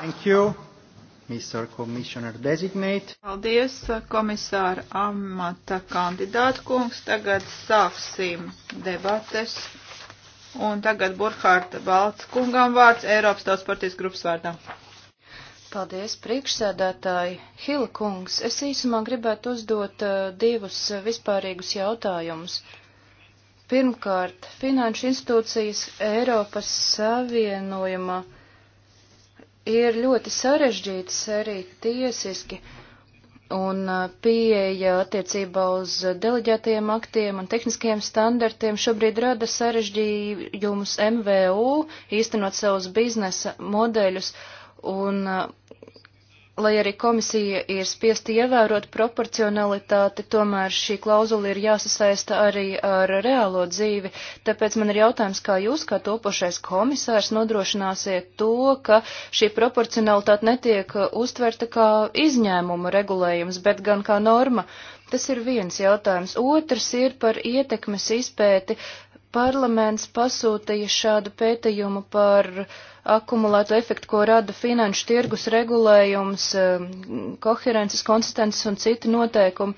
Thank you. Mr. Commissioner Designate. Paldies, komisāra amata kandidāta kungs. Tagad sāksim debates. Un tagad Burkhārta Balts kungam vārds Eiropas tautas partijas grupas vārdā. Paldies, priekšsēdētāji. Hila kungs, es īsumā gribētu uzdot uh, divus vispārīgus jautājumus. Pirmkārt, finanšu institūcijas Eiropas Savienojuma uh, ir ļoti sarežģīts arī tiesiski, un pieeja attiecībā uz deleģētajiem aktiem un tehniskajiem standartiem šobrīd rada sarežģījumus MVU īstenot savus biznesa modeļus, un Lai arī komisija ir spiesti ievērot proporcionalitāti, tomēr šī klauzula ir jāsasaista arī ar reālo dzīvi, tāpēc man ir jautājums, kā jūs, kā topošais komisārs, nodrošināsiet to, ka šī proporcionalitāte netiek uztverta kā izņēmuma regulējums, bet gan kā norma. Tas ir viens jautājums. Otrs ir par ietekmes izpēti parlaments pasūtīja šādu pētījumu par akumulētu efektu, ko rada finanšu tirgus regulējums, um, koherences, konsistences un citi noteikumi.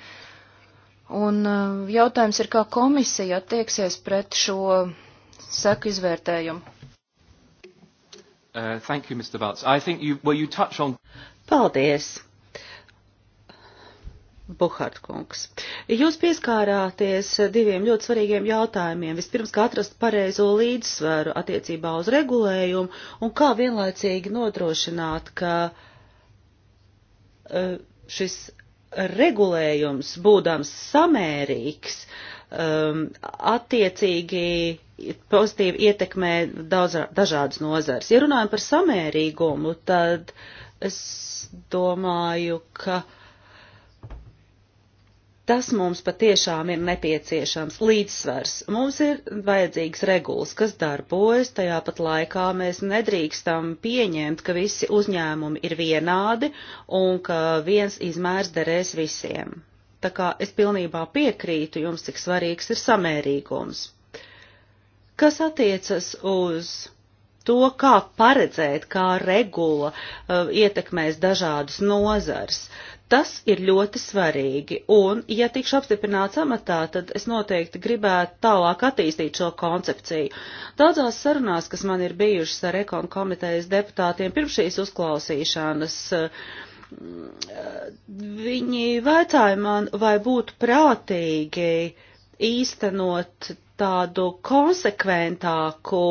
Un um, jautājums ir, kā komisija attieksies pret šo seku izvērtējumu. Uh, thank you, Mr. Valts. I think you, well, you touch on. Paldies. Buhart kungs. Jūs pieskārāties diviem ļoti svarīgiem jautājumiem. Vispirms, kā atrast pareizo līdzsvaru attiecībā uz regulējumu un kā vienlaicīgi nodrošināt, ka eh, šis regulējums, būdams samērīgs, ehm, attiecīgi pozitīvi ietekmē daudz, dažādas nozars. Ja runājam par samērīgumu, tad es domāju, ka uh, Tas mums patiešām ir nepieciešams līdzsvars. Mums ir vajadzīgs regulas, kas darbojas, tajā pat laikā mēs nedrīkstam pieņemt, ka visi uzņēmumi ir vienādi un ka viens izmērs derēs visiem. Tā kā es pilnībā piekrītu jums, cik svarīgs ir samērīgums. Kas attiecas uz to, kā paredzēt, kā regula uh, ietekmēs dažādas nozars. Uh, Tas ir ļoti svarīgi, un, ja tikšu apstiprināts amatā, tad es noteikti gribētu tālāk attīstīt šo koncepciju. Daudzās sarunās, kas man ir bijušas ar ekonu komitejas deputātiem pirms šīs uzklausīšanas, viņi vaicāja man, vai būtu prātīgi īstenot tādu konsekventāku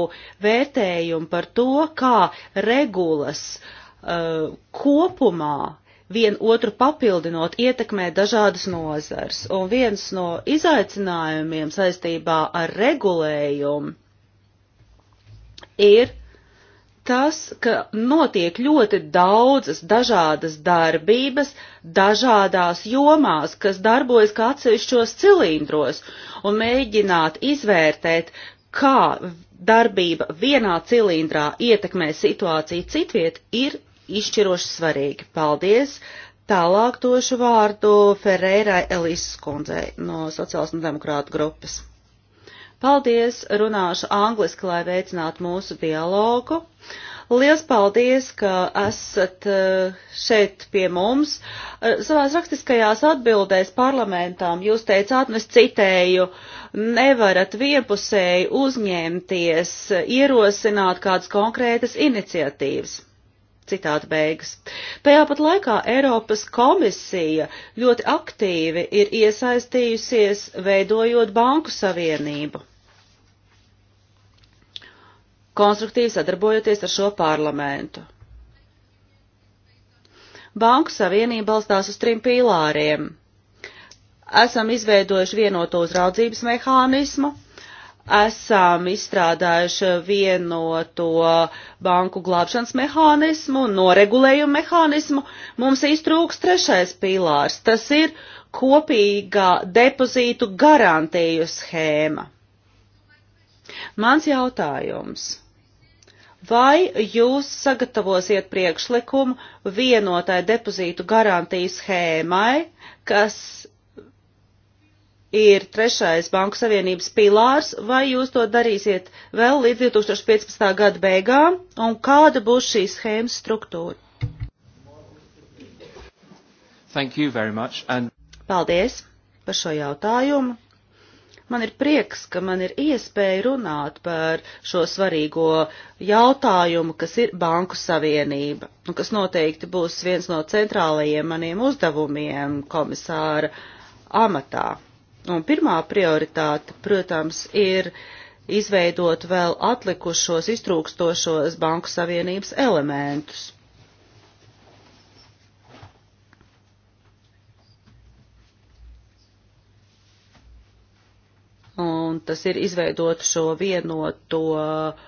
vērtējumu par to, kā regulas uh, kopumā vien otru papildinot, ietekmē dažādas nozars. Un viens no izaicinājumiem saistībā ar regulējumu ir tas, ka notiek ļoti daudzas dažādas darbības dažādās jomās, kas darbojas kā atsevišķos cilindros, un mēģināt izvērtēt, kā darbība vienā cilindrā ietekmē situāciju citviet, ir izšķiroši svarīgi. Paldies! Tālāk došu vārdu Ferērai Elīsas kundzei no Sociālas un Demokrātu grupas. Paldies! Runāšu angliski, lai veicinātu mūsu dialogu. Liels paldies, ka esat eh, šeit pie mums. Eh, savās rakstiskajās atbildēs parlamentām jūs teicāt, un es citēju, nevarat vienpusēji uzņemties, ierosināt kādas konkrētas iniciatīvas. Citāta beigas. Tajā pat laikā Eiropas komisija ļoti aktīvi ir iesaistījusies veidojot banku savienību, konstruktīvi sadarbojoties ar šo parlamentu. Banku savienība balstās uz trim pīlāriem. Esam izveidojuši vienoto uzraudzības mehānismu, esam izstrādājuši vienoto banku glābšanas mehānismu, noregulējumu mehānismu. Mums iztrūks trešais pilārs. Tas ir kopīgā depozītu garantiju schēma. Mans jautājums. Vai jūs sagatavosiet priekšlikumu vienotai depozītu garantiju schēmai, kas ir trešais Banku Savienības pilārs, vai jūs to darīsiet vēl līdz 2015. gada beigām, un kāda būs šīs schēmas struktūra? Thank you very much. And... Paldies par šo jautājumu. Man ir prieks, ka man ir iespēja runāt par šo svarīgo jautājumu, kas ir Banku Savienība, un kas noteikti būs viens no centrālajiem maniem uzdevumiem komisāra amatā. Un pirmā prioritāte, protams, ir izveidot vēl atlikušos, iztrūkstošos banku savienības elementus. Un tas ir izveidot šo vienoto uh,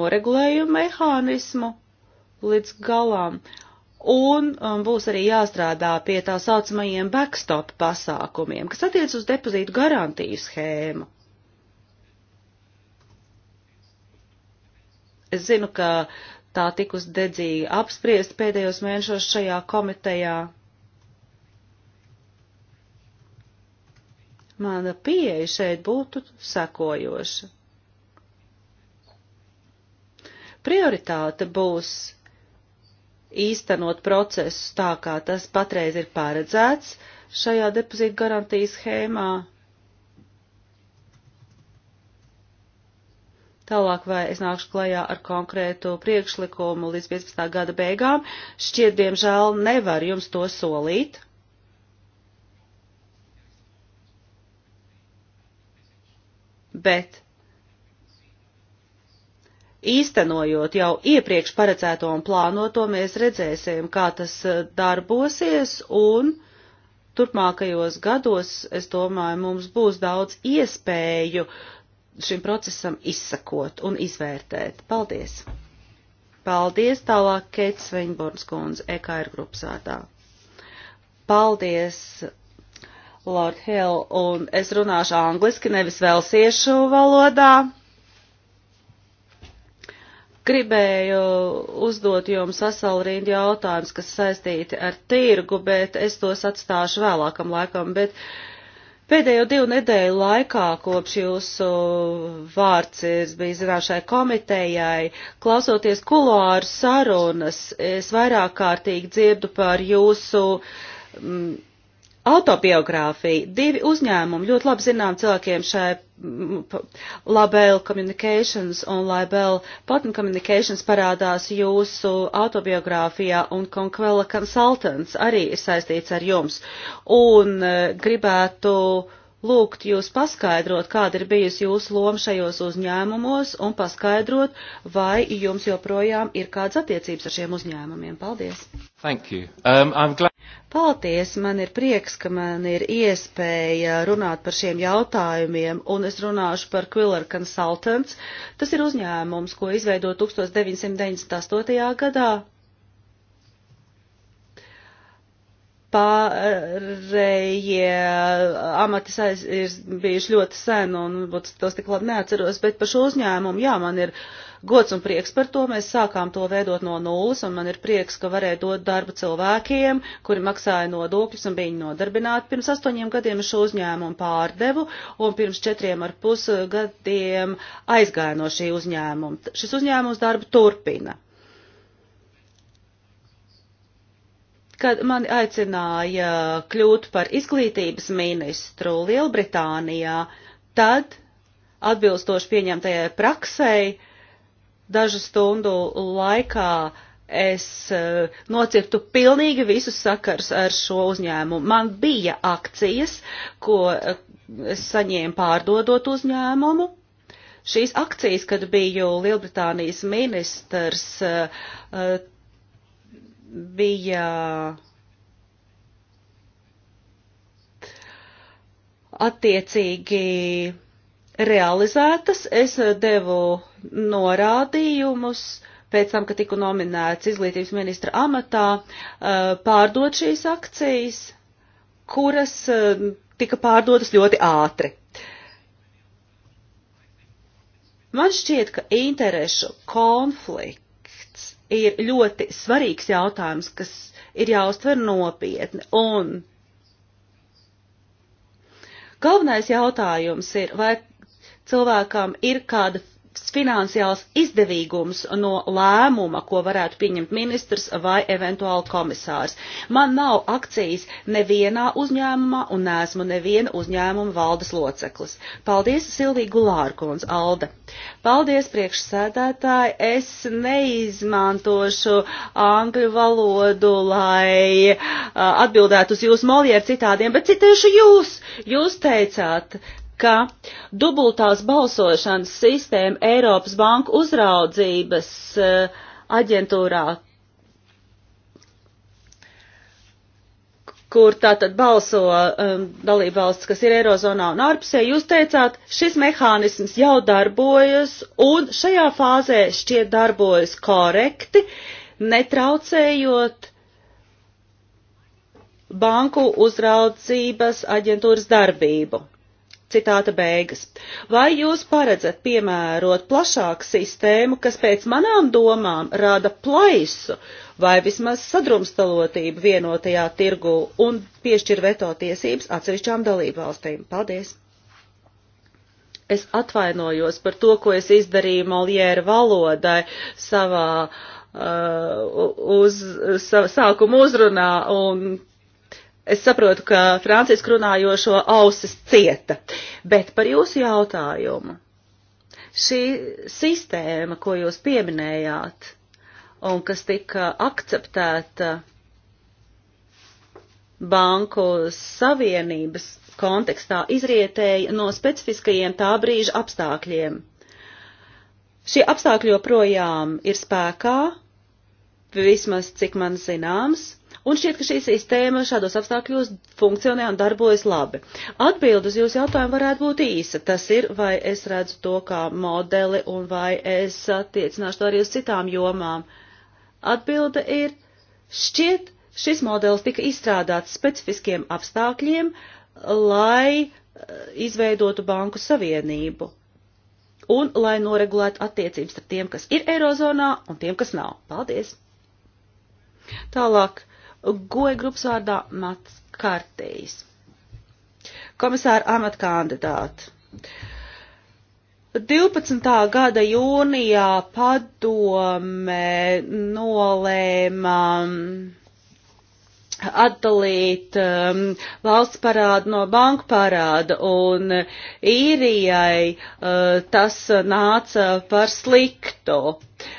noregulējumu mehānismu līdz galām. Uh, un, un um, būs arī jāstrādā pie tā saucamajiem backstop pasākumiem, kas attiec uz depozītu garantiju schēmu. Es zinu, ka tā tikus dedzīgi apspriest pēdējos mēnešos šajā komitejā. Mana pieeja šeit būtu sekojoša. Prioritāte būs īstenot procesus tā, kā tas patreiz ir paredzēts šajā depozīta garantijas schēmā. Tālāk vai es nākšu klajā ar konkrētu priekšlikumu līdz 15. gada beigām, šķiet, diemžēl nevar jums to solīt. Bet īstenojot jau iepriekš paredzēto un plānoto, mēs redzēsim, kā tas eh, darbosies un turpmākajos gados, es domāju, mums būs daudz iespēju šim procesam izsakot un izvērtēt. Paldies! Paldies tālāk Keits Veņborns kundze, EKR grupas vārdā. Paldies! Lord Hill, un es runāšu angliski, nevis velsiešu valodā gribēju uzdot jums veselu rindu jautājumus, kas saistīti ar tirgu, bet es tos atstāšu vēlākam laikam. Bet pēdējo divu nedēļu laikā, kopš jūsu vārds ir bijis zināšai komitejai, klausoties kuloāru sarunas, es vairāk kārtīgi dzirdu par jūsu. Mm, autobiogrāfija. Divi uzņēmumi ļoti labi zinām cilvēkiem šai Label Communications un Label Patent Communications parādās jūsu autobiogrāfijā un Conquella Consultants arī ir saistīts ar jums. Un e, gribētu lūgt jūs paskaidrot, kāda ir bijusi jūsu loma šajos uzņēmumos un paskaidrot, vai jums joprojām ir kādas attiecības ar šiem uzņēmumiem. Paldies! Thank you. Um, I'm glad... Paldies, man ir prieks, ka man ir iespēja runāt par šiem jautājumiem, un es runāšu par Quiller Consultants. Tas ir uzņēmums, ko izveido 1998. gadā. pārējie amati ir bijuši ļoti sen, un tos tik labi neatceros, bet par šo uzņēmumu, jā, man ir uh, gods un prieks par to. Mēs sākām to veidot no nulles, un man ir prieks, ka varēja dot darbu cilvēkiem, kuri maksāja nodokļus un bija nodarbināti. Pirms astoņiem gadiem šo uzņēmumu pārdevu, un pirms četriem ar pus gadiem aizgāju no šī uzņēmuma. Šis uzņēmums darbu turpina. kad mani aicināja kļūt par izglītības ministru Lielbritānijā, tad, atbilstoši pieņemtajai praksei, dažu stundu laikā es e, nocirtu pilnīgi visus sakars ar šo uzņēmumu. Man bija akcijas, ko e, es saņēmu pārdodot uzņēmumu. Šīs akcijas, kad biju Lielbritānijas ministrs, e, bija attiecīgi realizētas. Es eh, devu norādījumus pēc tam, kad tiku nominēts izglītības ministra amatā, eh, pārdot šīs akcijas, kuras eh, tika pārdotas ļoti ātri. Man šķiet, ka interešu konflikts ir ļoti svarīgs jautājums, kas ir jāuztver nopietni. Un galvenais jautājums ir, vai cilvēkam ir kāda finansiāls izdevīgums no lēmuma, ko varētu pieņemt ministrs vai eventuāli komisārs. Man nav akcijas nevienā uzņēmumā un neesmu neviena uzņēmuma valdes loceklis. Paldies, Silvija Gulārkons, Alda. Paldies, priekšsēdētāji. Es neizmantošu angļu valodu, lai uh, atbildētu uz jūsu molieru citādiem, bet citēšu jūs. Jūs teicāt, ka dubultās balsošanas sistēma Eiropas Banku uzraudzības eh, aģentūrā, kur tātad balso um, dalībvalsts, kas ir Eirozonā un ārpusē, jūs teicāt, šis mehānisms jau darbojas un šajā fāzē šķiet darbojas korekti, netraucējot banku uzraudzības aģentūras darbību. Citāta beigas. Vai jūs paredzat piemērot plašāku sistēmu, kas pēc manām domām rada plaisu vai vismaz sadrumstalotību vienotajā tirgu un piešķir veto tiesības atsevišķām dalībvalstīm? Paldies! Es atvainojos par to, ko es izdarīju Moliēra valodai savā uh, uz, sa, sākuma uzrunā un Es saprotu, ka Francisku runājošo ausis cieta, bet par jūsu jautājumu. Šī sistēma, ko jūs pieminējāt, un kas tika akceptēta banku savienības kontekstā, izrietēja no specifiskajiem tā brīža apstākļiem. Šie apstākļi joprojām ir spēkā, vismaz cik man zināms, Un šķiet, ka šī sistēma šādos apstākļos funkcionē un darbojas labi. Atbild uz jūsu jautājumu varētu būt īsa. Tas ir, vai es redzu to kā modeli un vai es attiecināšu to arī uz citām jomām. Atbilde ir, šķiet, šis modelis tika izstrādāts specifiskiem apstākļiem, lai eh, izveidotu banku savienību un lai noregulētu attiecības ar tiem, kas ir Eirozonā un tiem, kas nav. Paldies! Tālāk Goja grupas vārdā Mats Kārtējs. Komisāra amat kandidāti. 12. gada jūnijā padome nolēma um, atdalīt um, valsts parādu no banku parāda, un īrijai uh, tas nāca par sliktu. Uh,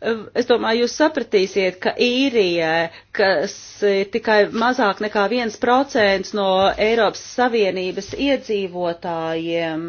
Es domāju, jūs sapratīsiet, ka īrija, kas ir tikai mazāk nekā 1% no Eiropas Savienības iedzīvotājiem,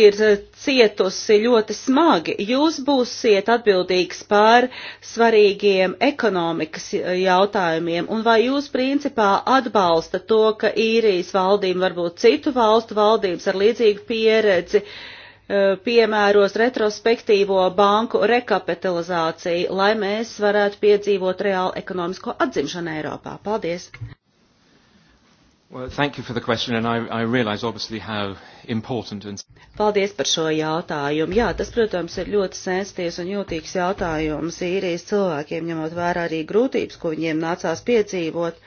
ir cietusi ļoti smagi. Jūs būsiet atbildīgs par svarīgiem ekonomikas jautājumiem, un vai jūs principā atbalsta to, ka īrijas valdība, varbūt citu valstu valdības ar līdzīgu pieredzi, uh, piemēros retrospektīvo banku rekapitalizāciju, lai mēs varētu piedzīvot reālu ekonomisko atzimšanu Eiropā. Paldies! Well, thank you for the question, and I, I realize obviously how important and... Paldies par šo jautājumu. Jā, tas, protams, ir ļoti sensties un jūtīgs jautājums īrijas cilvēkiem, ņemot vērā arī grūtības, ko viņiem nācās piedzīvot.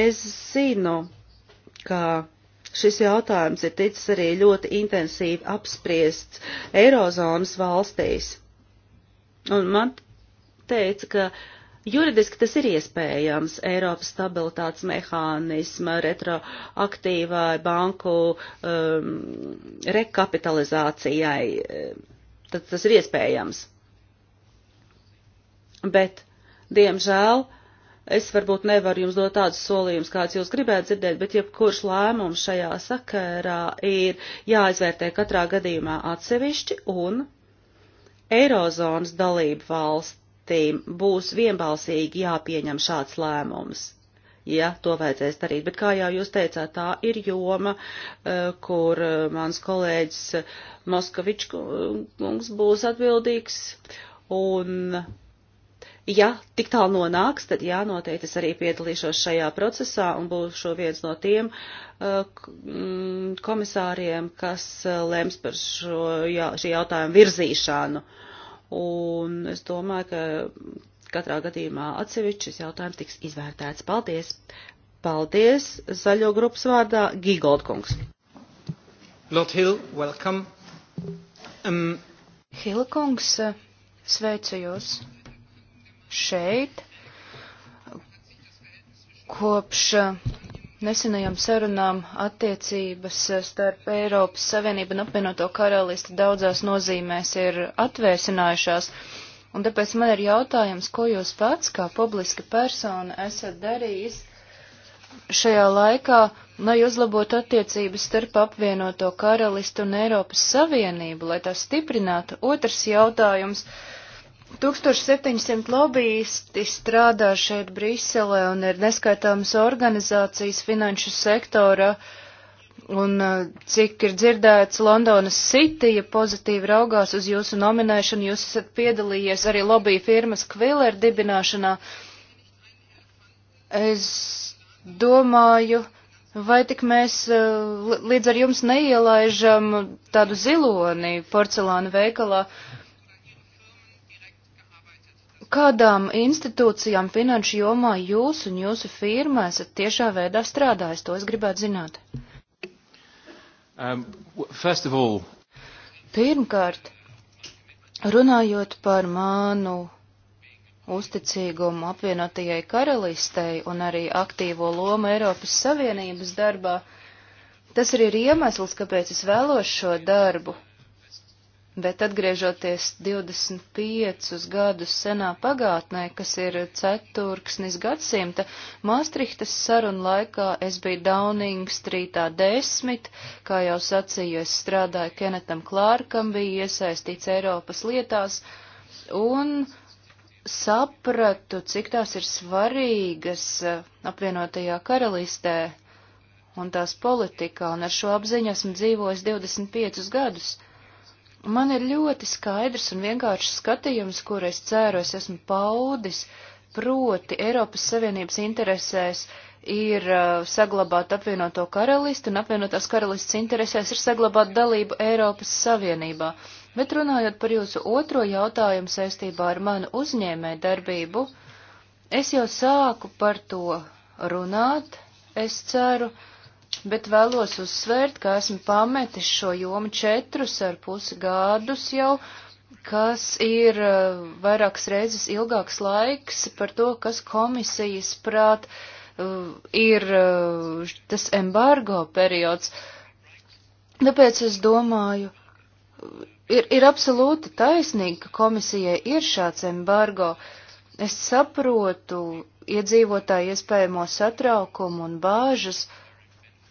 Es zinu, ka Šis jautājums ir ticis arī ļoti intensīvi apspriests Eirozonas valstīs. Un man teica, ka juridiski tas ir iespējams Eiropas stabilitātes mehānisma, retroaktīvai banku um, rekapitalizācijai. Um, tad tas ir iespējams. Bet, diemžēl, uh, Es varbūt nevaru jums dot tādus solījumus, kāds jūs gribētu dzirdēt, bet jebkurš lēmums šajā sakarā ir jāizvērtē katrā gadījumā atsevišķi un Eirozonas dalību valstīm būs vienbalsīgi jāpieņem šāds lēmums ja to vajadzēs darīt. Bet, kā jau jūs teicāt, tā ir joma, eh, kur eh, mans kolēģis Moskavičs kungs būs atbildīgs. Un ja tik tālu nonāks, tad jā, noteikti es arī piedalīšos šajā procesā un būšu viens no tiem uh, mm, komisāriem, kas uh, lems par šo, jā, šī jautājuma virzīšanu. Un es domāju, ka katrā gadījumā atsevišķi šis jautājums tiks izvērtēts. Paldies! Paldies! Zaļo grupas vārdā Gigoldkungs. Lord Hill, welcome. Um... Hilkungs, sveicu jūs šeit. Kopš nesenajām sarunām attiecības starp Eiropas Savienību un apvienoto karalisti daudzās nozīmēs ir atvēsinājušās. Un tāpēc man ir jautājums, ko jūs pats, kā publiska persona, esat darījis šajā laikā, lai uzlabotu attiecības starp apvienoto karalistu un Eiropas Savienību, lai tās stiprinātu. Otrs jautājums. Uh, 1700 lobbyisti strādā šeit Briselē un ir neskaitāmas organizācijas finanšu sektora. Un uh, cik ir dzirdēts, Londonas City, ja pozitīvi raugās uz jūsu nominēšanu, jūs esat piedalījies arī lobby firmas Kviller dibināšanā. Es domāju, vai tik mēs uh, līdz ar jums neielaižam tādu ziloni porcelāna veikalā. Uh, kādām institūcijām finanšu jomā jūs un jūsu firma esat tiešā veidā strādājis? To es gribētu zināt. Um, all... Pirmkārt, runājot par manu uzticīgumu apvienotajai karalistei un arī aktīvo lomu Eiropas Savienības darbā, tas arī ir iemesls, kāpēc es vēlos šo darbu. Bet atgriežoties 25 gadus senā pagātnē, kas ir ceturksnis gadsimta, Māstrihtas sarunu laikā es biju Downing strītā desmit, kā jau sacīju, es strādāju Kenetam Klārkam, biju iesaistīts Eiropas lietās un sapratu, cik tās ir svarīgas apvienotajā karalistē un tās politikā, un ar šo apziņu esmu dzīvojis 25 gadus. Man ir ļoti skaidrs un vienkāršs skatījums, kur es ceru, es esmu paudis, proti Eiropas Savienības interesēs ir uh, saglabāt apvienoto karalisti un apvienotās karalistas interesēs ir saglabāt dalību Eiropas Savienībā. Bet runājot par jūsu otro jautājumu saistībā ar manu uzņēmē darbību, es jau sāku par to runāt, es ceru, uh, bet vēlos uzsvērt, ka esmu pametis šo jomu četrus ar pusi gadus jau, kas ir eh, vairākas reizes ilgāks laiks par to, kas komisijas prāt eh, ir eh, tas embargo periods. Tāpēc es domāju, ir, ir absolūti taisnīgi, ka komisijai ir šāds embargo. Es saprotu iedzīvotāju iespējamo satraukumu un bāžas, uh,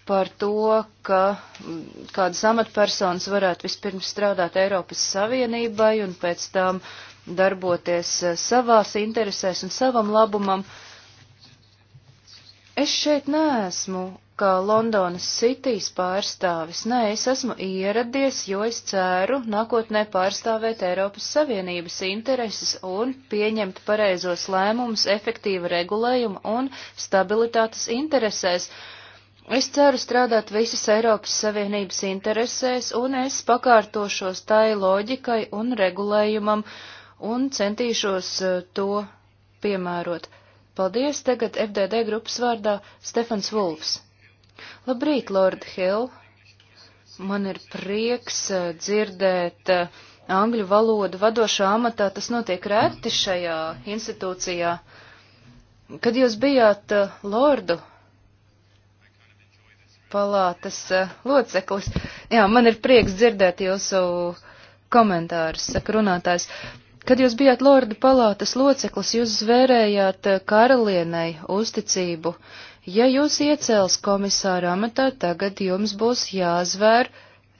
par to, ka mm, kādas amatpersonas varētu vispirms strādāt Eiropas Savienībai un pēc tam darboties eh, savās interesēs un savam labumam. Es šeit neesmu kā Londonas Citīs pārstāvis, nē, es esmu ieradies, jo es ceru nākotnē pārstāvēt Eiropas Savienības intereses un pieņemt pareizos lēmumus efektīva regulējuma un stabilitātes interesēs. Uh, Es ceru strādāt visas Eiropas Savienības interesēs, un es pakārtošos tai loģikai un regulējumam, un centīšos eh, to piemērot. Paldies tagad FDD grupas vārdā Stefans Vulfs. Labrīt, Lord Hill! Man ir prieks eh, dzirdēt eh, angļu valodu vadošā amatā, tas notiek reti šajā institūcijā. Kad jūs bijāt lordu, palātas eh, loceklis. Jā, man ir prieks dzirdēt jūsu komentārus, saka runātājs. Kad jūs bijāt lordu palātas loceklis, jūs zvērējāt eh, karalienei uzticību. Ja jūs iecels komisāra amatā, tagad jums būs jāzvēr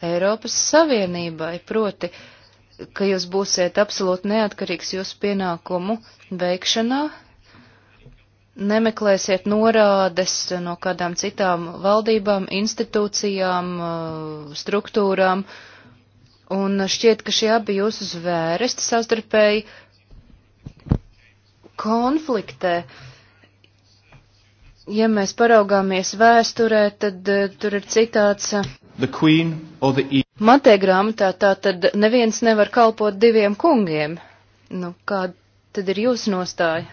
Eiropas Savienībai, proti, ka jūs būsiet absolūti neatkarīgs jūsu pienākumu veikšanā, nemeklēsiet norādes no kādām citām valdībām, institūcijām, eh, struktūrām, un šķiet, ka šie abi jūsu zvēresti savstarpēji konfliktē. Ja mēs paraugāmies vēsturē, tad eh, tur ir citāts. Eh, the... E- Matē grāmatā tā tad neviens nevar kalpot diviem kungiem. Nu, kāda tad ir jūsu nostāja?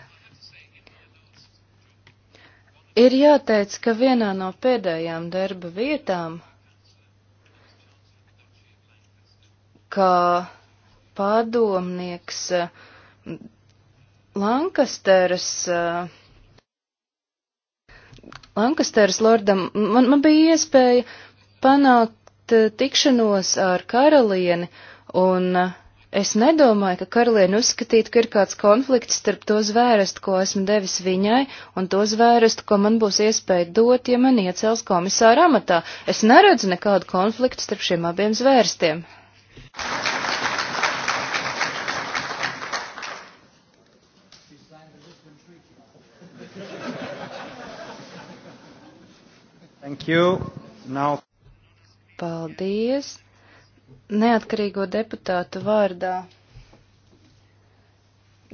Ir jāteic, ka vienā no pēdējām darba vietām, kā padomnieks eh, Lankasteras, eh, Lankasteras lordam, man, man bija iespēja panākt eh, tikšanos ar karalieni, un uh, Es nedomāju, ka karalieni uzskatītu, ka ir kāds konflikts starp to zvērestu, ko esmu devis viņai, un to zvērestu, ko man būs iespēja dot, ja man iecels komisāra amatā. Es neredzu nekādu konfliktu starp šiem abiem zvērstiem. Thank you. Now... Paldies neatkarīgo deputātu vārdā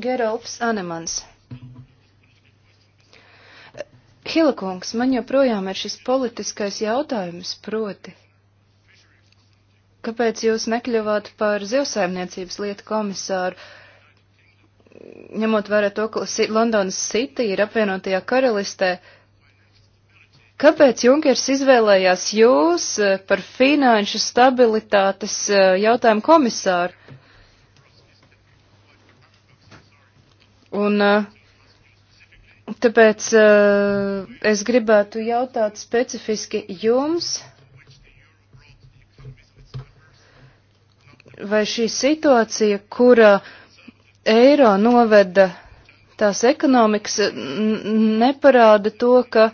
Gerolfs Anemans. Hilakungs, man joprojām ir šis politiskais jautājums proti. Kāpēc jūs nekļuvāt par zivsaimniecības lietu komisāru, ņemot vērā to, ka Londonas City ir apvienotajā karalistē? Uh, Kāpēc Junkers izvēlējās jūs eh, par finanšu stabilitātes eh, jautājumu komisāru? Un eh, tāpēc es gribētu jautāt specifiski jums, vai šī situācija, kura eiro noveda tās ekonomikas, neparāda to, ka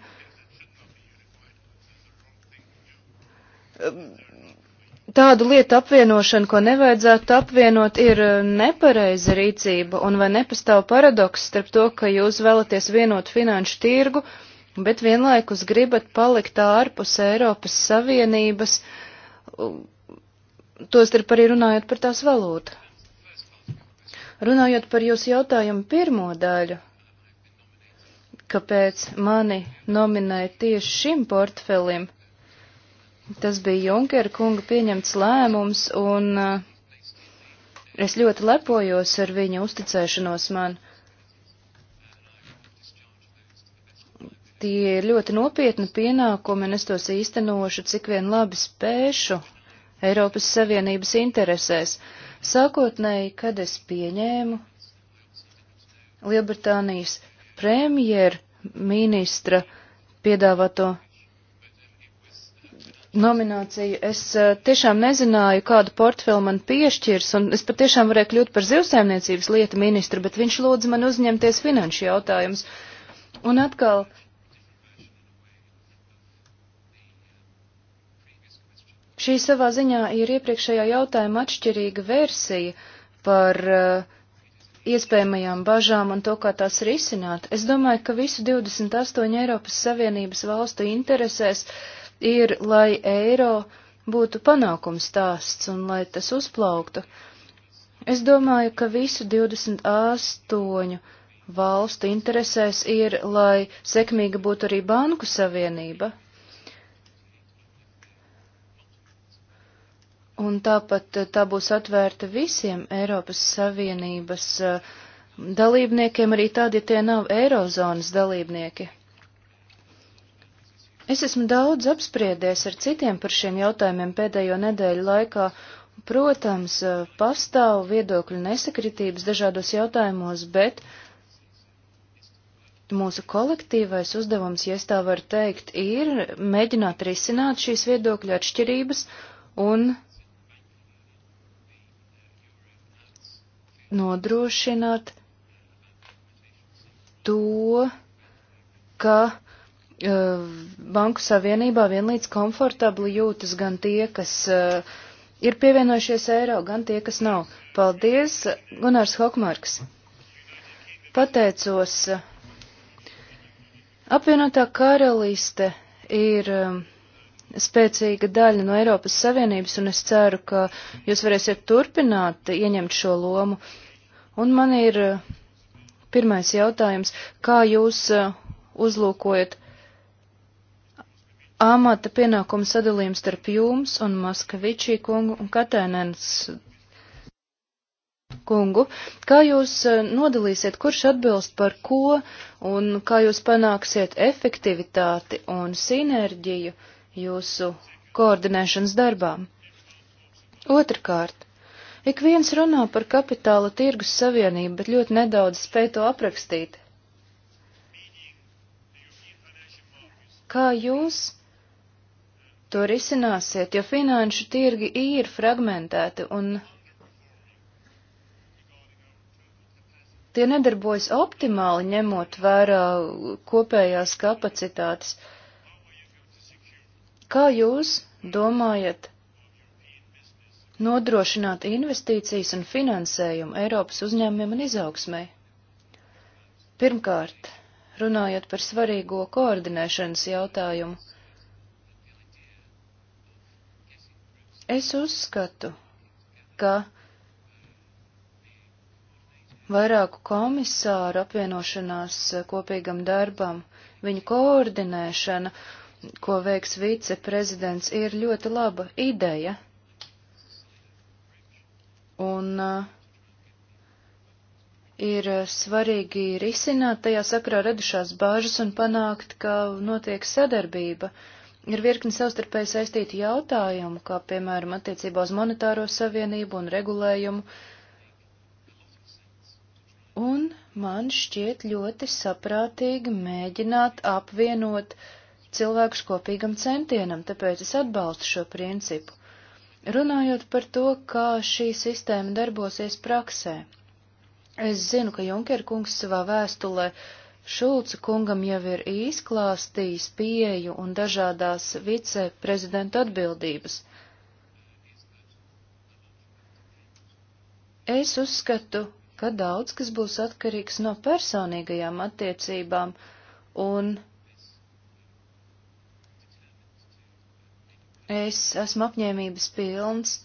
Tādu lietu apvienošanu, ko nevajadzētu apvienot, ir eh, nepareiza rīcība, un vai nepastāv paradoks starp to, ka jūs vēlaties vienot finanšu tirgu, bet vienlaikus gribat palikt ārpus Eiropas Savienības, tostarp arī runājot par tās valūtu. Runājot par jūsu jautājumu pirmo daļu, kāpēc mani nominēja tieši šim portfelim? Tas bija Junkera kunga pieņemts lēmums, un uh, es ļoti lepojos ar viņa uzticēšanos man. Tie ir ļoti nopietni pienākumi, un es tos īstenošu, cik vien labi spēšu Eiropas Savienības interesēs. Sākotnēji, kad es pieņēmu Lielbritānijas premjeru ministra piedāvāto nomināciju. Es eh, tiešām nezināju, kādu portfeli man piešķirs, un es patiešām varēju kļūt par zivsēmniecības lietu ministru, bet viņš lūdza man uzņemties finanšu jautājumus. Un atkal. Šī savā ziņā ir iepriekšējā jautājuma atšķirīga versija par uh, iespējamajām bažām un to, kā tās risināt. Es domāju, ka visu 28 Eiropas Savienības valstu interesēs uh, ir, lai eiro būtu panākums stāsts un lai tas uzplauktu. Es domāju, ka visu 28 valstu interesēs ir, lai sekmīga būtu arī banku savienība. Un tāpat eh, tā būs atvērta visiem Eiropas Savienības eh, dalībniekiem, arī tādi, ja tie nav Eirozonas dalībnieki. Es esmu daudz apspriedies ar citiem par šiem jautājumiem pēdējo nedēļu laikā. Protams, eh, pastāv viedokļu nesakritības dažādos jautājumos, bet mūsu kolektīvais uzdevums, ja tā var teikt, ir mēģināt risināt šīs viedokļu atšķirības un nodrošināt to, ka Eh, Banku savienībā vienlīdz komfortabli jūtas gan tie, kas uh, ir pievienojušies eiro, gan tie, kas nav. Paldies, Gunārs Hokmarks. Pateicos, apvienotā karaliste ir. Um, spēcīga daļa no Eiropas Savienības, un es ceru, ka jūs varēsiet turpināt ieņemt šo lomu. Un man ir pirmais jautājums, kā jūs uzlūkojat amata pienākumu sadalījums starp jums un Maskavičī kungu un Katēnens kungu. Kā jūs e, nodalīsiet, kurš atbilst par ko un kā jūs panāksiet efektivitāti un sinerģiju jūsu koordinēšanas darbām? Otrkārt, ik viens runā par kapitāla tirgus savienību, bet ļoti nedaudz spēj to aprakstīt. Kā jūs to risināsiet, jo finanšu tirgi ir fragmentēti un tie nedarbojas optimāli, ņemot vērā kopējās kapacitātes. Kā jūs domājat nodrošināt investīcijas un finansējumu Eiropas uzņēmumiem un izaugsmai? Pirmkārt, runājot par svarīgo koordinēšanas jautājumu. Es uzskatu, ka vairāku komisāru apvienošanās kopīgam darbam, viņa koordinēšana, ko veiks viceprezidents, ir ļoti laba ideja. Un uh, ir svarīgi risināt tajā sakrā radušās bāžas un panākt, ka notiek sadarbība. Uh, Ir virkni savstarpēji saistīti jautājumu, kā piemēram attiecībā uz monetāro savienību un regulējumu. Un man šķiet ļoti saprātīgi mēģināt apvienot cilvēkus kopīgam centienam, tāpēc es atbalstu šo principu. Runājot par to, kā šī sistēma darbosies praksē, es zinu, ka Junker kungs savā vēstulē uh, Šulca kungam jau ir izklāstījis pieju un dažādās viceprezidenta atbildības. Es uzskatu, ka daudz kas būs atkarīgs no personīgajām attiecībām un es esmu apņēmības pilns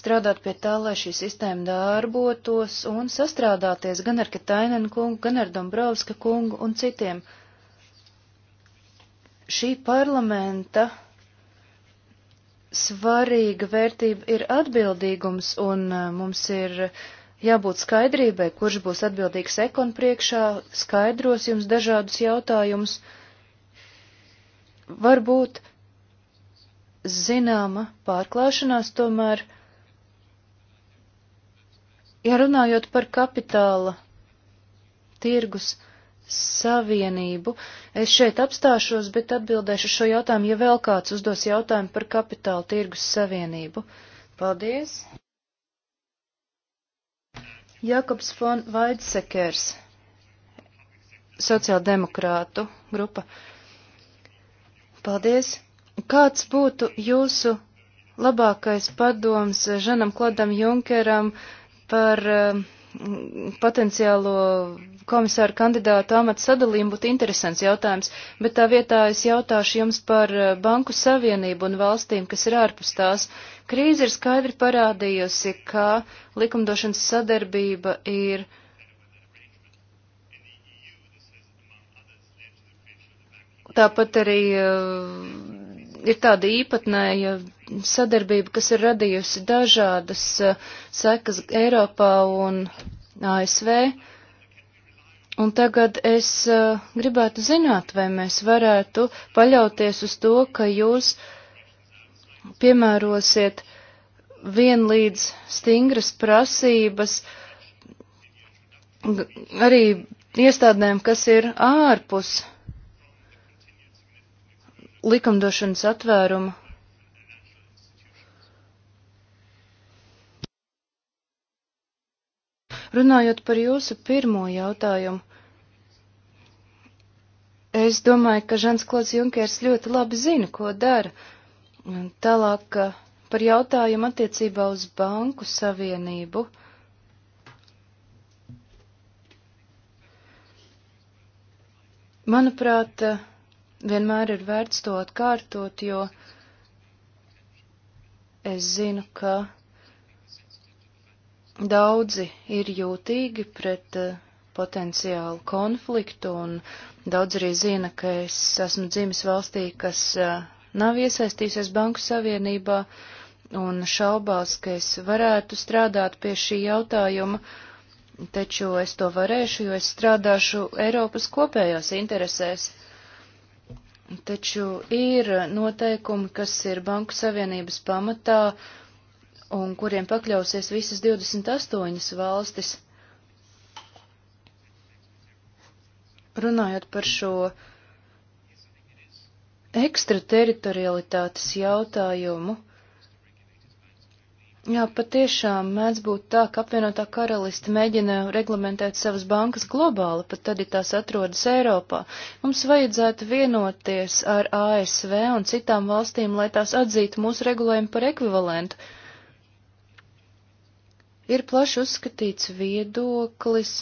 strādāt pie tā, lai šī sistēma darbotos un sastrādāties gan ar Ketainen kungu, gan ar Dombrovska kungu un citiem. Šī parlamenta svarīga vērtība ir atbildīgums, un eh, mums ir jābūt skaidrībai, kurš būs atbildīgs ekon priekšā, skaidros jums dažādus jautājumus. Varbūt zināma pārklāšanās tomēr. Ja runājot par kapitāla tirgus savienību, es šeit apstāšos, bet atbildēšu šo jautājumu, ja vēl kāds uzdos jautājumu par kapitāla tirgus savienību. Paldies! Jakobs von Vaidsekers, sociāldemokrātu grupa. Paldies! Kāds būtu jūsu labākais padoms Žanam Klodam Junkeram? par uh, potenciālo komisāru kandidātu amatu sadalījumu būtu interesants jautājums, bet tā vietā es jautāšu jums par eh, banku savienību un valstīm, kas ir ārpus tās. Krīze ir skaidri parādījusi, ka likumdošanas sadarbība ir tāpat arī eh, ir tāda īpatnēja sadarbība, kas ir radījusi dažādas e, sekas Eiropā un ASV. Un tagad es e, gribētu zināt, vai mēs varētu paļauties uz to, ka jūs piemērosiet vienlīdz stingras prasības arī iestādēm, kas ir ārpus likumdošanas atvērumu. Runājot par jūsu pirmo jautājumu, es domāju, ka Žans Klods Junkers ļoti labi zina, ko dara. Tālāk par jautājumu attiecībā uz banku savienību. Manuprāt, uh, vienmēr ir vērts to atkārtot, jo es zinu, ka daudzi ir jūtīgi pret uh, potenciālu konfliktu, un daudz arī zina, ka es esmu dzimis valstī, kas uh, nav iesaistījusies Banku Savienībā, un šaubās, ka es varētu strādāt pie šī jautājuma, taču es to varēšu, jo es strādāšu Eiropas kopējās interesēs. Uh, Taču ir noteikumi, kas ir Banku Savienības pamatā un kuriem pakļausies visas 28 valstis. Runājot par šo ekstrateritorialitātes jautājumu, Jā, patiešām mēdz būt tā, ka apvienotā karaliste mēģina reglamentēt savas bankas globāli, pat tad, ja tās atrodas Eiropā. Mums vajadzētu vienoties ar ASV un citām valstīm, lai tās atzītu mūsu regulējumu par ekvivalentu. Ir plaši uzskatīts viedoklis,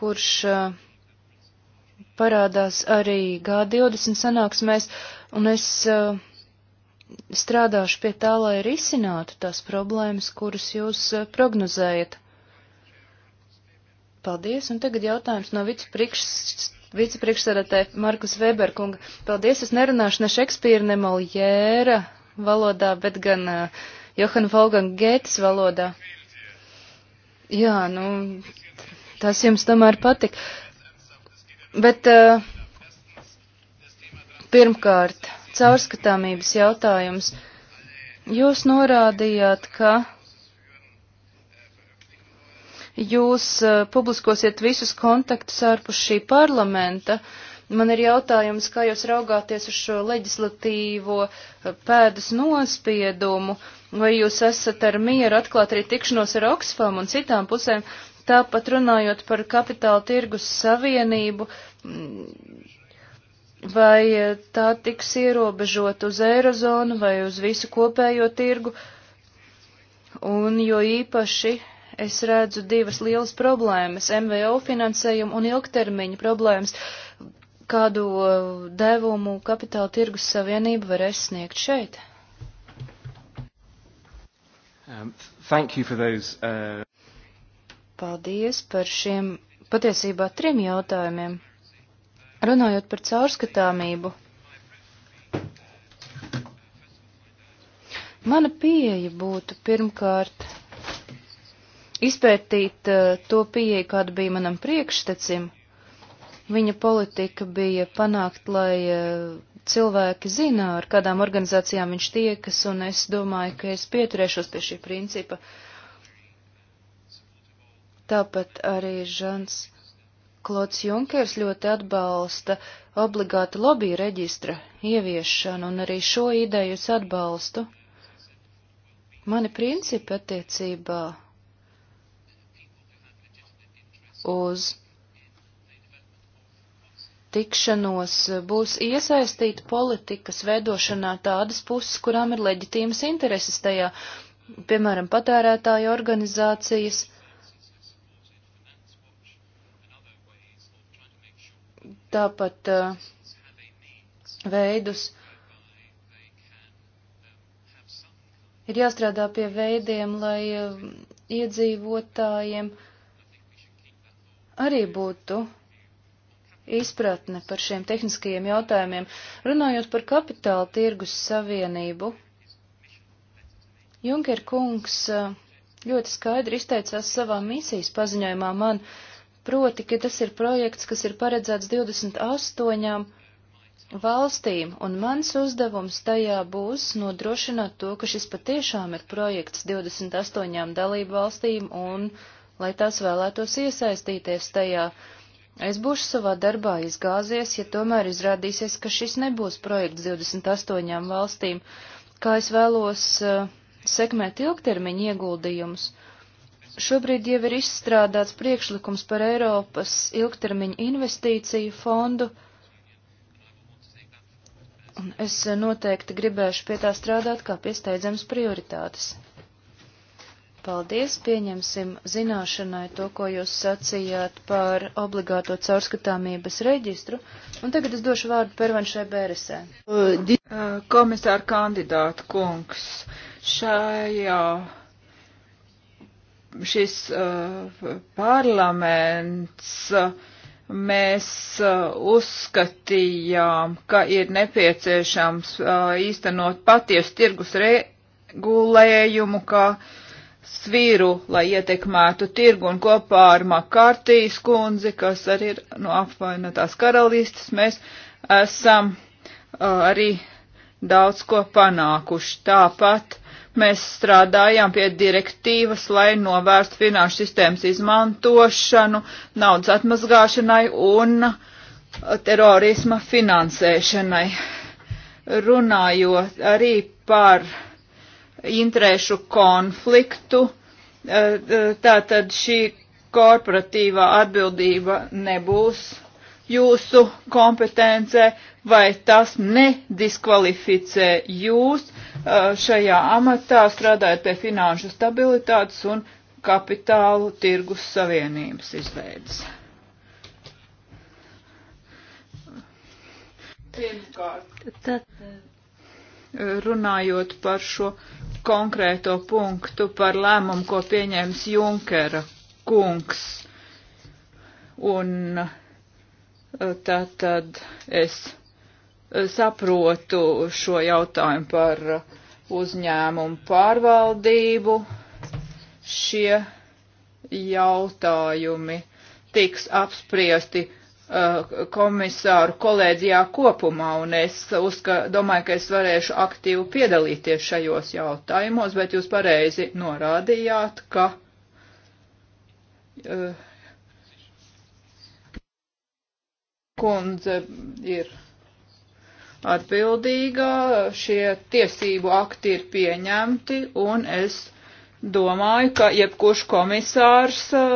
kurš eh, parādās arī G20 sanāksmēs, un es uh, strādāšu pie tā, lai risinātu tās problēmas, kuras jūs eh, prognozējat. Paldies, un tagad jautājums no vicepriekšsēdētāja Markus Weberkunga. Paldies, es nerunāšu ne Šekspīra, ne Maljēra valodā, bet gan uh, Johana Volgan Gētas valodā. Jā, nu, tas jums tomēr patika. Bet uh, pirmkārt caurskatāmības jautājums. Jūs norādījāt, ka jūs uh, publiskosiet visus kontaktus ārpus šī parlamenta. Man ir jautājums, kā jūs raugāties uz šo leģislatīvo eh, pēdas nospiedumu, vai jūs esat ar mieru atklāt arī tikšanos ar Oxfam un citām pusēm, tāpat runājot par kapitāla tirgus savienību, m, vai e, tā tiks ierobežot uz eirozonu vai uz visu kopējo tirgu. Un jo īpaši es redzu divas lielas problēmas - MVO finansējumu un ilgtermiņa problēmas, kādu e, devumu kapitāla tirgus savienība varēs sniegt šeit. Um, thank you for those. Uh... Paldies par šiem patiesībā trim jautājumiem. Runājot par caurskatāmību, mana pieeja būtu pirmkārt izpētīt uh, to pieeju, kāda bija manam priekštecim. Viņa politika bija panākt, lai uh, cilvēki zina, ar kādām organizācijām viņš tiekas, un es domāju, ka es pieturēšos pie šī principa. Tāpat arī Žans. Klods Junkers ļoti atbalsta obligāta lobby reģistra ieviešanu, un arī šo ideju es atbalstu. Mani principi attiecībā uz tikšanos būs iesaistīta politikas veidošanā tādas puses, kurām ir leģitīmas intereses tajā, piemēram, patērētāju organizācijas tāpat uh, veidus. Ir jāstrādā pie veidiem, lai uh, iedzīvotājiem arī būtu izpratne par šiem tehniskajiem jautājumiem. Runājot par kapitāla tirgus savienību, Junker kungs ļoti skaidri izteicās savā misijas paziņojumā man, uh, Proti, ka tas ir projekts, kas ir paredzēts 28 valstīm, un mans uzdevums tajā būs nodrošināt to, ka šis patiešām ir projekts 28 dalību valstīm, un lai tās vēlētos iesaistīties tajā. Es būšu savā darbā izgāzies, ja tomēr izrādīsies, ka šis nebūs projekts 28 valstīm, kā es vēlos uh, sekmēt ilgtermiņa ieguldījumus. Uh, Šobrīd jau ir izstrādāts priekšlikums par Eiropas ilgtermiņu investīciju fondu, un es noteikti gribēšu pie tā strādāt kā pie steidzams prioritātes. Paldies, pieņemsim zināšanai to, ko jūs sacījāt par obligāto caurskatāmības reģistru, un tagad es došu vārdu pervanšai Bēresē. Komisāra kandidāta kungs, šajā šis uh, parlaments uh, mēs uh, uzskatījām, ka ir nepieciešams uh, īstenot patiesu tirgus regulējumu, kā svīru, lai ietekmētu tirgu un kopā ar Makārtīs kundzi, kas arī ir no nu, apvainotās karalistes, mēs esam uh, arī daudz ko panākuši. Tāpat Mēs strādājām pie direktīvas, lai novērstu finanšu sistēmas izmantošanu naudas atmazgāšanai un terorisma finansēšanai. Runājot arī par interešu konfliktu, tātad šī korporatīvā atbildība nebūs jūsu kompetencē, vai tas nediskvalificē jūs Uh, šajā amatā, strādājot pie finanšu stabilitātes un kapitālu tirgus savienības izveidas. Tad, runājot par šo konkrēto punktu, par lēmumu, ko pieņēmis Junkera kungs. Un uh, tātad es Eh, saprotu šo jautājumu par eh, uzņēmumu pārvaldību. Šie jautājumi tiks apspriesti eh, komisāru kolēģijā kopumā, un es uzska, domāju, ka es varēšu aktīvi piedalīties šajos jautājumos, bet jūs pareizi norādījāt, ka uh, kundze ir atbildīga. Šie tiesību akti ir pieņemti un es domāju, ka jebkurš komisārs uh,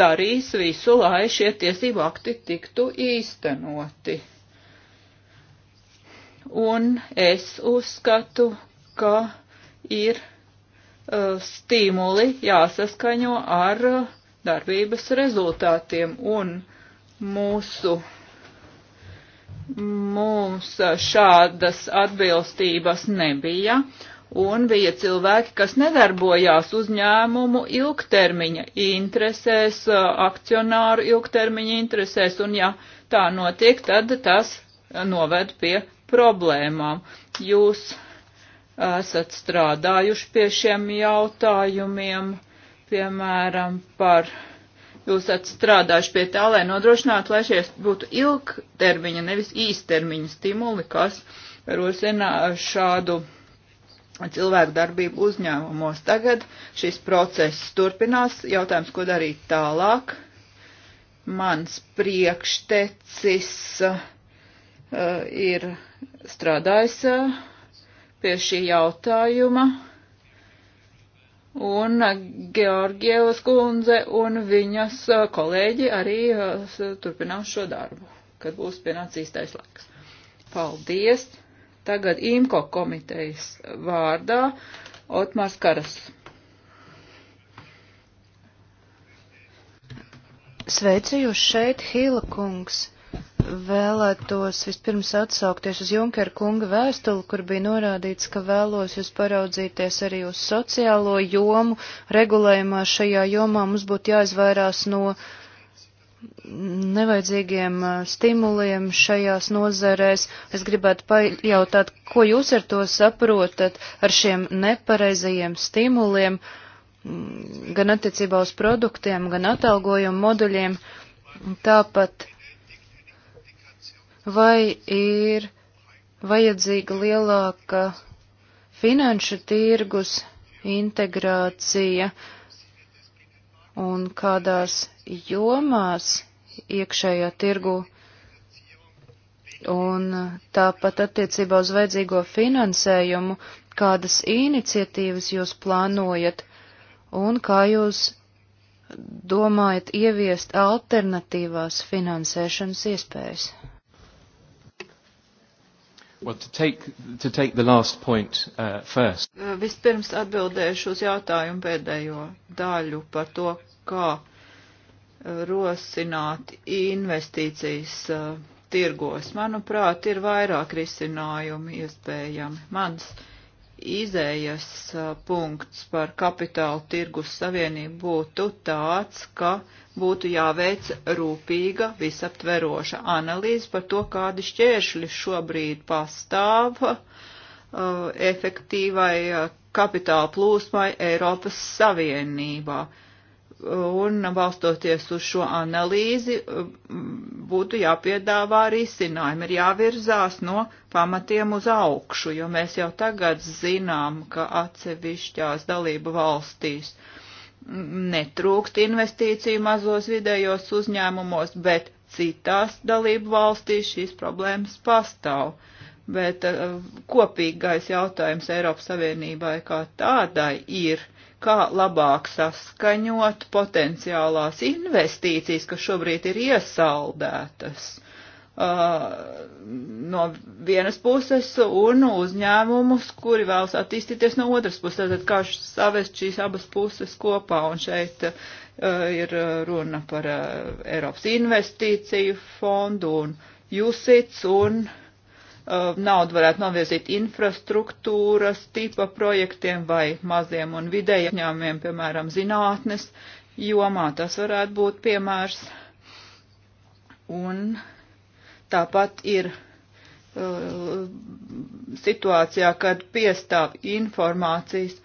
darīs visu, lai šie tiesību akti tiktu īstenoti. Un es uzskatu, ka ir uh, stimuli jāsaskaņo ar uh, darbības rezultātiem un mūsu uh, mums šādas atbilstības nebija, un bija cilvēki, kas nedarbojās uzņēmumu ilgtermiņa interesēs, akcionāru ilgtermiņa interesēs, un ja tā notiek, tad tas noved pie problēmām. Jūs esat strādājuši pie šiem jautājumiem, piemēram, par jūs esat strādājuši pie tā, lai nodrošinātu, lai šie būtu ilgtermiņa, nevis īstermiņa stimuli, kas rosina šādu cilvēku darbību uzņēmumos. Tagad šis process turpinās. Jautājums, ko darīt tālāk? Mans priekštecis uh, ir strādājis uh, pie šī jautājuma. Uh, Un Georgievas kundze un viņas uh, kolēģi arī uh, turpinās šo darbu, kad būs pienācis īstais laiks. Paldies! Tagad IMKO komitejas vārdā Otmārs Karas. Sveicu jūs šeit, Hīla kungs! vēlētos vispirms atsaukties uz Junkera kunga vēstuli, kur bija norādīts, ka vēlos jūs paraudzīties arī uz sociālo jomu. Regulējumā šajā jomā mums būtu jāizvairās no nevajadzīgiem uh, stimuliem šajās nozarēs. Es gribētu pajautāt, ko jūs ar to saprotat, ar šiem nepareizajiem stimuliem, mm, gan attiecībā uz produktiem, gan atalgojumu moduļiem. Tāpat vai ir vajadzīga lielāka finanšu tirgus integrācija un kādās jomās iekšējā tirgu un tāpat attiecībā uz vajadzīgo finansējumu, kādas iniciatīvas jūs plānojat un kā jūs domājat ieviest alternatīvās finansēšanas iespējas. Well, to take, to take the last point, uh, first. Uh, vispirms atbildēšu uz jautājumu pēdējo daļu par to, kā uh, rosināt investīcijas uh, tirgos. Manuprāt, ir vairāk risinājumi iespējami. Mans uh, izējas punkts par kapitāla tirgus savienību būtu tāds, ka būtu jāveic rūpīga, visaptveroša analīze par to, kādi šķēršļi šobrīd pastāv uh, efektīvai kapitāla plūsmai Eiropas Savienībā. Uh, un balstoties uz šo analīzi būtu jāpiedāvā risinājumi, ir jāvirzās no pamatiem uz augšu, jo mēs jau tagad zinām, ka atsevišķās dalību valstīs netrūkst investīciju mazos vidējos uzņēmumos, bet citās dalību valstīs šīs problēmas pastāv. Bet eh, kopīgais jautājums Eiropas Savienībai kā tādai ir kā labāk saskaņot potenciālās investīcijas, kas šobrīd ir iesaldētas uh, no vienas puses un uzņēmumus, kuri vēlas attīstīties no otras puses. Tātad kā savest šīs abas puses kopā un šeit uh, ir runa par uh, Eiropas investīciju fondu un jūsits un uh, Uh, naudu varētu novirzīt infrastruktūras tipa projektiem vai maziem un vidēji uzņēmumiem, piemēram, zinātnes jomā. Tas varētu būt piemērs. Un tāpat ir uh, situācijā, kad piestāv informācijas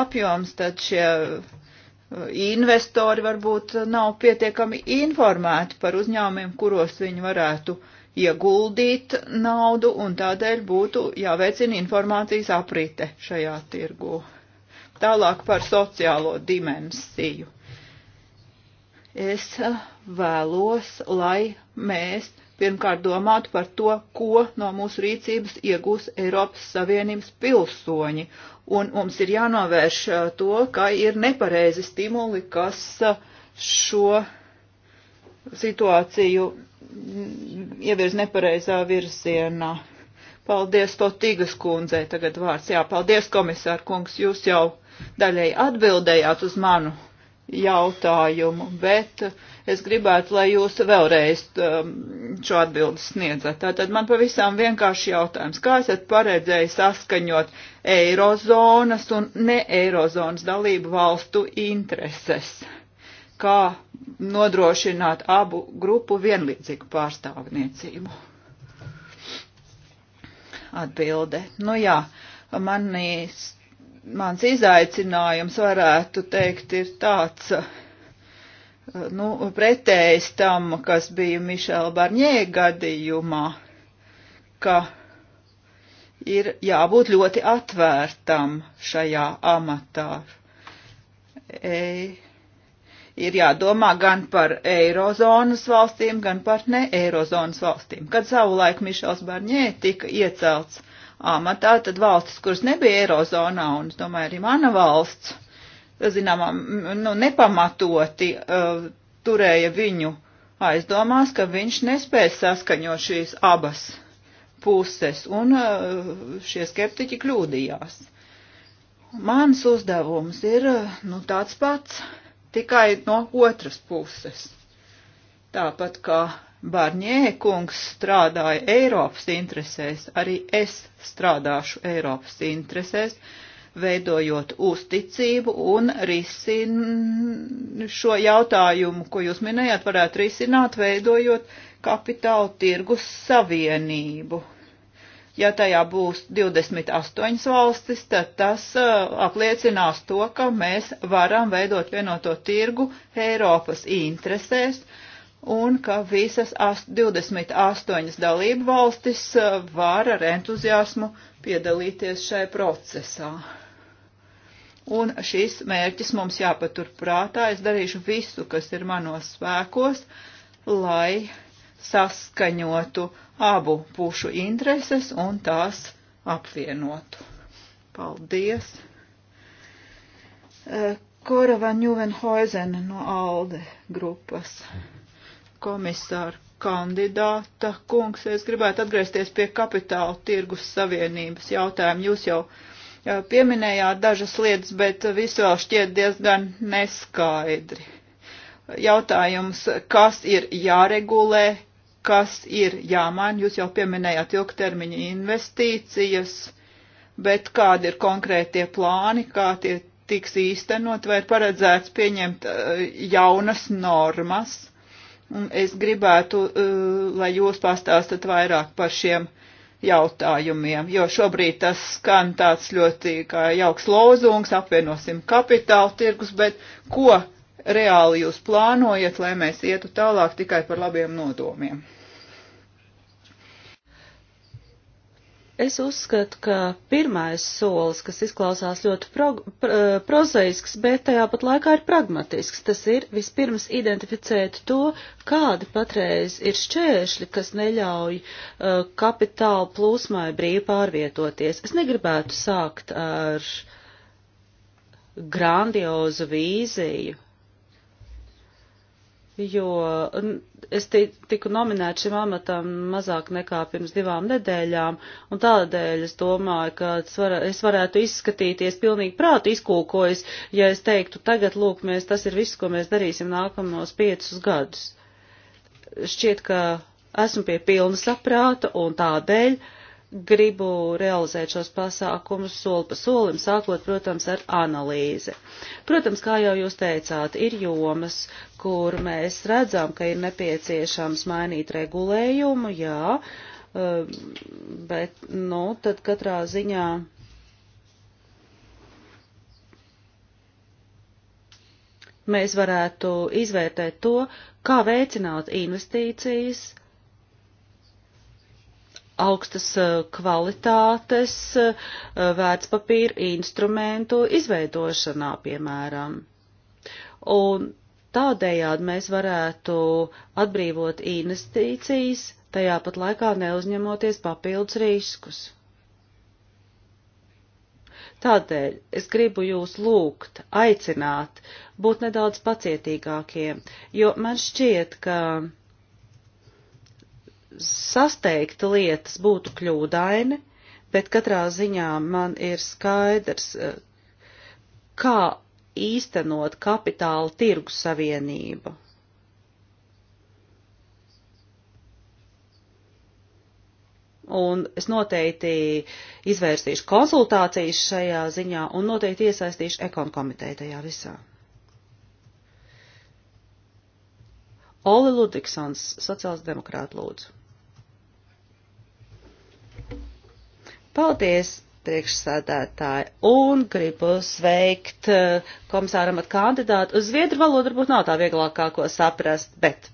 apjoms, tad šie uh, investori varbūt nav pietiekami informēti par uzņēmumiem, kuros viņi varētu uh, ieguldīt naudu un tādēļ būtu jāveicina informācijas aprite šajā tirgu. Tālāk par sociālo dimensiju. Es eh, vēlos, lai mēs pirmkārt domātu par to, ko no mūsu rīcības iegūs Eiropas Savienības pilsoņi, un mums ir jānovērš eh, to, ka ir nepareizi stimuli, kas eh, šo situāciju ievirz nepareizā virzienā. Paldies, Potīgas kundzei, tagad vārds. Jā, paldies, komisār kungs, jūs jau daļai atbildējāt uz manu jautājumu, bet es gribētu, lai jūs vēlreiz um, šo atbildi sniedzat. Tātad man pavisam vienkārši jautājums, kā esat paredzējis saskaņot eirozonas un ne eirozonas dalību valstu intereses? kā nodrošināt abu grupu vienlīdzīgu pārstāvniecību. Atbilde. Nu jā, manīs, mans izaicinājums varētu teikt ir tāds, nu, pretējs tam, kas bija Mišela Barņē gadījumā, ka ir jābūt ļoti atvērtam šajā amatā. Ei, ir jādomā gan par eirozonas valstīm, gan par ne eirozonas valstīm. Kad savulaik Mišels Barņē tika iecelts amatā, tad valstis, kuras nebija eirozonā, un es domāju, arī mana valsts, zināmā, nu, nepamatoti uh, turēja viņu aizdomās, ka viņš nespēja saskaņot šīs abas puses, un uh, šie skeptiķi kļūdījās. Mans uzdevums ir, uh, nu, tāds pats tikai no otras puses. Tāpat kā Barņē kungs strādāja Eiropas interesēs, arī es strādāšu Eiropas interesēs, veidojot uzticību un risin šo jautājumu, ko jūs minējāt, varētu risināt, veidojot kapitāla tirgus savienību Ja tajā būs 28 valstis, tad tas uh, apliecinās to, ka mēs varam veidot vienoto tirgu Eiropas interesēs un ka visas 28 dalību valstis uh, var ar entuziasmu piedalīties šai procesā. Un šis mērķis mums jāpatur prātā. Es darīšu visu, kas ir manos spēkos, lai saskaņotu abu pušu intereses un tās apvienotu. Paldies! Eh, Kora van Juvenhoizena no ALDE grupas komisāra kandidāta. Kungs, es gribētu atgriezties pie kapitāla tirgus savienības jautājumu. Jūs jau eh, pieminējāt dažas lietas, bet viss vēl šķiet diezgan neskaidri. Jautājums, kas ir jāregulē, kas ir jāmaina. Jūs jau pieminējāt ilgtermiņa investīcijas, bet kādi ir konkrētie plāni, kā tie tiks īstenot, vai ir paredzēts pieņemt eh, jaunas normas. Un es gribētu, eh, lai jūs pastāstat vairāk par šiem jautājumiem, jo šobrīd tas skan tāds ļoti kā jauks lozungs, apvienosim kapitāla tirgus, bet ko reāli jūs plānojat, lai mēs ietu tālāk tikai par labiem nodomiem? Es uzskatu, ka pirmais solis, kas izklausās ļoti pro, pro, prozaisks, bet tajā pat laikā ir pragmatisks, tas ir vispirms identificēt to, kādi patreiz ir šķēršļi, kas neļauj uh, kapitāla plūsmai brīvi pārvietoties. Es negribētu sākt ar grandiozu vīziju jo es tiku nominēta šim amatam mazāk nekā pirms divām nedēļām, un tādēļ es domāju, ka es varētu izskatīties pilnīgi prātu izkūkojas, ja es teiktu, tagad lūk, mēs tas ir viss, ko mēs darīsim nākamos piecus gadus. Šķiet, ka esmu pie pilna saprāta, un tādēļ uh, gribu realizēt šos pasākumus soli pa solim, sākot, protams, ar analīzi. Protams, kā jau jūs teicāt, ir jomas, kur mēs redzam, ka ir nepieciešams mainīt regulējumu, jā, um, bet, nu, tad katrā ziņā. Mēs varētu izvērtēt to, kā veicināt investīcijas, augstas eh, kvalitātes eh, vērtspapīra instrumentu izveidošanā, piemēram. Un tādējādi mēs varētu atbrīvot investīcijas, tajā pat laikā neuzņemoties papildus riskus. Tādēļ es gribu jūs lūgt, aicināt, būt nedaudz pacietīgākiem, jo man šķiet, ka sasteigt lietas būtu kļūdaini, bet katrā ziņā man ir skaidrs, eh, kā īstenot kapitāla tirgu savienību. Un es noteikti izvērsīšu konsultācijas šajā ziņā un noteikti iesaistīšu ekonu komiteju tajā visā. Oli Ludvigsons, sociāls demokrāta lūdzu. Paldies, priekšsādātāji, un gribu sveikt eh, komisāram at kandidātu. Uz viedru valodu varbūt nav tā vieglākā, ko saprast, bet.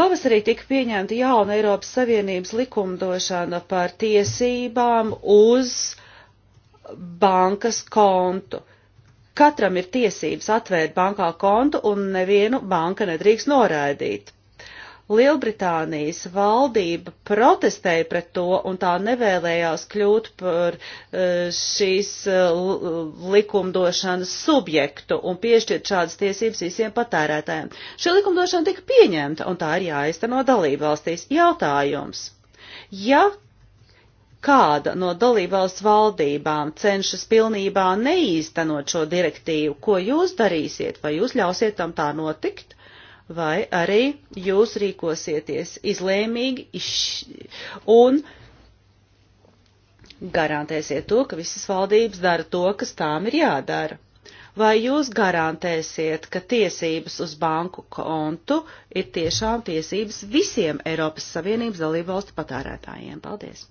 Pavasarī tika pieņemta jauna Eiropas Savienības likumdošana par tiesībām uz bankas kontu. Katram ir tiesības atvērt bankā kontu un nevienu banka nedrīkst noraidīt. Lielbritānijas valdība protestēja pret to un tā nevēlējās kļūt par eh, šīs eh, likumdošanas subjektu un piešķirt šādas tiesības visiem patērētājiem. Šī likumdošana tika pieņemta un tā ir jāizteno dalībvalstīs. Jautājums. Ja kāda no dalībvalsts valdībām cenšas pilnībā neīstenot šo direktīvu, ko jūs darīsiet, vai jūs ļausiet tam tā notikt? vai arī jūs rīkosieties izlēmīgi iš, un garantēsiet to, ka visas valdības dara to, kas tām ir jādara. Vai jūs garantēsiet, ka tiesības uz banku kontu ir tiešām tiesības visiem Eiropas Savienības dalību valstu patērētājiem? Paldies!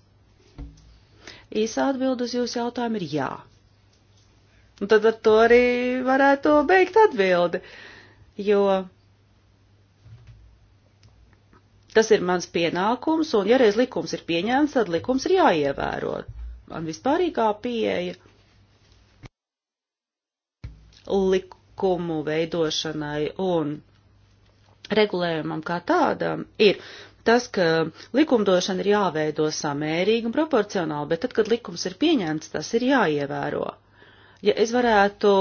Īsā atbild uz jūsu jautājumu ir jā. Un tad ar to arī varētu beigt atbildi, jo Tas ir mans pienākums, un ja reiz likums ir pieņēmts, tad likums ir jāievēro. Man vispārīgā pieeja likumu veidošanai un regulējumam kā tādam ir tas, ka likumdošana ir jāveido samērīgi un proporcionāli, bet tad, kad likums ir pieņemts, tas ir jāievēro. Ja es varētu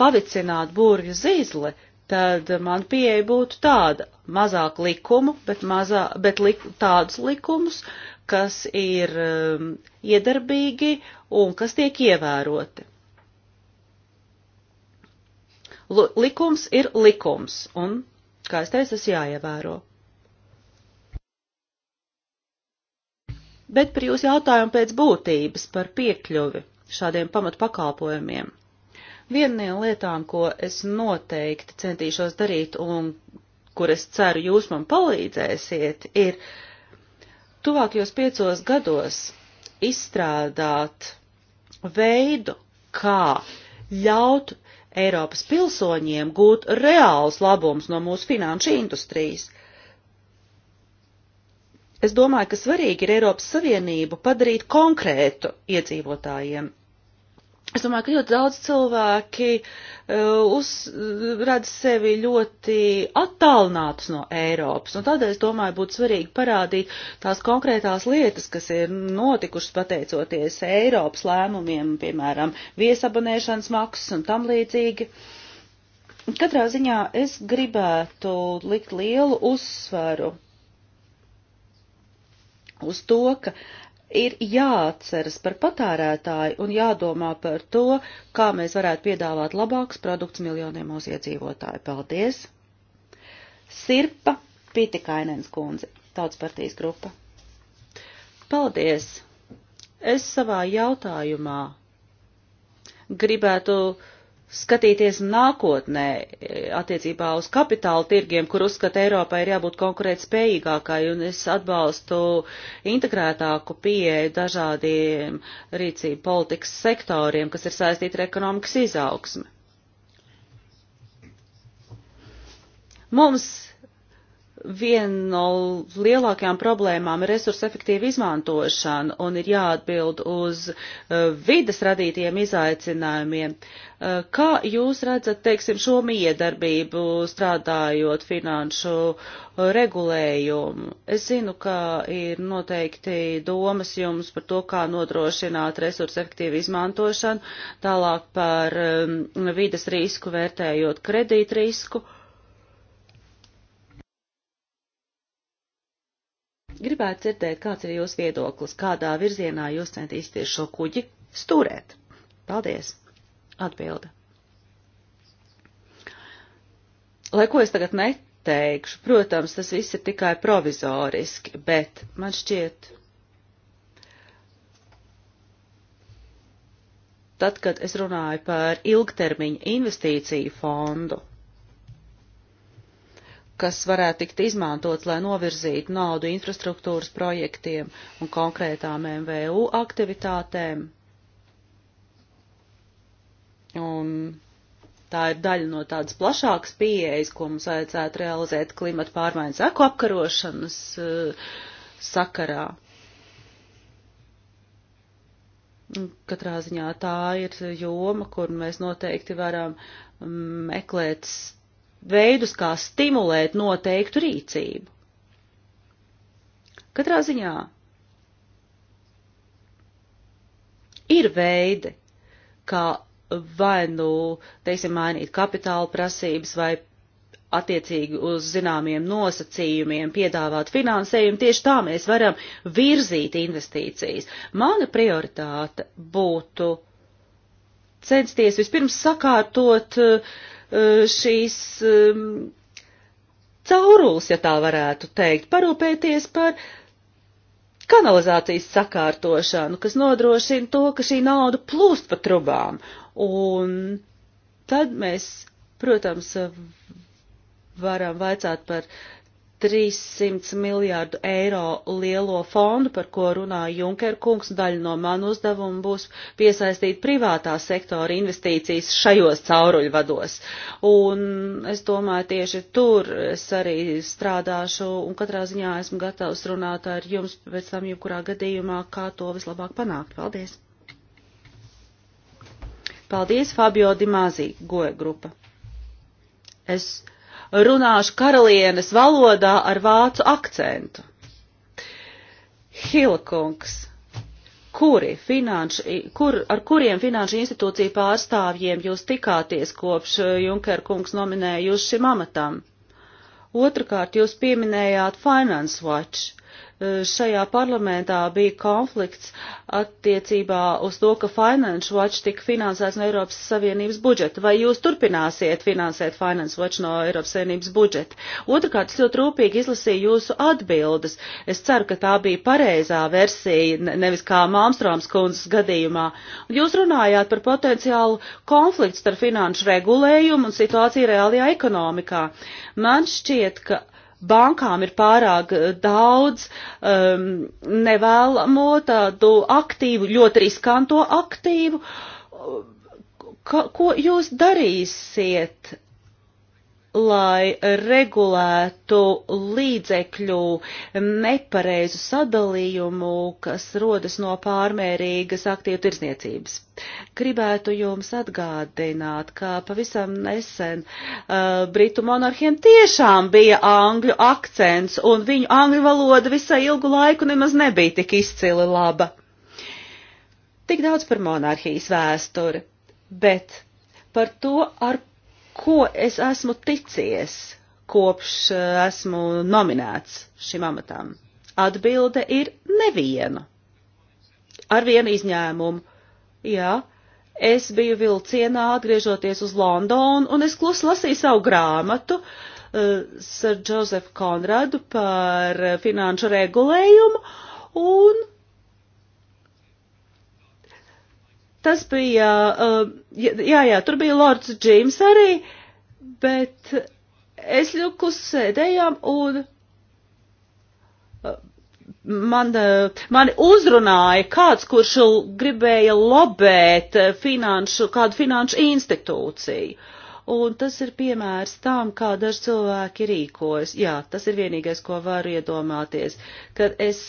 pavicināt burvju zīzli, tad man pieeja būtu tāda - mazāk likumu, bet, mazā, bet lik, tādus likumus, kas ir um, iedarbīgi un kas tiek ievēroti. L likums ir likums, un, kā es teicu, tas jāievēro. Bet par jūsu jautājumu pēc būtības par piekļuvi šādiem pamatpakalpojumiem. Viena no lietām, ko es noteikti centīšos darīt un kur es ceru jūs man palīdzēsiet, ir tuvākajos piecos gados izstrādāt veidu, kā ļaut Eiropas pilsoņiem gūt reāls labums no mūsu finanšu industrijas. Es domāju, ka svarīgi ir Eiropas Savienību padarīt konkrētu iedzīvotājiem. Es domāju, ka ļoti daudz cilvēki eh, uzrada sevi ļoti attālinātus no Eiropas, un tādēļ es domāju, būtu svarīgi parādīt tās konkrētās lietas, kas ir notikušas pateicoties Eiropas lēmumiem, piemēram, viesabonēšanas maksas un tam līdzīgi. Katrā ziņā es gribētu likt lielu uzsvaru uz to, ka uh, ir jāatceras par patērētāju un jādomā par to, kā mēs varētu piedāvāt labāks produkts miljoniem mūsu iedzīvotāju. Paldies! Sirpa Pitikainens kundze, Tautas partijas grupa. Paldies! Es savā jautājumā gribētu uh, skatīties nākotnē e, attiecībā uz kapitāla tirgiem, kur uzskata Eiropai ir jābūt konkurēt spējīgākai, un es atbalstu integrētāku pieeju dažādiem rīcību politikas sektoriem, kas ir saistīti ar ekonomikas izaugsmi. Mums viena no lielākajām problēmām ir resursu efektīva izmantošana un ir jāatbild uz uh, vidas radītiem izaicinājumiem. Uh, kā jūs redzat, teiksim, šo miedarbību strādājot finanšu uh, regulējumu? Es zinu, ka ir noteikti domas jums par to, kā nodrošināt resursu efektīvu izmantošanu, tālāk par um, vidas risku vērtējot kredīt risku. Uh, Gribētu dzirdēt, kāds ir jūsu viedoklis, kādā virzienā jūs centīsieties šo kuģi stūrēt. Paldies! Atbilde. Lai ko es tagad neteikšu, protams, tas viss ir tikai provizoriski, bet man šķiet, tad, kad es runāju par ilgtermiņa investīciju fondu, kas varētu tikt izmantots, lai novirzītu naudu infrastruktūras projektiem un konkrētām MVU aktivitātēm. Un tā ir daļa no tādas plašākas pieejas, ko mums vajadzētu realizēt klimata pārmaiņas eko apkarošanas uh, sakarā. Katrā ziņā tā ir joma, kur mēs noteikti varam mm, meklēt veidus, kā stimulēt noteiktu rīcību. Katrā ziņā ir veidi, kā vai nu, teiksim, mainīt kapitāla prasības vai attiecīgi uz zināmiem nosacījumiem piedāvāt finansējumu. Tieši tā mēs varam virzīt investīcijas. Mana prioritāte būtu censties vispirms sakārtot eh, Eh, šīs caurules, ja tā varētu teikt, parūpēties par kanalizācijas sakārtošanu, kas nodrošina to, ka šī nauda plūst pa trubām. Un tad mēs, protams, varam vaicāt par uh, 300 miljārdu eiro lielo fondu, par ko runāja Junker kungs, daļa no manu uzdevumu būs piesaistīt privātā sektora investīcijas šajos cauruļvados. Un es domāju, tieši tur es arī strādāšu, un katrā ziņā esmu gatavs runāt ar jums pēc tam jebkurā gadījumā, kā to vislabāk panākt. Paldies! Paldies, Fabio Dimāzī, Goja grupa. Es runāšu karalienes valodā ar vācu akcentu. Hilkungs, kuri finanšu, kur, ar kuriem finanšu institūciju pārstāvjiem jūs tikāties kopš eh, Junker kungs nominēja jūs šim amatam? Otrakārt, jūs pieminējāt Finance Watch šajā parlamentā bija konflikts attiecībā uz to, ka Finance Watch tika finansēts no Eiropas Savienības budžeta. Vai jūs turpināsiet finansēt Finance Watch no Eiropas Savienības budžeta? Otrakārt, es ļoti rūpīgi izlasīju jūsu atbildes. Es ceru, ka tā bija pareizā versija, nevis kā Malmstroms kundzes gadījumā. Jūs runājāt par potenciālu konfliktu starp finanšu regulējumu un situāciju reālajā ekonomikā. Man šķiet, ka bankām ir pārāk eh, daudz um, nevēlamo tādu aktīvu, ļoti riskanto aktīvu. Ka, ko jūs darīsiet lai regulētu līdzekļu nepareizu sadalījumu, kas rodas no pārmērīgas aktīvu tirsniecības. Gribētu jums atgādināt, ka pavisam nesen uh, Britu monarhiem tiešām bija angļu akcents, un viņu angļu valoda visai ilgu laiku nemaz nebija tik izcili laba. Tik daudz par monarhijas vēsturi, bet par to, ar ko es esmu ticies, kopš eh, esmu nominēts šim amatam? Atbilde ir neviena. Ar vienu izņēmumu. Jā, es biju vilcienā atgriežoties uz Londonu, un es klusi lasīju savu grāmatu uh, eh, ar Džozefu Konradu par eh, finanšu regulējumu, un tas bija, uh, jā, jā, tur bija Lords Džīms arī, bet es ļukus sēdējām un uh, man, uh, mani uzrunāja kāds, kurš gribēja lobēt finanšu, kādu finanšu institūciju. Un tas ir piemērs tām, kā daži cilvēki rīkojas. Jā, tas ir vienīgais, ko varu iedomāties, kad es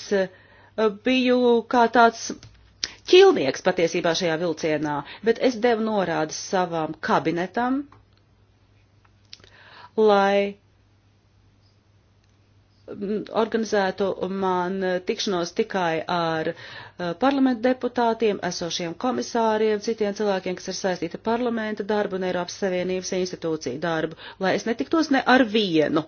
biju kā tāds ķilnieks patiesībā šajā vilcienā, bet es devu norādes savām kabinetam, lai mm, organizētu man tikšanos tikai ar eh, parlamentu deputātiem, esošiem komisāriem, citiem cilvēkiem, kas ir saistīti ar parlamenta darbu un Eiropas Savienības institūciju darbu, lai es netiktos ne ar vienu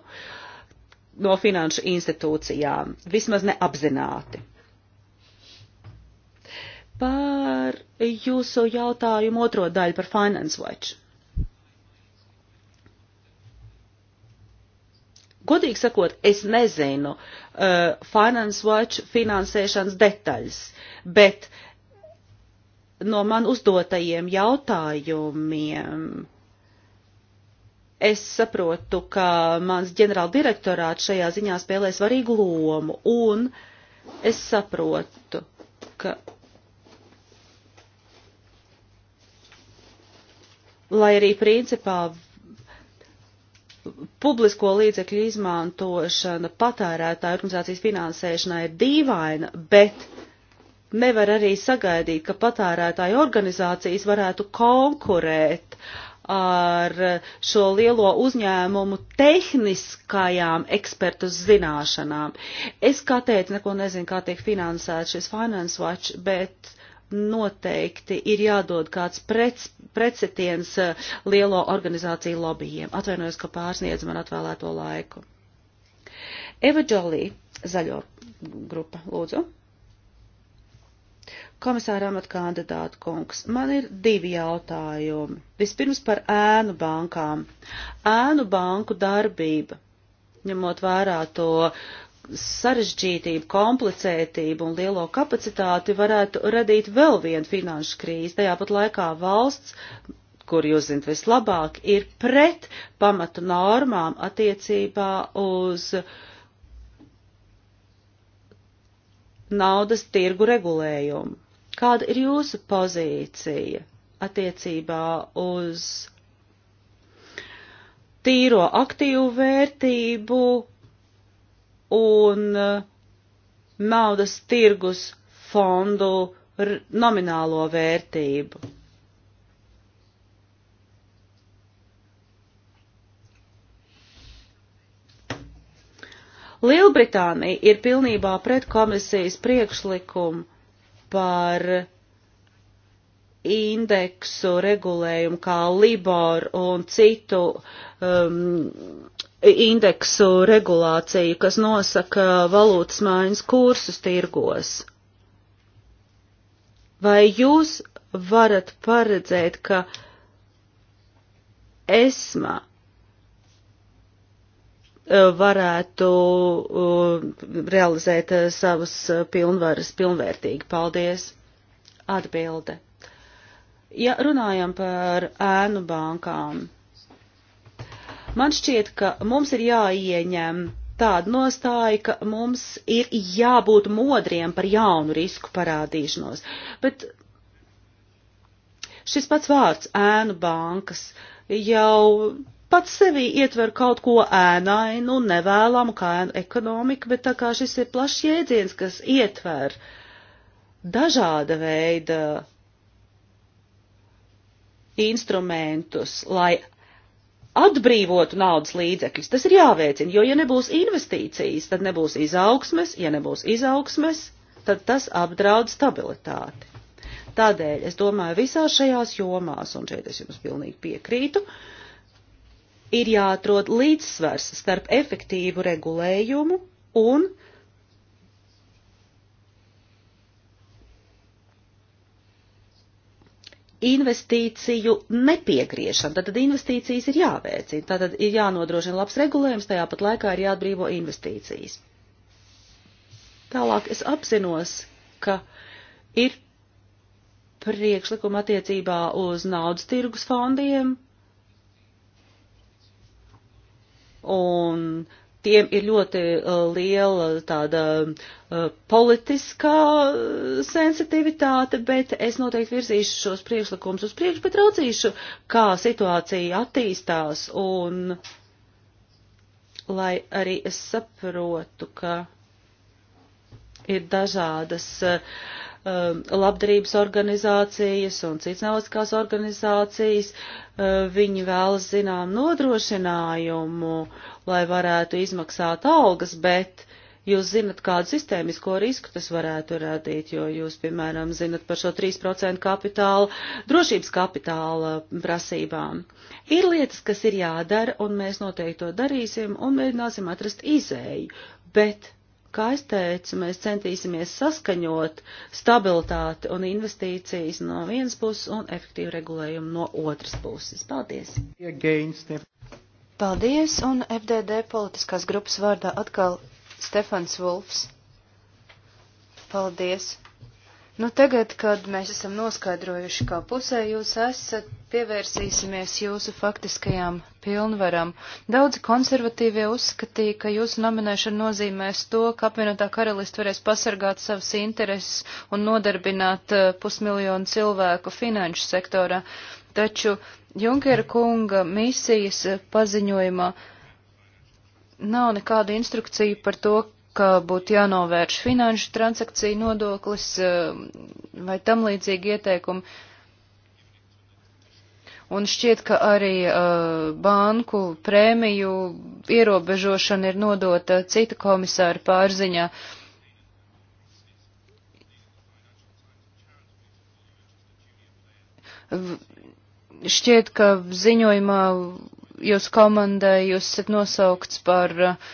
no finanšu institūcijām, vismaz neapzināti. Par jūsu jautājumu otro daļu par Finance Watch. Godīgi sakot, es nezinu uh, Finance Watch finansēšanas detaļas, bet no man uzdotajiem jautājumiem es saprotu, ka mans ģenerāldirektorāts šajā ziņā spēlē svarīgu lomu, un es saprotu, ka lai arī principā publisko līdzekļu izmantošana patērētāju organizācijas finansēšanai ir dīvaina, bet nevar arī sagaidīt, ka patērētāju organizācijas varētu konkurēt ar šo lielo uzņēmumu tehniskajām ekspertu zināšanām. Es kā teicu, neko nezinu, kā tiek finansēts šis Finance Watch, bet uh, noteikti ir jādod kāds prets, pretsetiens eh, lielo organizāciju lobbyiem. Atvainojos, ka pārsniedz man atvēlēto laiku. Eva Džolī, zaļo grupa, lūdzu. Komisāra amata kandidāta kungs, man ir divi jautājumi. Vispirms par ēnu bankām. Ēnu banku darbība, ņemot vērā to uh, sarežģītību, komplicētību un lielo kapacitāti varētu radīt vēl vienu finanšu krīzi. Tajā pat laikā valsts, kur jūs zinat vislabāk, ir pret pamatu normām attiecībā uz naudas tirgu regulējumu. Kāda ir jūsu pozīcija attiecībā uz tīro aktīvu vērtību un uh, naudas tirgus fondu nominālo vērtību. Lielbritānija ir pilnībā pret komisijas priekšlikumu par indeksu regulējumu kā Libor un citu um, indeksu regulāciju, kas nosaka valūtas mājas kursus tirgos. Vai jūs varat paredzēt, ka esma e, varētu realizēt e, savas e, pilnvaras pilnvērtīgi? Paldies! Atbilde. Ja runājam par ēnu bankām, Man šķiet, ka mums ir jāieņem tāda nostāja, ka mums ir jābūt modriem par jaunu risku parādīšanos. Bet šis pats vārds ēnu bankas jau pats sevī ietver kaut ko ēnainu, nevēlamu kā ēnu ekonomiku, bet tā kā šis ir plašs jēdziens, kas ietver dažāda veida instrumentus, lai atbrīvotu naudas līdzekļus. Tas ir jāveicina, jo ja nebūs investīcijas, tad nebūs izaugsmes, ja nebūs izaugsmes, tad tas apdraud stabilitāti. Tādēļ es domāju, visās šajās jomās, un šeit es jums pilnīgi piekrītu, ir jāatrod līdzsvars starp efektīvu regulējumu un uh, investīciju nepiegriešana. Tātad investīcijas ir jāveicina, tātad ir jānodrošina labs regulējums, tajā pat laikā ir jāatbrīvo investīcijas. Tālāk es apzinos, ka ir priekšlikuma attiecībā uz naudas tirgus fondiem un uh, tiem ir ļoti uh, liela tāda uh, politiskā sensitivitāte, bet es noteikti virzīšu šos priekšlikumus uz priekšu, bet raudzīšu, kā situācija attīstās un lai arī es saprotu, ka ir dažādas uh, Um, labdarības organizācijas un cits nevalstiskās organizācijas, um, viņi vēlas zinām nodrošinājumu, lai varētu izmaksāt algas, bet jūs zinat, kādu sistēmisko risku tas varētu radīt, jo jūs, piemēram, zinat par šo 3% kapitāla, drošības kapitāla prasībām. Ir lietas, kas ir jādara, un mēs noteikti to darīsim un mēģināsim atrast izēju, bet Kā es teicu, mēs centīsimies saskaņot stabilitāti un investīcijas no vienas puses un efektīvu regulējumu no otras puses. Paldies! Paldies, un FDD politiskās grupas vārdā atkal Stefans Vulfs. Paldies! Nu, tagad, kad mēs esam noskaidrojuši, kā pusē jūs esat, pievērsīsimies jūsu faktiskajām pilnvaram. Daudzi konservatīvie uzskatīja, ka jūsu nominēšana nozīmēs to, ka apvienotā karalista varēs pasargāt savas intereses un nodarbināt uh, pusmiljonu cilvēku finanšu sektorā, taču Junkera kunga misijas eh, paziņojumā nav nekādu instrukciju par to, ka būtu jānovērš finanšu transakciju nodoklis eh, vai tam līdzīgi ieteikumi. Un šķiet, ka arī uh, banku prēmiju ierobežošana ir nodota cita komisāra pārziņā. V šķiet, ka ziņojumā jūs komandai jūs esat nosaukts par uh,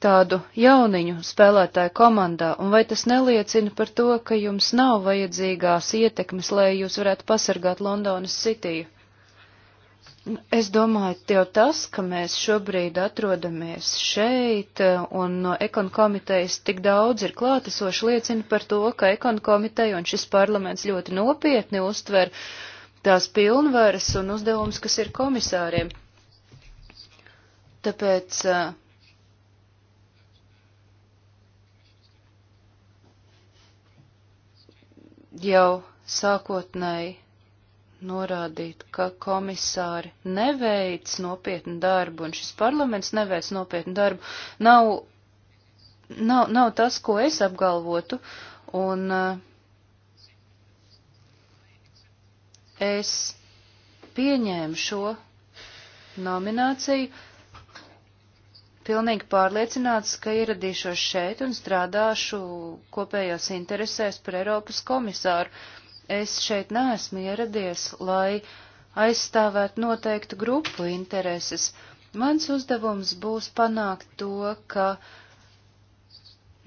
tādu jauniņu spēlētāju komandā, un vai tas neliecina par to, ka jums nav vajadzīgās ietekmes, lai jūs varētu pasargāt Londonas City? Nu, es domāju, jau tas, ka mēs šobrīd atrodamies šeit, un no ekonu komitejas tik daudz ir klātesoši, liecina par to, ka ekonu komiteja un šis parlaments ļoti nopietni uztver tās pilnvaras un uzdevums, kas ir komisāriem. Tāpēc uh, jau sākotnēji norādīt, ka komisāri neveic nopietnu darbu un šis parlaments neveic nopietnu darbu, nav, nav, nav tas, ko es apgalvotu, un eh, es pieņēmu šo nomināciju pilnīgi pārliecināts, ka ieradīšos šeit un strādāšu kopējās interesēs par Eiropas komisāru. Es šeit neesmu ieradies, lai aizstāvētu noteiktu grupu intereses. Mans uzdevums būs panākt to, ka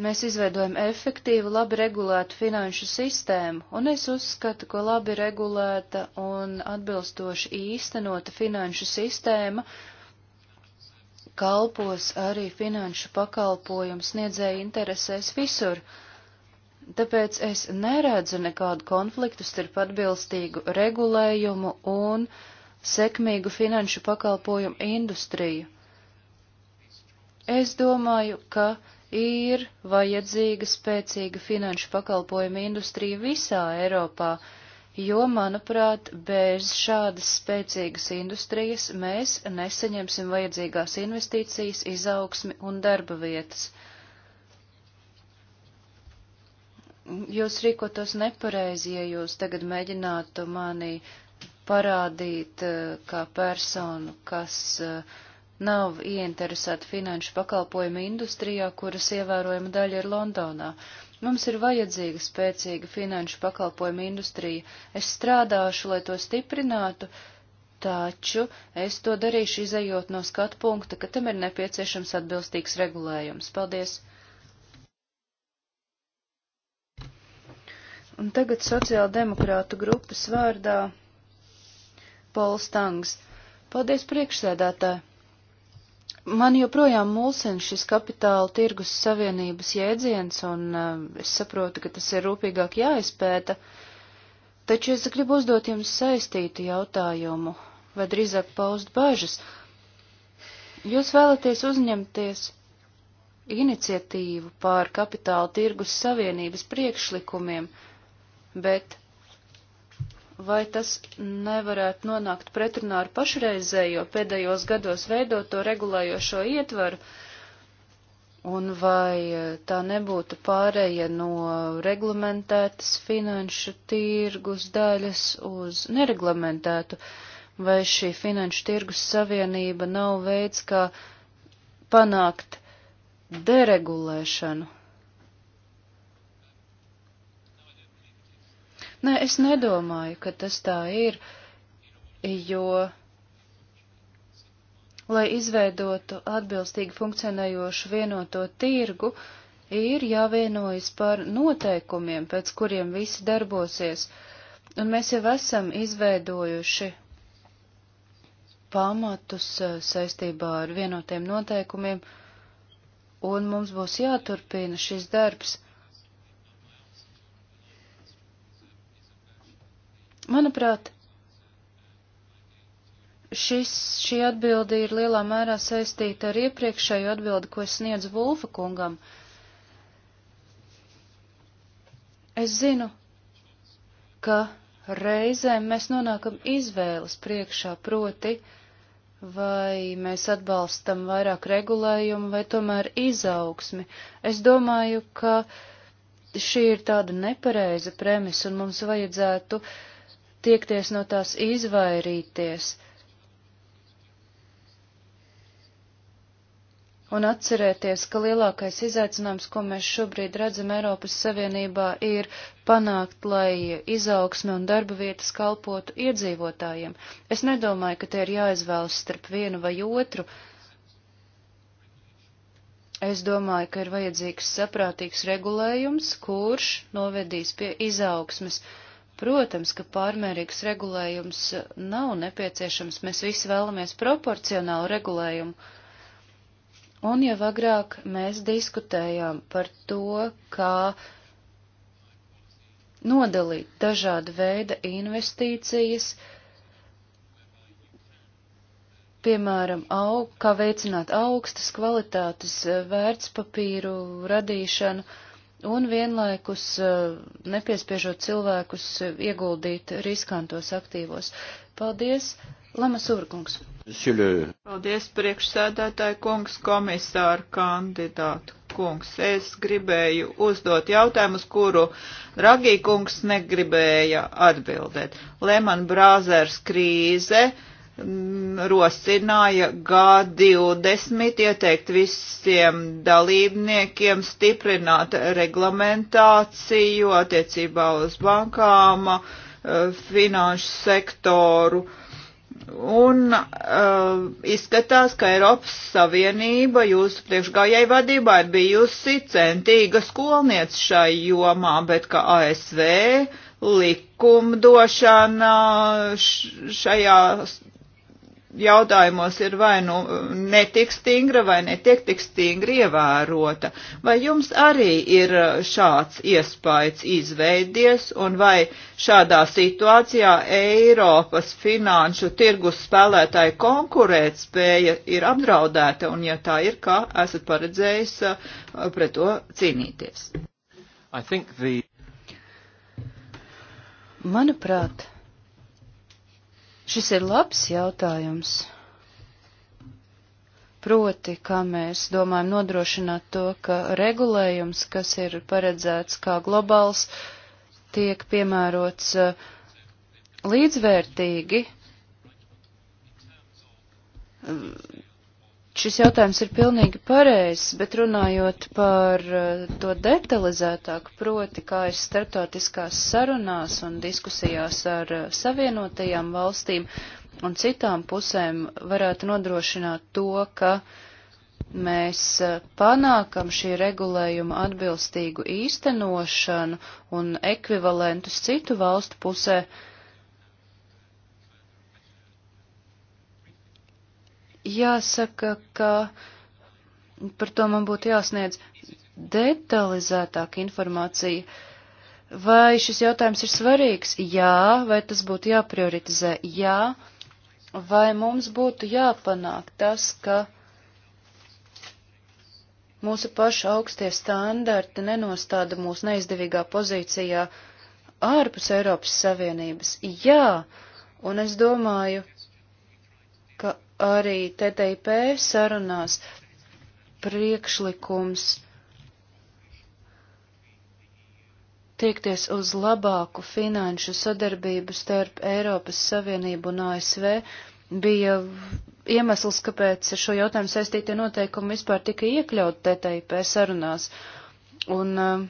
mēs izveidojam efektīvu, labi regulētu finanšu sistēmu, un es uzskatu, ka labi regulēta un atbilstoši īstenota finanšu sistēma uh, kalpos arī finanšu pakalpojumu sniedzēju interesēs visur. Tāpēc es neredzu nekādu konfliktu starp atbilstīgu regulējumu un sekmīgu finanšu pakalpojumu industriju. Es domāju, ka ir vajadzīga spēcīga finanšu pakalpojumu industrija visā Eiropā, uh, jo, manuprāt, bez šādas spēcīgas industrijas mēs nesaņemsim vajadzīgās investīcijas, izaugsmi un darba vietas. Jūs rīkotos nepareizi, ja jūs tagad mēģinātu mani parādīt eh, kā personu, kas eh, nav ieinteresēta finanšu pakalpojumu industrijā, kuras ievērojama daļa ir Londonā. Uh, Mums ir vajadzīga spēcīga finanšu pakalpojuma industrija. Es strādāšu, lai to stiprinātu, taču es to darīšu izējot no skatu punkta, ka tam ir nepieciešams atbilstīgs regulējums. Paldies! Un tagad sociāldemokrātu grupas vārdā Pols Tangs. Paldies priekšsēdētāji! Man joprojām mulsina šis kapitāla tirgus savienības jēdziens, un uh, es saprotu, ka tas ir rūpīgāk jāizpēta, taču es gribu uzdot jums saistītu jautājumu, vai drīzāk paust bažas. Jūs vēlaties uzņemties iniciatīvu pār kapitāla tirgus savienības priekšlikumiem, bet vai tas nevarētu nonākt pretrunā ar pašreizējo pēdējos gados veidoto regulējošo ietvaru, un vai e, tā nebūtu pārēja no reglamentētas finanšu tirgus daļas uz nereglamentētu, vai šī finanšu tirgus savienība nav veids, kā panākt deregulēšanu. Nē, es nedomāju, ka tas tā ir, jo, lai izveidotu atbilstīgi funkcionējošu vienoto tirgu, ir jāvienojas par noteikumiem, pēc kuriem visi darbosies, un mēs jau esam izveidojuši pamatus eh, saistībā ar vienotiem noteikumiem, un mums būs jāturpina šis darbs. Manuprāt, šis, šī atbilde ir lielā mērā saistīta ar iepriekšējo atbildi, ko es sniedzu Vulfa kungam. Es zinu, ka reizēm mēs nonākam izvēles priekšā, proti, vai mēs atbalstam vairāk regulējumu vai tomēr izaugsmi. Es domāju, ka šī ir tāda nepareiza premisa un mums vajadzētu uh, tiekties no tās izvairīties un atcerēties, ka lielākais izaicinājums, ko mēs šobrīd redzam Eiropas Savienībā, ir panākt, lai izaugsme un darba vietas kalpotu iedzīvotājiem. Es nedomāju, ka te ir jāizvēlas starp vienu vai otru. Es domāju, ka ir vajadzīgs saprātīgs regulējums, kurš novedīs pie izaugsmes. Uh, Protams, ka pārmērīgs regulējums nav nepieciešams, mēs visi vēlamies proporcionālu regulējumu. Un jau agrāk mēs diskutējām par to, kā nodalīt dažādu veidu investīcijas, piemēram, aug, kā veicināt augstas kvalitātes eh, vērtspapīru radīšanu un vienlaikus eh, nepiespiežot cilvēkus eh, ieguldīt riskantos aktīvos. Paldies, Lama Surkungs. Paldies, priekšsēdētāji kungs, komisāru kandidātu kungs. Es gribēju uzdot jautājumu, uz kuru Ragī kungs negribēja atbildēt. Lehman Brothers krīze Mm, rosināja G20 ieteikt visiem dalībniekiem stiprināt reglamentāciju attiecībā uz bankām, eh, finanšu sektoru. Un uh, izskatās, ka Eiropas Savienība jūsu priekšgājai vadībā ir bijusi centīga skolniece šai jomā, bet ka ASV likumdošana šajā jautājumos ir vai nu mm, netik stingra, vai netiek tik stingri ievērota. Vai jums arī ir eh, šāds iespējas izveidies, un vai šādā situācijā Eiropas finanšu tirgus spēlētāju konkurētspēja ir apdraudēta, un ja tā ir, kā esat paredzējis eh, pret to cīnīties? The... Manuprāt, Šis ir labs jautājums. Proti, kā mēs domājam nodrošināt to, ka regulējums, kas ir paredzēts kā globāls, tiek piemērots uh, līdzvērtīgi šis jautājums ir pilnīgi pareizs, bet runājot par eh, to detalizētāk, proti, kā ir starptautiskās sarunās un diskusijās ar eh, savienotajām valstīm un citām pusēm varētu nodrošināt to, ka mēs eh, panākam šī regulējuma atbilstīgu īstenošanu un ekvivalentus citu valstu pusē, uh, Jāsaka, ka par to man būtu jāsniedz detalizētāka informācija. Vai šis jautājums ir svarīgs? Jā, vai tas būtu jāprioritizē? Jā, vai mums būtu jāpanāk tas, ka mūsu paša augstie standarti nenostāda mūs neizdevīgā pozīcijā ārpus Eiropas Savienības? Jā, un es domāju, arī TTIP sarunās priekšlikums tiekties uz labāku finanšu sadarbību starp Eiropas Savienību un ASV bija iemesls, kāpēc šo jautājumu saistītie noteikumi vispār tika iekļaut TTIP sarunās. Un uh,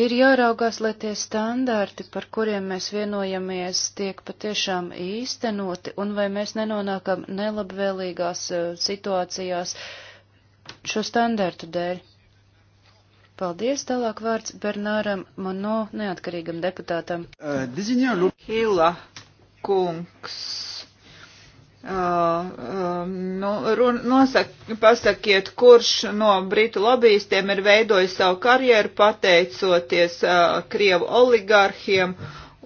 ir jāraugās, lai tie standarti, par kuriem mēs vienojamies, tiek patiešām īstenoti, un vai mēs nenonākam nelabvēlīgās uh, situācijās šo standartu dēļ. Paldies, tālāk vārds Bernāram Mano, neatkarīgam deputātam. Uh, Hila kungs Uh, uh, nu, run, nosak, pasakiet, kurš no britu lobbyistiem ir veidojis savu karjeru pateicoties uh, Krievu oligarhiem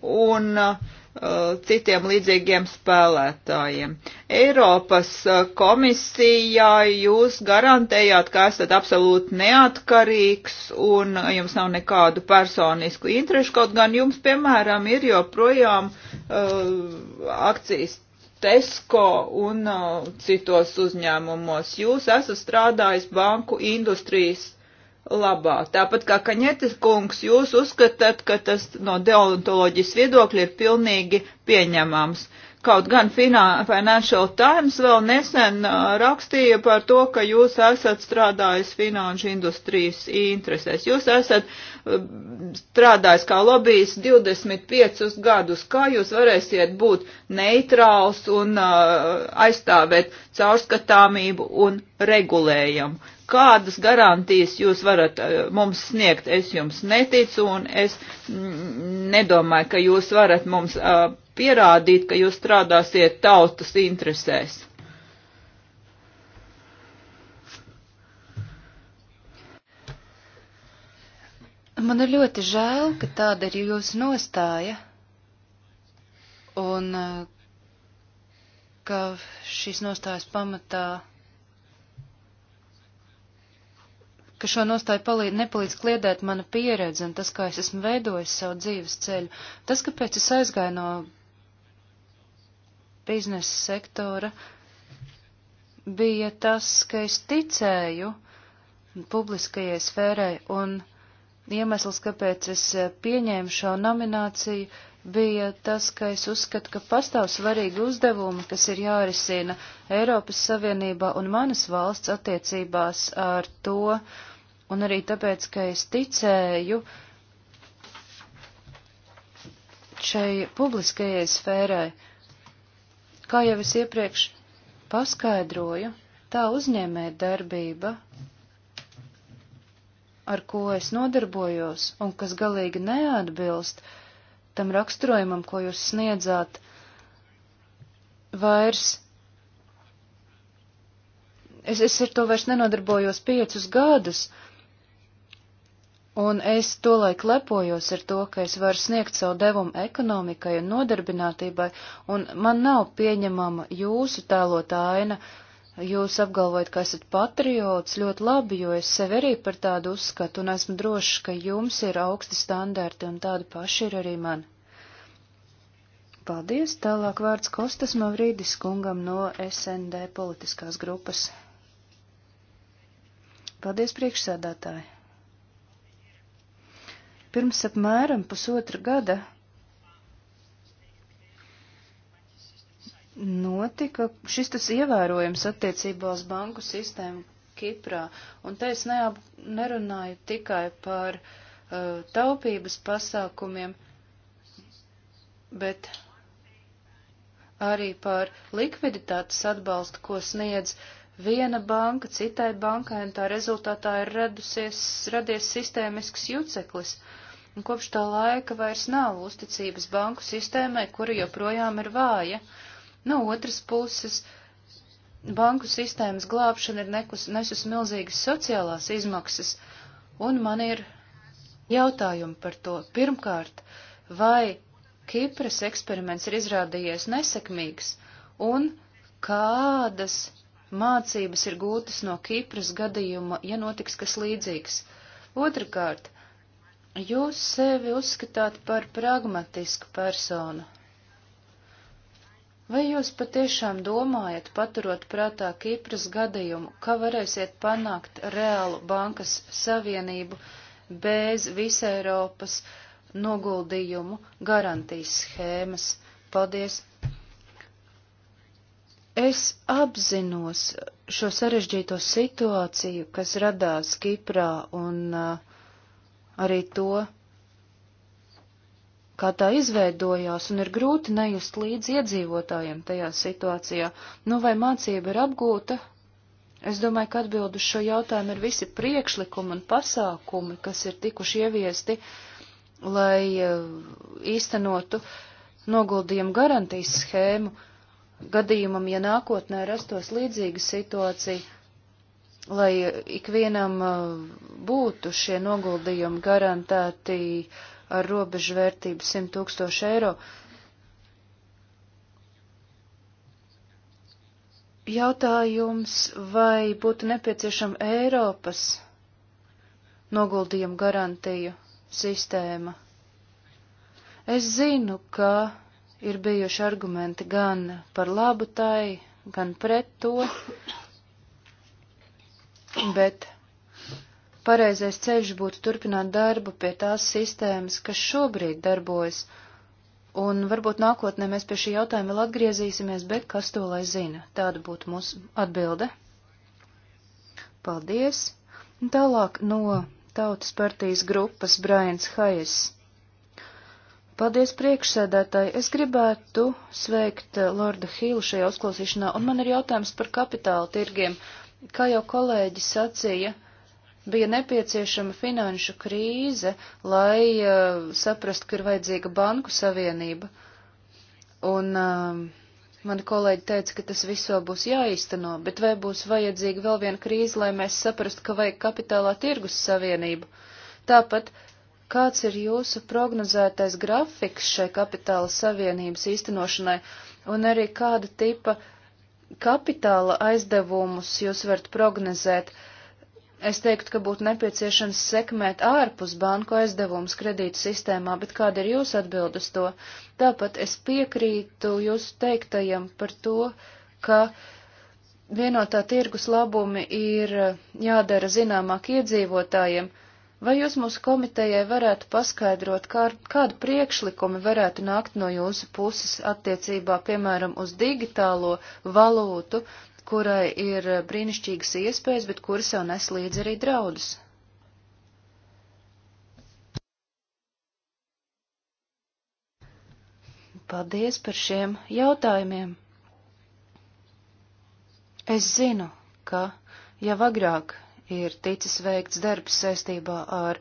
un uh, citiem līdzīgiem spēlētājiem. Eiropas uh, komisijā jūs garantējāt, ka esat absolūti neatkarīgs un uh, jums nav nekādu personisku interešu, kaut gan jums, piemēram, ir joprojām uh, akcijas PESCO un uh, citos uzņēmumos. Jūs esat strādājis banku industrijas labā. Tāpat kā Kaņetes kungs, jūs uzskatāt, ka tas no deontoloģijas viedokļa ir pilnīgi pieņemams. Uh, Kaut gan Financial Times vēl nesen uh, rakstīja par to, ka jūs esat strādājis finanšu industrijas interesēs. Jūs esat uh, strādājis kā lobijs 25 gadus. Kā jūs varēsiet būt neitrāls un uh, aizstāvēt caurskatāmību un regulējumu? kādas garantijas jūs varat mums sniegt. Es jums neticu un es mm, nedomāju, ka jūs varat mums uh, pierādīt, ka jūs strādāsiet tautas interesēs. Man ir ļoti žēl, ka tāda ir jūsu nostāja un eh, ka šīs nostājas pamatā, ka šo nostāju palīd, nepalīdz kliedēt mana pieredze un tas, kā es esmu veidojis savu dzīves ceļu. Tas, kāpēc es aizgāju no biznesa sektora bija tas, ka es ticēju publiskajai sfērai, un iemesls, kāpēc es eh, pieņēmu šo nomināciju, bija tas, ka es uzskatu, ka pastāv svarīgi uzdevumi, kas ir jārisina Eiropas Savienībā un manas valsts attiecībās ar to, un arī tāpēc, ka es ticēju šai publiskajai sfērai. Uh, Kā jau es iepriekš paskaidroju, tā uzņēmē darbība, ar ko es nodarbojos un kas galīgi neatbilst tam raksturojumam, ko jūs sniedzāt, vairs. Es, es ar to vairs nenodarbojos piecus gadus, uh, Un es tolaik lepojos ar to, ka es varu sniegt savu devumu ekonomikai un nodarbinātībai, un man nav pieņemama jūsu tēlotā aina. Jūs apgalvojat, ka esat patriots ļoti labi, jo es sevi arī par tādu uzskatu, un esmu drošs, ka jums ir augsti standarti, un tādi paši ir arī man. Paldies, tālāk vārds Kostas Mavrīdis kungam no SND politiskās grupas. Paldies, priekšsēdētāji! Pirms apmēram pusotra gada notika šis tas ievērojams attiecībā uz banku sistēmu Kiprā, un te es neap, nerunāju tikai par uh, taupības pasākumiem, bet arī par likviditātes atbalstu, ko sniedz viena banka citai bankai, un tā rezultātā ir radusies, radies sistēmisks juceklis. Uh, un kopš tā laika vairs nav uzticības banku sistēmai, kura joprojām ir vāja. No otras puses, banku sistēmas glābšana ir nekus, nesus milzīgas sociālās izmaksas, un man ir jautājumi par to. Pirmkārt, vai Kipras eksperiments ir izrādījies nesekmīgs, un kādas mācības ir gūtas no Kipras gadījuma, ja notiks kas līdzīgs? Otrakārt, Jūs sevi uzskatāt par pragmatisku personu. Vai jūs patiešām domājat, paturot prātā Kīpras gadījumu, ka varēsiet panākt reālu bankas savienību bez visa Eiropas noguldījumu garantijas schēmas? Paldies! Es apzinos šo sarežģīto situāciju, kas radās Kiprā un uh, arī to, kā tā izveidojās, un ir grūti nejust līdz iedzīvotājiem tajā situācijā. Nu, vai mācība ir apgūta? Es domāju, ka atbild uz šo jautājumu ir visi priekšlikumi un pasākumi, kas ir tikuši ieviesti, lai eh, īstenotu noguldījumu garantijas schēmu gadījumam, ja nākotnē rastos līdzīga situācija lai ikvienam uh, būtu šie noguldījumi garantēti ar robežu vērtību 100 tūkstoši eiro. Jautājums, vai būtu nepieciešama Eiropas noguldījuma garantiju sistēma? Es zinu, ka ir bijuši argumenti gan par labu tai, gan pret to, bet pareizais ceļš būtu turpināt darbu pie tās sistēmas, kas šobrīd darbojas, un varbūt nākotnē mēs pie šī jautājuma vēl atgriezīsimies, bet kas to lai zina? Tāda būtu mūsu atbilde. Paldies! Tālāk no Tautas partijas grupas Brains Hayes. Paldies priekšsēdētāji. Es gribētu sveikt Lorda Hīlu šajā uzklausīšanā, un man ir jautājums par kapitāla tirgiem. Uh, Kā jau kolēģi sacīja, bija nepieciešama finanšu krīze, lai uh, eh, saprastu, ka ir vajadzīga banku savienība. Un uh, mani kolēģi teica, ka tas viss vēl būs jāīsteno, bet vai būs vajadzīga vēl viena krīze, lai mēs saprastu, ka vajag kapitālā tirgus savienību? Tāpat, kāds ir jūsu prognozētais grafiks šai kapitāla savienības īstenošanai, un arī kāda tipa uh, kapitāla aizdevumus jūs varat prognozēt. Es teiktu, ka būtu nepieciešams sekmēt ārpus banku aizdevumus kredītu sistēmā, bet kāda ir jūsu atbild uz to? Tāpat es piekrītu jūsu teiktajam par to, ka vienotā tirgus labumi ir jādara zināmāk iedzīvotājiem. Uh, Vai jūs mūsu komitejai varētu paskaidrot, kā, kādu priekšlikumi varētu nākt no jūsu puses attiecībā, piemēram, uz digitālo valūtu, kurai ir brīnišķīgas iespējas, bet kuras jau nes līdzi arī draudus? Paldies par šiem jautājumiem. Es zinu, ka jau agrāk ir ticis veikts darbs saistībā ar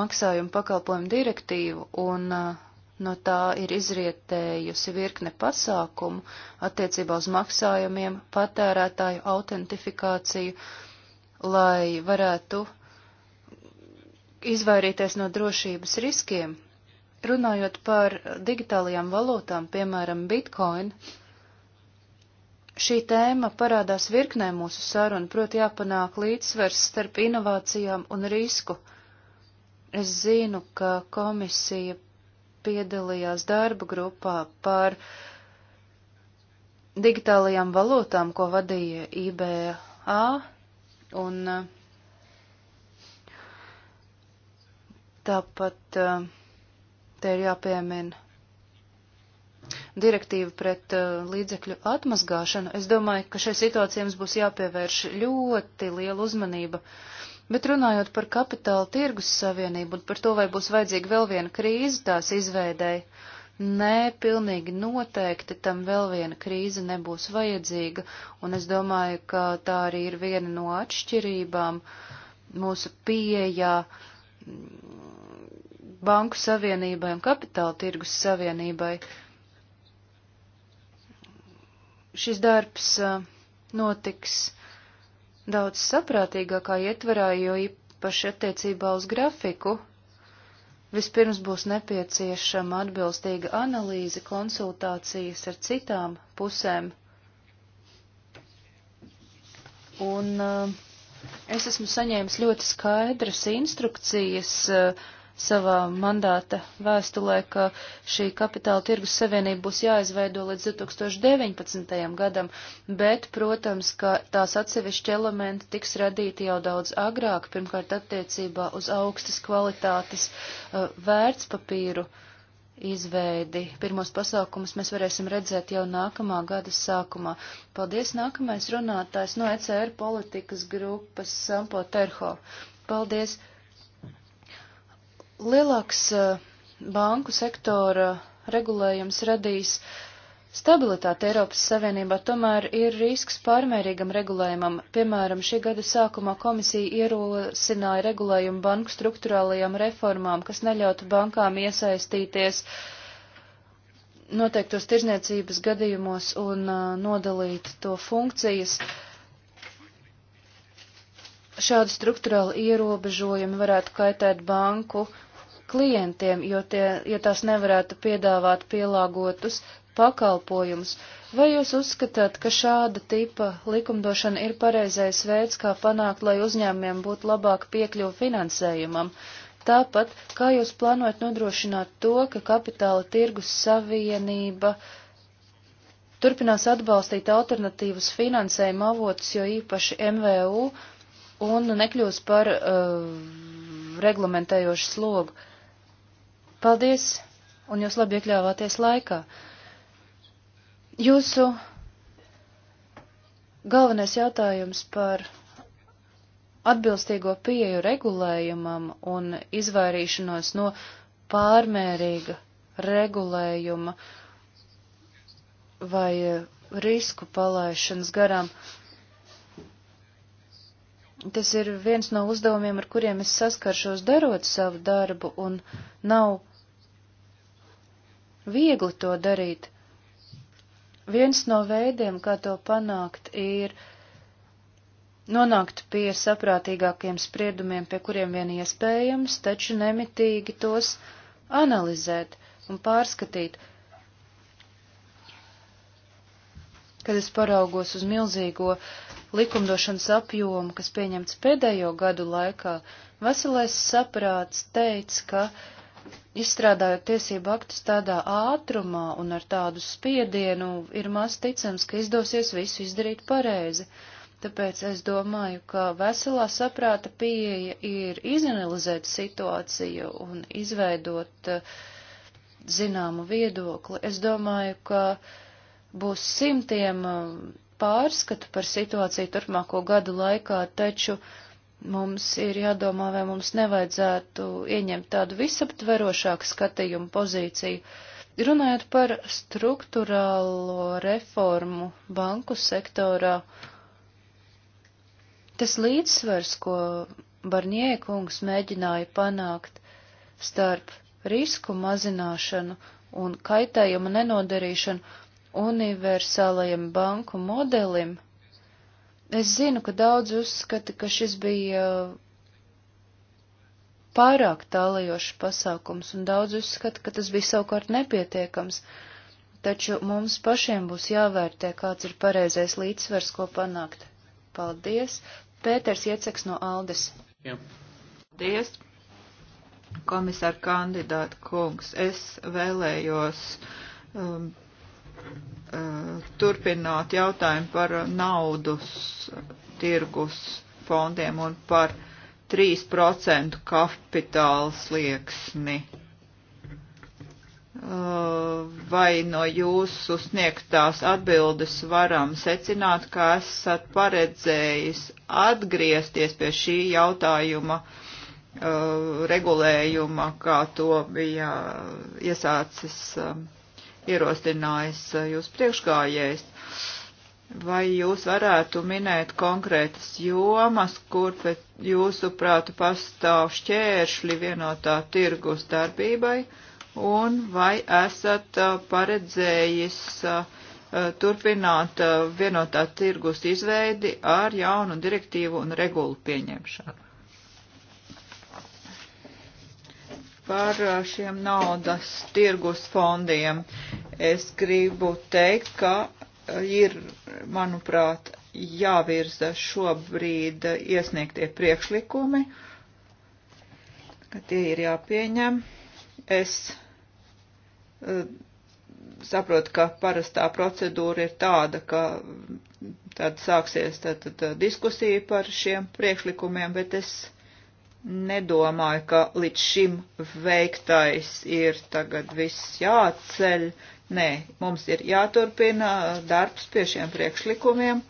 maksājumu pakalpojumu direktīvu, un uh, no tā ir izrietējusi virkne pasākumu attiecībā uz maksājumiem, patērētāju autentifikāciju, lai varētu izvairīties no drošības riskiem. Runājot par digitālajām valūtām, piemēram, bitcoin, uh, Šī tēma parādās virknē mūsu sarunu, proti jāpanāk līdzsvers starp inovācijām un risku. Es zinu, ka komisija piedalījās darba grupā par digitālajām valūtām, ko vadīja IBA, un eh, tāpat eh, te ir jāpiemina direktīvu pret uh, līdzekļu atmazgāšanu, es domāju, ka šai situācijai mums būs jāpievērš ļoti liela uzmanība. Bet runājot par kapitāla tirgus savienību un par to, vai būs vajadzīga vēl viena krīze tās izveidēji, nē, pilnīgi noteikti tam vēl viena krīze nebūs vajadzīga, un es domāju, ka tā arī ir viena no atšķirībām mūsu pieejā mm, Banku savienībai un kapitāla tirgus savienībai šis darbs notiks daudz saprātīgākā ietvarā, jo īpaši attiecībā uz grafiku vispirms būs nepieciešama atbilstīga analīze, konsultācijas ar citām pusēm. Un uh, es esmu saņēmis ļoti skaidras instrukcijas uh, savā mandāta vēstulē, ka šī kapitāla tirgus savienība būs jāizveido līdz 2019. gadam, bet, protams, ka tās atsevišķi elementi tiks radīti jau daudz agrāk, pirmkārt attiecībā uz augstas kvalitātes uh, vērtspapīru izveidi. Pirmos pasākumus mēs varēsim redzēt jau nākamā gada sākumā. Paldies, nākamais runātājs no ECR politikas grupas Sampo Terho. Paldies! Lielāks banku sektora regulējums radīs stabilitāti Eiropas Savienībā, tomēr ir risks pārmērīgam regulējumam. Piemēram, šī gada sākumā komisija ierosināja regulējumu banku struktūrālajām reformām, kas neļautu bankām iesaistīties noteiktos tirzniecības gadījumos un uh, nodalīt to funkcijas. Šādi struktūrāli ierobežojumi varētu kaitēt banku klientiem, jo, tie, jo tās nevarētu piedāvāt pielāgotus pakalpojumus. Vai jūs uzskatāt, ka šāda tipa likumdošana ir pareizais veids, kā panākt, lai uzņēmumiem būtu labāka piekļuva finansējumam? Tāpat, kā jūs plānojat nodrošināt to, ka kapitāla tirgus savienība turpinās atbalstīt alternatīvus finansējuma avotus, jo īpaši MVU, un nekļūs par uh, reglamentējošu slogu? Paldies, un jūs labi iekļāvāties laikā. Jūsu galvenais jautājums par atbilstīgo pieeju regulējumam un izvairīšanos no pārmērīga regulējuma vai risku palaišanas garām. Tas ir viens no uzdevumiem, ar kuriem es saskaršos darot savu darbu, un nav viegli to darīt. Viens no veidiem, kā to panākt, ir nonākt pie saprātīgākiem spriedumiem, pie kuriem vien iespējams, taču nemitīgi tos analizēt un pārskatīt. Kad es paraugos uz milzīgo likumdošanas apjomu, kas pieņemts pēdējo gadu laikā, veselais saprāts teica, ka izstrādājot tiesību aktus tādā ātrumā un ar tādu spiedienu, ir maz ticams, ka izdosies visu izdarīt pareizi. Tāpēc es domāju, ka veselā saprāta pieeja ir izanalizēt situāciju un izveidot eh, zināmu viedokli. Es domāju, ka būs simtiem eh, pārskatu par situāciju turpmāko gadu laikā, taču uh, Mums ir jādomā, vai mums nevajadzētu ieņemt tādu visaptverošāku skatījumu pozīciju. Runājot par struktūrālo reformu banku sektorā, tas līdzsvers, ko Barņiekungs mēģināja panākt starp risku mazināšanu un kaitējumu nenodarīšanu universālajam banku modelim – Es zinu, ka daudz uzskata, ka šis bija uh, pārāk tālajošs pasākums, un daudz uzskata, ka tas bija savukārt nepietiekams, taču mums pašiem būs jāvērtē, kāds ir pareizais līdzsvers, ko panākt. Paldies! Pēters Ieceks no Aldes. Jā. Paldies! Komisāra kandidāta kungs, es vēlējos. Um, Eh, turpināt jautājumu par naudas tirgus fondiem un par 3% kapitāla slieksni. Eh, vai no jūsu sniegtās atbildes varam secināt, ka esat paredzējis atgriezties pie šī jautājuma eh, regulējuma, kā to bija iesācis ierosinājis eh, jūs priekšgājējs. Vai jūs varētu minēt konkrētas jomas, kur pēc jūsu prātu pastāv šķēršļi vienotā tirgus darbībai, un vai esat eh, paredzējis eh, turpināt vienotā tirgus izveidi ar jaunu direktīvu un regulu pieņemšanu? par šiem naudas tirgus fondiem. Es gribu teikt, ka ir, manuprāt, jāvirza šobrīd iesniegtie priekšlikumi, ka tie ir jāpieņem. Es saprotu, ka parastā procedūra ir tāda, ka tad sāksies tad, tad diskusija par šiem priekšlikumiem, bet es nedomāju, ka līdz šim veiktais ir tagad viss jāceļ. Nē, mums ir jāturpina darbs pie šiem priekšlikumiem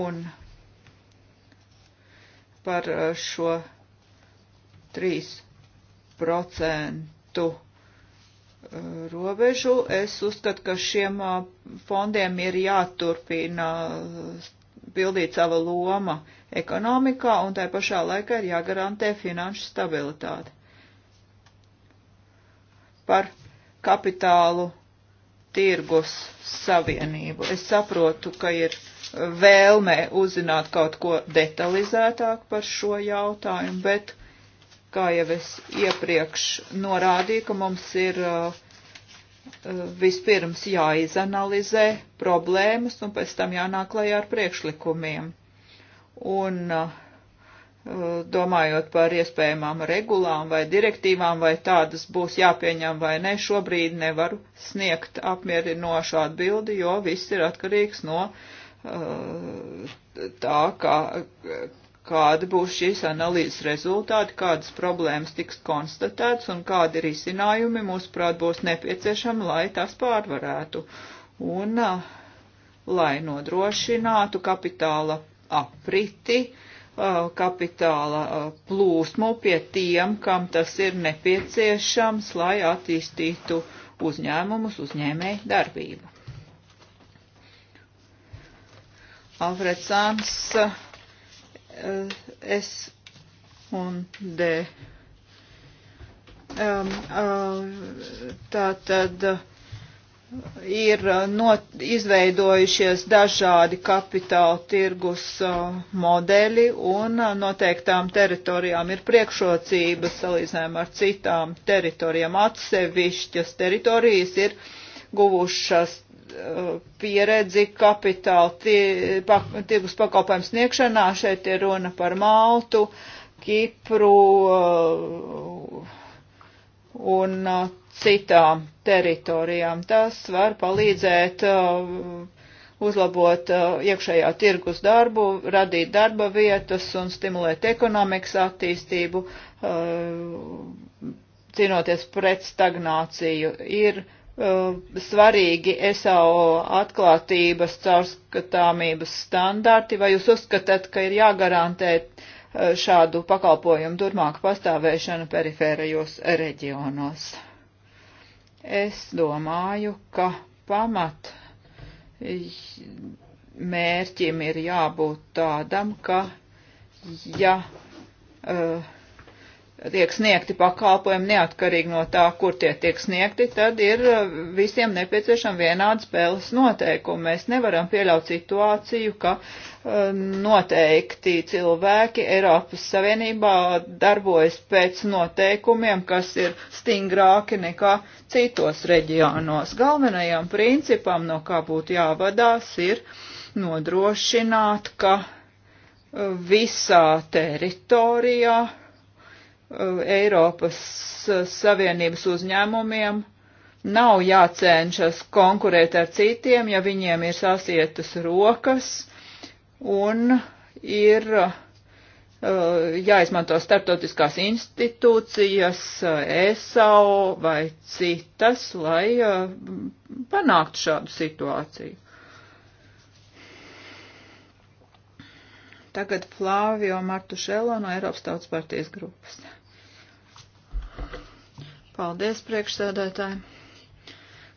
un par uh, šo 3% uh, robežu. Es uzskatu, ka šiem uh, fondiem ir jāturpina pildīt sava loma ekonomikā un tai pašā laikā ir jāgarantē finanšu stabilitāte. Par kapitālu tirgus savienību. Es saprotu, ka ir vēlme uzzināt kaut ko detalizētāk par šo jautājumu, bet, kā jau es iepriekš norādīju, ka mums ir uh, vispirms jāizanalizē problēmas un pēc tam jānāk lai ar priekšlikumiem. Un uh, domājot par iespējamām regulām vai direktīvām, vai tādas būs jāpieņem vai ne, šobrīd nevaru sniegt apmierinošu atbildi, jo viss ir atkarīgs no uh, tā, kā, kādi būs šīs analīzes rezultāti, kādas problēmas tiks konstatētas un kādi risinājumi mūsuprāt būs nepieciešami, lai tās pārvarētu un lai nodrošinātu kapitāla apriti, kapitāla plūsmu pie tiem, kam tas ir nepieciešams, lai attīstītu uzņēmumus, uzņēmēju darbību. Alfreds Sāns Eh, S un D. Um, uh, tā tad eh, ir not, izveidojušies dažādi kapitāla tirgus uh, modeļi un uh, noteiktām teritorijām ir priekšrocības salīdzinājumā ar citām teritorijām. Atsevišķas teritorijas ir guvušas pieredzi kapitāla tie, pa, tirgus pakalpojumu sniegšanā. Šeit ir runa par Maltu, Kipru uh, un uh, citām teritorijām. Tas var palīdzēt uh, uzlabot iekšējā tirgus darbu, radīt darba vietas un stimulēt ekonomikas attīstību, cīnoties pret stagnāciju. Ir Eh, svarīgi SAO atklātības, caurskatāmības standarti, vai jūs uzskatāt, ka ir jāgarantē eh, šādu pakalpojumu turmāk pastāvēšana perifērajos reģionos? Es domāju, ka pamat mērķim ir jābūt tādam, ka ja uh, tiek sniegti pakalpojumi neatkarīgi no tā, kur tie tiek sniegti, tad ir uh, visiem nepieciešama vienāda spēles noteikuma. Mēs nevaram pieļaut situāciju, ka uh, noteikti cilvēki Eiropas Savienībā darbojas pēc noteikumiem, kas ir stingrāki nekā citos reģionos. Galvenajam principam, no kā būtu jāvadās, ir nodrošināt, ka uh, visā teritorijā Uh, Eiropas uh, Savienības uzņēmumiem nav jācenšas konkurēt ar citiem, ja viņiem ir sasietas rokas un ir uh, jāizmanto starptautiskās institūcijas, ESAO vai citas, lai panāktu šādu situāciju. Tagad Flāvio Martušelo no Eiropas Tautas partijas grupas. Paldies, priekšsēdētāji.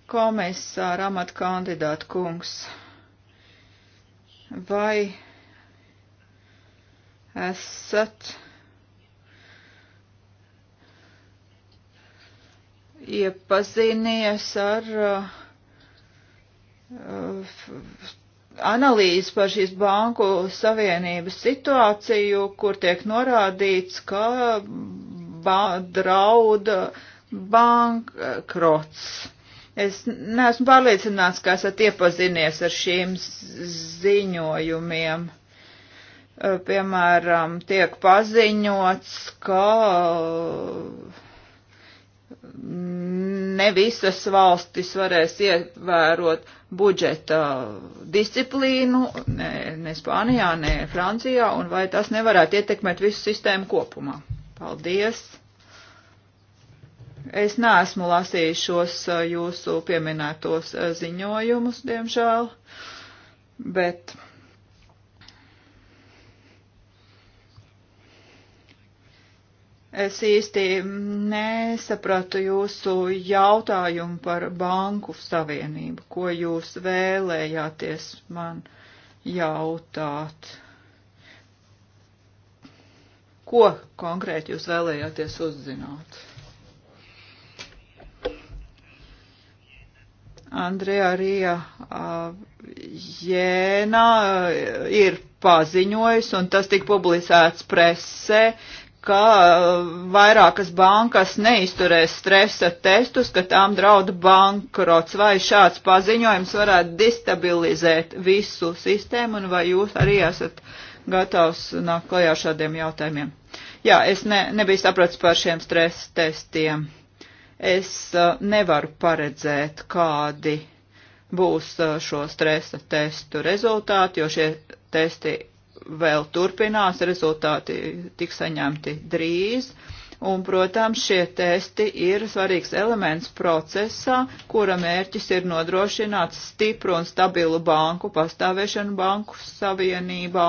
Komisāra amata kandidāta kungs. Vai esat iepazinies ar uh, uh analīzi par šīs banku savienības situāciju, kur tiek norādīts, ka ba drauda bankrots. Es neesmu pārliecināts, ka esat iepazinies ar šīm ziņojumiem. E, piemēram, tiek paziņots, ka ne visas valstis varēs ievērot budžeta disciplīnu, ne, ne Spānijā, ne Francijā, un vai tas nevarētu ietekmēt visu sistēmu kopumā. Paldies! Es neesmu lasījis šos eh, jūsu pieminētos eh, ziņojumus, diemžēl, bet. Es īsti nesapratu jūsu jautājumu par banku savienību, ko jūs vēlējāties man jautāt. Ko konkrēti jūs vēlējāties uzzināt? Andrejā Rija Jēna ir paziņojis, un tas tika publicēts presē, ka uh, vairākas bankas neizturēs stresa testus, ka tām draud bankrots. Vai šāds paziņojums varētu destabilizēt visu sistēmu, un vai jūs arī esat gatavs nākt klajā šādiem jautājumiem? Jā, es ne, nebiju sapratis par šiem stresa testiem. Es uh, nevaru paredzēt, kādi būs uh, šo stresa testu rezultāti, jo šie testi vēl turpinās, rezultāti tiks saņemti drīz. Un, protams, šie testi ir svarīgs elements procesā, kura mērķis ir nodrošināt stipru un stabilu banku pastāvēšanu banku savienībā.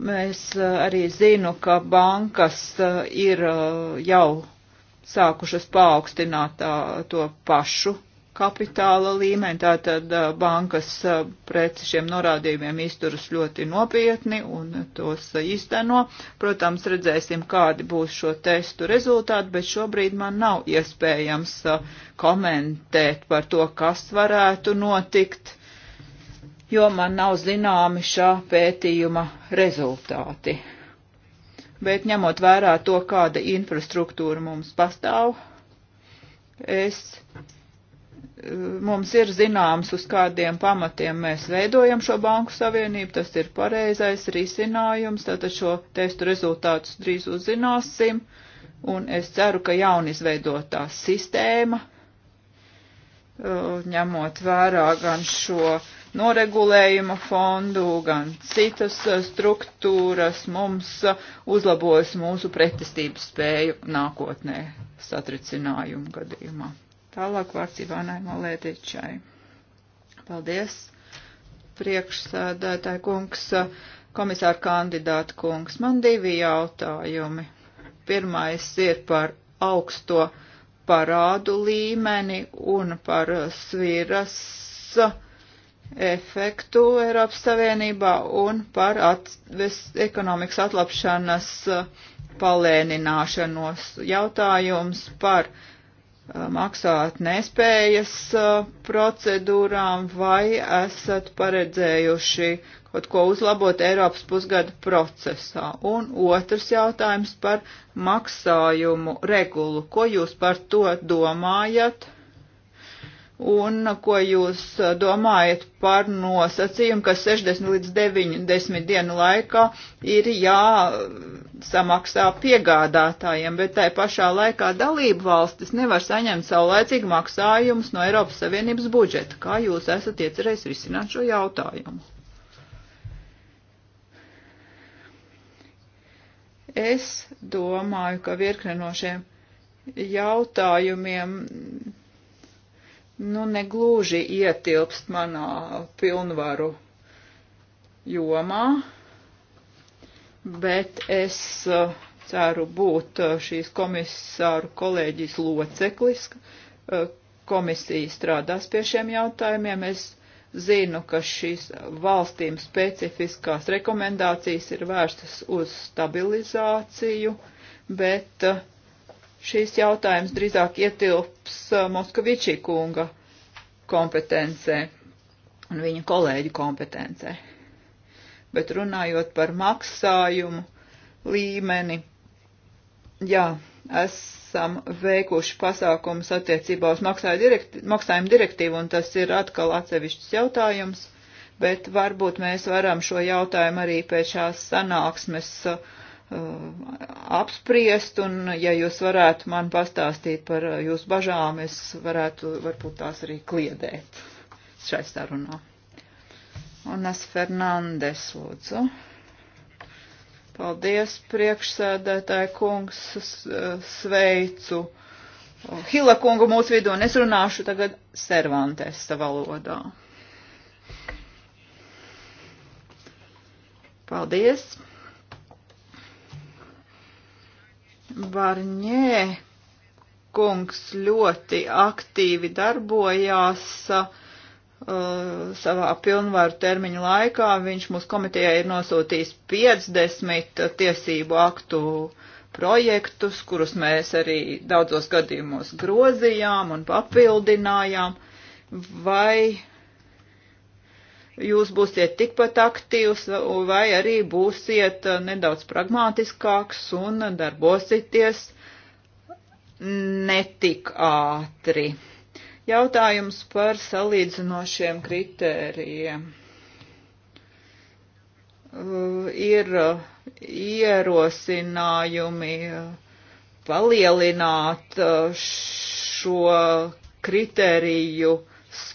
Mēs eh, arī zinu, ka bankas eh, ir eh, jau sākušas paaugstināt tā, to pašu kapitāla līmeni, tātad bankas pret šiem norādījumiem izturas ļoti nopietni un tos izteno. Protams, redzēsim, kādi būs šo testu rezultāti, bet šobrīd man nav iespējams komentēt par to, kas varētu notikt, jo man nav zināmi šā pētījuma rezultāti. Bet ņemot vērā to, kāda infrastruktūra mums pastāv, es mums ir zināms, uz kādiem pamatiem mēs veidojam šo banku savienību, tas ir pareizais risinājums, tātad šo testu rezultātus drīz uzzināsim, un es ceru, ka jaunizveidotā sistēma, uh, ņemot vērā gan šo noregulējuma fondu, gan citas uh, struktūras, mums uh, uzlabos mūsu pretestības spēju nākotnē satricinājumu gadījumā. Tālāk vārds Ivānai Malētičai. Paldies, priekšsēdētāji kungs, komisāra kandidāta kungs. Man divi jautājumi. Pirmais ir par augsto parādu līmeni un par sviras efektu Eiropas Savienībā un par atves, ekonomikas atlapšanas palēnināšanos. Jautājums par uh, Uh, maksāt nespējas uh, procedūrām vai esat paredzējuši kaut ko uzlabot Eiropas pusgada procesā? Un otrs jautājums par maksājumu regulu. Ko jūs par to domājat? Un ko jūs uh, domājat par nosacījumu, ka 60 līdz 90 dienu laikā ir jāsamaksā piegādātājiem, bet tai pašā laikā dalību valstis nevar saņemt saulēcīgi maksājumus no Eiropas Savienības budžeta. Kā jūs esat iecerējis risināt šo jautājumu? Es domāju, ka virkne no šiem jautājumiem nu, negluži ietilpst manā pilnvaru jomā, bet es eh, ceru būt eh, šīs komisāru kolēģijas loceklis. Eh, komisija strādās pie šiem jautājumiem. Es zinu, ka šīs valstīm specifiskās rekomendācijas ir vērstas uz stabilizāciju, bet uh, šīs jautājums drīzāk ietilps uh, Moskavičī kunga kompetencē un viņa kolēģu kompetencē. Bet runājot par maksājumu līmeni, jā, esam veikuši pasākumus attiecībā uz direkti maksājumu direktīvu, un tas ir atkal atsevišķs jautājums, bet varbūt mēs varam šo jautājumu arī pēc šās sanāksmes uh, Uh, apspriest, un ja jūs varētu man pastāstīt par uh, jūsu bažām, es varētu varbūt tās arī kliedēt šai sarunā. Un es Fernandes lūdzu. Paldies, priekšsēdētāji kungs, uh, sveicu. Hila kungu mūsu vidū, un es runāšu tagad Cervantesta valodā. Paldies! Barņē kungs ļoti aktīvi darbojās uh, savā pilnvaru termiņa laikā. Viņš mūsu komitejai ir nosūtījis 50 tiesību aktu projektus, kurus mēs arī daudzos gadījumos grozījām un papildinājām. Vai jūs būsiet tikpat aktīvs vai arī būsiet eh, nedaudz pragmātiskāks un darbosities netik ātri. Jautājums par salīdzinošiem kritērijiem. Eh, ir eh, ierosinājumi palielināt šo kritēriju uh,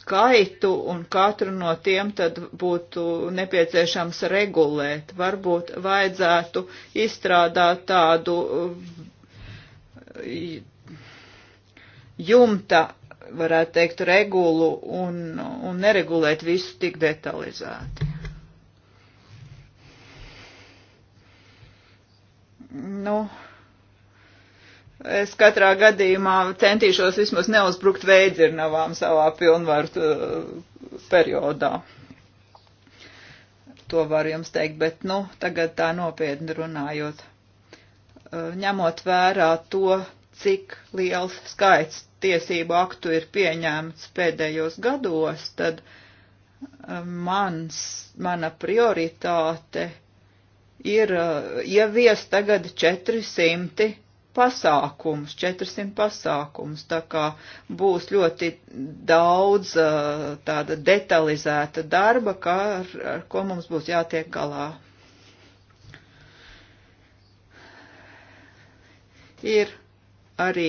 skaitu un katru no tiem tad būtu nepieciešams regulēt. Varbūt vajadzētu izstrādāt tādu um, jumta, varētu teikt, regulu un, un neregulēt visu tik detalizēti. Nu, Es katrā gadījumā centīšos vismaz neuzbrukt veidzirnavām savā pilnvaru uh, periodā. To var jums teikt, bet, nu, tagad tā nopietni runājot, uh, ņemot vērā to, cik liels skaits tiesību aktu ir pieņēmts pēdējos gados, tad uh, mans, mana prioritāte ir ieviest tagad 400 pasākumus, 400 pasākumus, tā kā būs ļoti daudz uh, tāda detalizēta darba, kā, ar, ar ko mums būs jātiek galā. Ir arī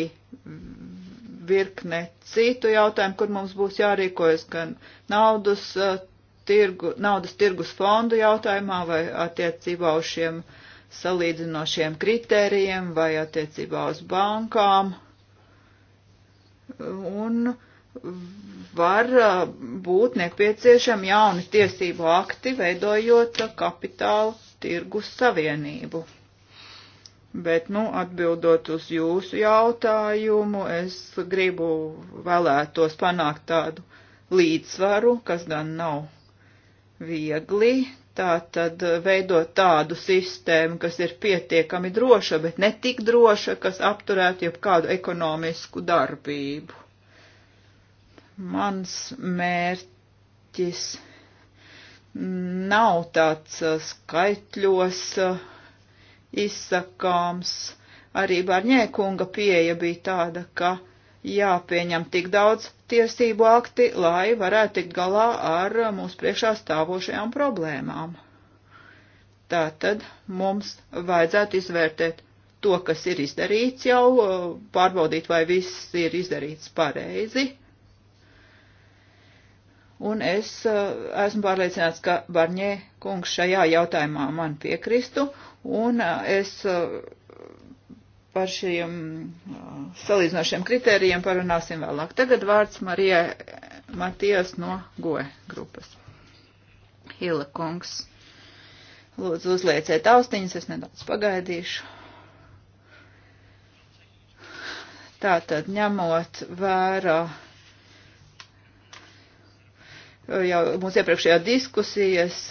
virkne citu jautājumu, kur mums būs jārīkojas gan naudas, uh, tirgu, naudas tirgus fondu jautājumā vai attiecībā uz šiem uh, salīdzinošiem kritērijiem vai attiecībā uz bankām. Un var uh, būt nepieciešami jauni tiesību akti, veidojot kapitāla tirgus savienību. Bet, nu, atbildot uz jūsu jautājumu, es gribu vēlētos panākt tādu līdzsvaru, kas gan nav viegli, Tā tad veidot tādu sistēmu, kas ir pietiekami droša, bet ne tik droša, kas apturētu jebkādu ekonomisku darbību. Mans mērķis nav tāds uh, skaitļos uh, izsakāms. Arī Barņēkunga pieeja bija tāda, ka jāpieņem tik daudz tiesību akti, lai varētu tikt galā ar uh, mūsu priekšā stāvošajām problēmām. Tātad mums vajadzētu izvērtēt to, kas ir izdarīts jau, uh, pārbaudīt, vai viss ir izdarīts pareizi. Un es uh, esmu pārliecināts, ka Barņē kungs šajā jautājumā man piekristu, un es par šiem uh, salīdzinošiem kritērijiem parunāsim vēlāk. Tagad vārds Marijai Matijas no GOE grupas. Hila kungs, lūdzu uzlieciet austiņas, es nedaudz pagaidīšu. Tātad ņemot vērā jau mūsu iepriekšējā diskusijas,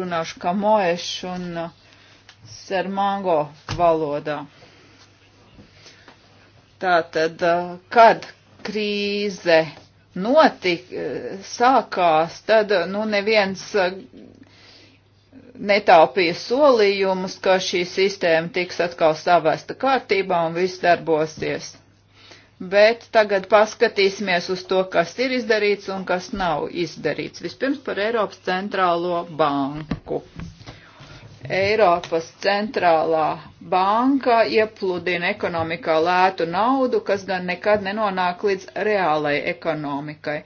runāšu kamoešu un uh, sermango valodā. Tātad, kad krīze notik, sākās, tad, nu, neviens netaupīja solījumus, ka šī sistēma tiks atkal savesta kārtībā un viss darbosies. Bet tagad paskatīsimies uz to, kas ir izdarīts un kas nav izdarīts. Vispirms par Eiropas centrālo banku. Eiropas centrālā banka iepludina ekonomikā lētu naudu, kas gan nekad nenonāk līdz reālai ekonomikai.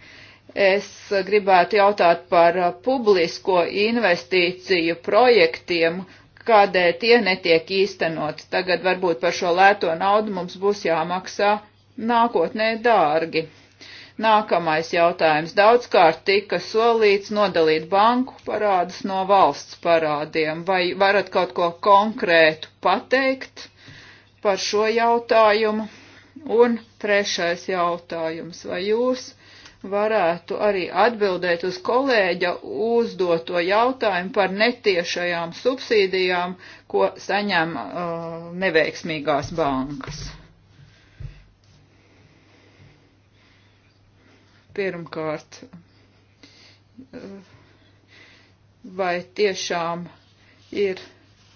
Es gribētu jautāt par publisko investīciju projektiem, kādēļ tie netiek īstenot. Tagad varbūt par šo lēto naudu mums būs jāmaksā nākotnē dārgi. Nākamais jautājums. Daudzkārt tika solīts nodalīt banku parādus no valsts parādiem. Vai varat kaut ko konkrētu pateikt par šo jautājumu? Un trešais jautājums. Vai jūs varētu arī atbildēt uz kolēģa uzdoto jautājumu par netiešajām subsīdijām, ko saņem uh, neveiksmīgās bankas? Pirmkārt, vai tiešām ir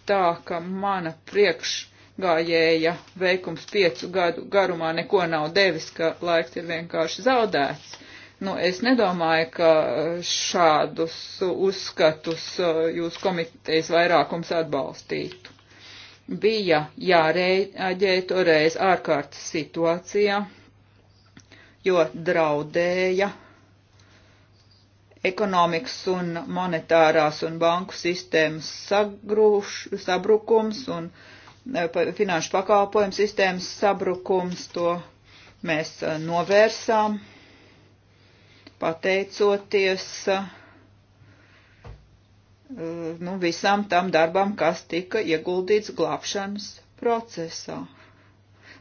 tā, ka mana priekšgājēja veikums piecu gadu garumā neko nav devis, ka laiks ir vienkārši zaudēts. Nu, es nedomāju, ka šādus uzskatus jūs komitejas vairākums atbalstītu. Bija jārēģē toreiz ārkārtas situācijā jo draudēja ekonomikas un monetārās un banku sistēmas sagrūš, sabrukums un e, finanšu pakalpojumu sistēmas sabrukums. To mēs e, novērsām pateicoties e, nu, visam tam darbam, kas tika ieguldīts glābšanas procesā.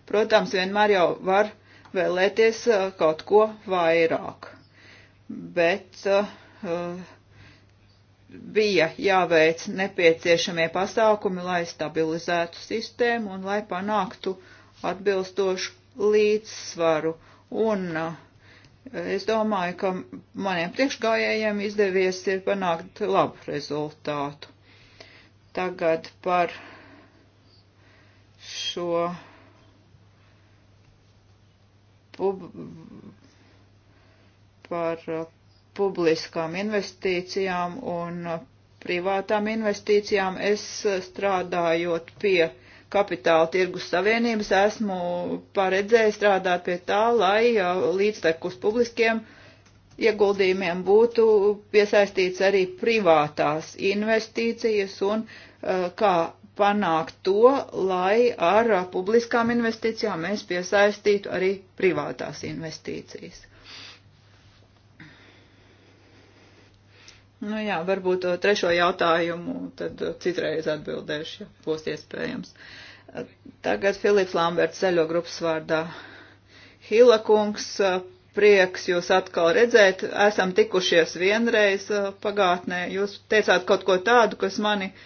Protams, vienmēr jau var vēlēties eh, kaut ko vairāk. Bet eh, bija jāveic nepieciešamie pasākumi, lai stabilizētu sistēmu un lai panāktu atbilstošu līdzsvaru. Un eh, es domāju, ka maniem priekšgājējiem izdevies ir panākt labu rezultātu. Tagad par šo pub par uh, publiskām investīcijām un uh, privātām investīcijām. Es uh, strādājot pie kapitāla tirgus savienības esmu paredzējis strādāt pie tā, lai līdztekus publiskiem ieguldījumiem būtu piesaistīts arī privātās investīcijas un kā panākt to, lai ar publiskām investīcijām mēs piesaistītu arī privātās investīcijas. Nu jā, varbūt uh, trešo jautājumu tad uh, citreiz atbildēšu, ja būs iespējams. Uh, tagad Filips Lamberts ceļo grupas vārdā. Hila kungs, prieks jūs atkal redzēt, esam tikušies vienreiz pagātnē. Jūs teicāt kaut ko tādu, kas mani uh,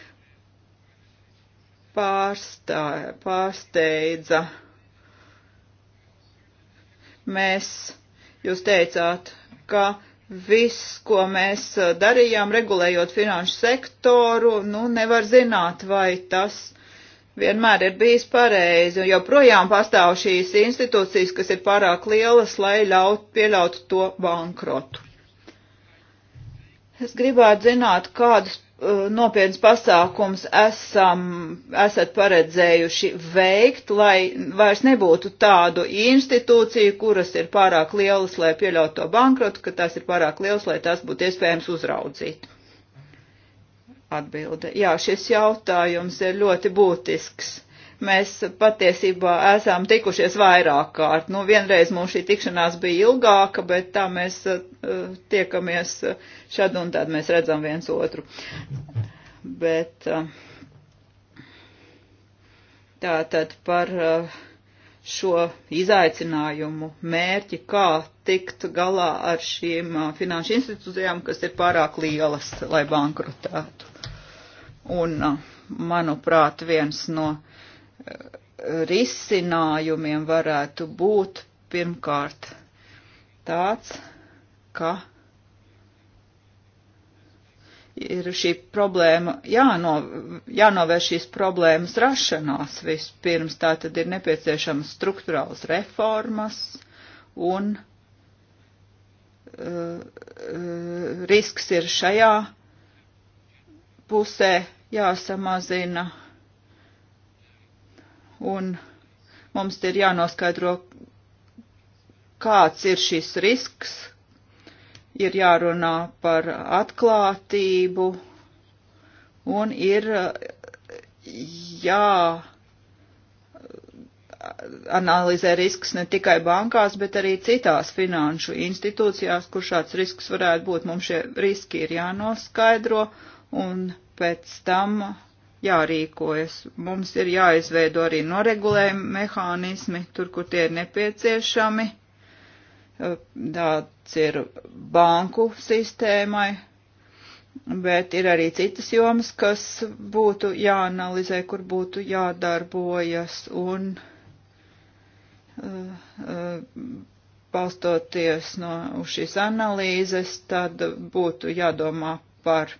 pārstā, pārsteidza. Mēs, jūs teicāt, ka viss, ko mēs darījām, regulējot finanšu sektoru, nu, nevar zināt, vai tas vienmēr ir bijis pareizi, jo projām pastāv šīs institūcijas, kas ir pārāk lielas, lai ļaut, pieļautu to bankrotu. Es gribētu zināt, kādus Eh, nopietns pasākums esam, esat paredzējuši veikt, lai vairs nebūtu tādu institūciju, kuras ir pārāk lielas, lai pieļautu to bankrotu, ka tās ir pārāk lielas, lai tās būtu iespējams uzraudzīt. Atbilde. Jā, šis jautājums ir ļoti būtisks. Mēs patiesībā esam tikušies vairāk kārt. Nu, vienreiz mums šī tikšanās bija ilgāka, bet tā mēs uh, tiekamies uh, šad un tad mēs redzam viens otru. Bet uh, tā tad par šo izaicinājumu mērķi, kā tikt galā ar šīm finanšu institūcijām, kas ir pārāk lielas, lai bankrotētu. Un, manuprāt, viens no uh, risinājumiem varētu būt pirmkārt tāds, ka ir šī problēma, jāno, jānovērš šīs problēmas rašanās vispirms, tā tad ir nepieciešamas struktūrāls reformas un uh, uh, risks ir šajā pusē jāsamazina. Uh, un mums ir jānoskaidro, kāds ir šis risks, ir jārunā par atklātību un ir uh, jā analizē risks ne tikai bankās, bet arī citās finanšu institūcijās, kur šāds risks varētu būt. Mums šie riski ir jānoskaidro un pēc tam jārīkojas. Mums ir jāizveido arī noregulējumi mehānismi, tur, kur tie ir nepieciešami. Tāds ir banku sistēmai, bet ir arī citas jomas, kas būtu jāanalizē, kur būtu jādarbojas un balstoties no šīs analīzes, tad būtu jādomā par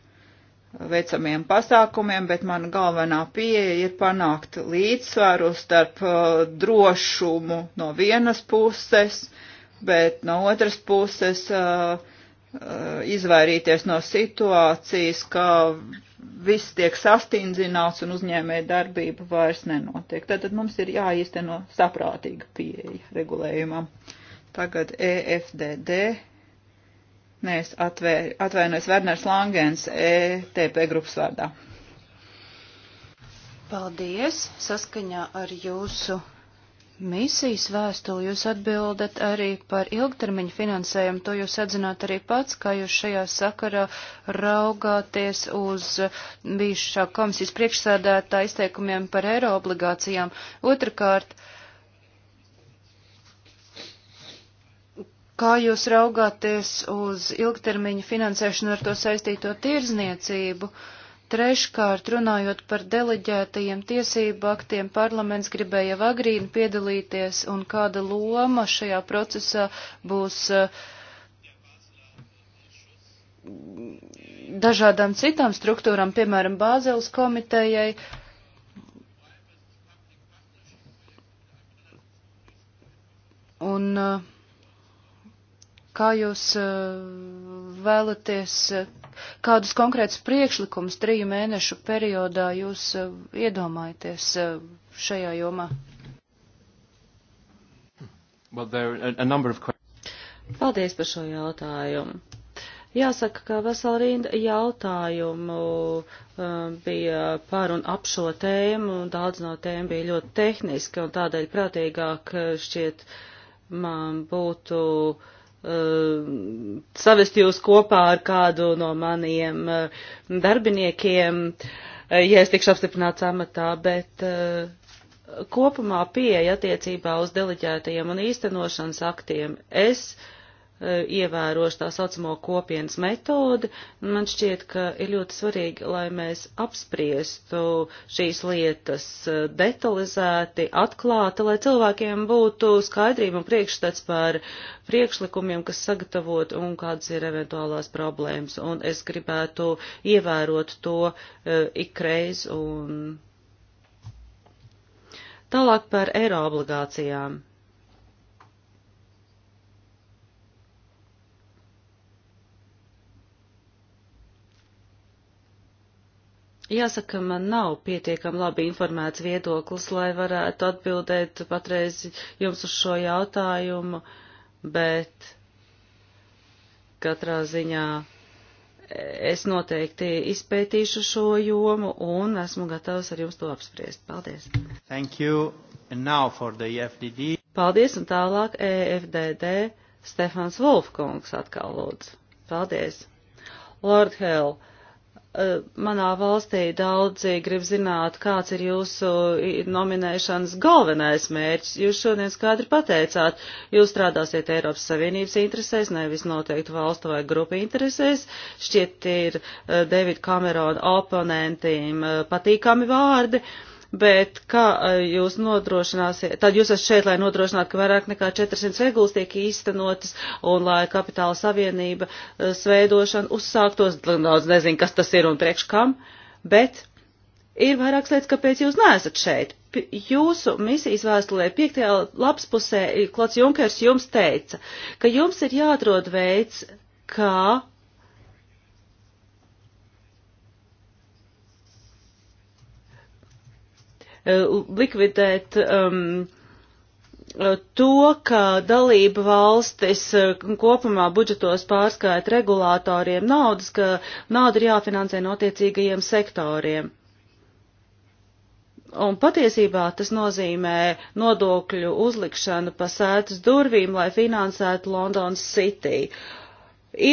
veicamiem pasākumiem, bet mana galvenā pieeja ir panākt līdzsvaru starp uh, drošumu no vienas puses, bet no otras puses uh, uh, izvairīties no situācijas, ka viss tiek sastindzināts un uzņēmē darbība vairs nenotiek. Tātad mums ir jāīsteno saprātīga pieeja regulējumam. Tagad EFDD Nē, es atvainojos Werners Langens, ETP grupas vārdā. Paldies! Saskaņā ar jūsu misijas vēstuli jūs atbildat arī par ilgtermiņu finansējumu. To jūs atzināt arī pats, kā jūs šajā sakarā raugāties uz bijušā komisijas priekšsēdētā izteikumiem par eiro obligācijām. Otrakārt, uh, Kā jūs raugāties uz ilgtermiņa finansēšanu ar to saistīto tirzniecību? Treškārt, runājot par deleģētajiem tiesību aktiem, parlaments gribēja agrīn piedalīties, un kāda loma šajā procesā būs eh, dažādām citām struktūrām, piemēram, Bāzeles komitejai. Un uh, kā jūs eh, vēlaties, eh, kādus konkrētus priekšlikumus triju mēnešu periodā jūs eh, iedomājaties šajā jomā? Well, of... Paldies par šo jautājumu. Jāsaka, ka vesela rinda jautājumu um, bija par un ap šo tēmu, un daudz no tēm bija ļoti tehniski, un tādēļ prātīgāk šķiet man būtu uh, Eh, savest jūs kopā ar kādu no maniem eh, darbiniekiem, eh, ja es tikšu apstiprināts amatā, bet kopumā pieeja attiecībā uz deleģētajiem un īstenošanas aktiem es uh, E, ievēros tā saucamo kopienas metodi. Man šķiet, ka ir ļoti svarīgi, lai mēs apspriestu šīs lietas e, detalizēti, atklāti, lai cilvēkiem būtu skaidrība un priekšstats par priekšlikumiem, kas sagatavot un kādas ir eventuālās problēmas. Un es gribētu ievērot to e, ikreiz un. Tālāk par eiro obligācijām. Jāsaka, man nav pietiekami labi informēts viedoklis, lai varētu atbildēt patreiz jums uz šo jautājumu, bet katrā ziņā es noteikti izpētīšu šo jomu un esmu gatavs ar jums to apspriest. Paldies! Thank you. And now for the e FDD. Paldies un tālāk EFDD Stefans Wolfkungs atkal lūdzu. Paldies! Lord Hell! Manā valstī daudzi grib zināt, kāds ir jūsu nominēšanas galvenais mērķis. Jūs šodien skaidri pateicāt, jūs strādāsiet Eiropas Savienības interesēs, nevis noteikti valstu vai grupu interesēs. Šķiet ir David Camerona oponentiem patīkami vārdi. Uh, bet kā e, jūs nodrošināsiet, tad jūs esat šeit, lai nodrošinātu, ka vairāk nekā 400 regulas tiek īstenotas un lai kapitāla savienība e, sveidošana uzsāktos, daudz nezinu, kas tas ir un priekš kam, bet ir vairākas lietas, kāpēc jūs neesat šeit. P jūsu misijas vēstulē piektajā lapspusē Klots Junkers jums teica, ka jums ir jāatrod veids, kā Eh, likvidēt um, to, ka dalība valstis eh, kopumā budžetos pārskait regulātoriem naudas, ka nauda ir jāfinansē no attiecīgajiem sektoriem. Un patiesībā tas nozīmē nodokļu uzlikšanu pa sētas durvīm, lai finansētu Londonas City.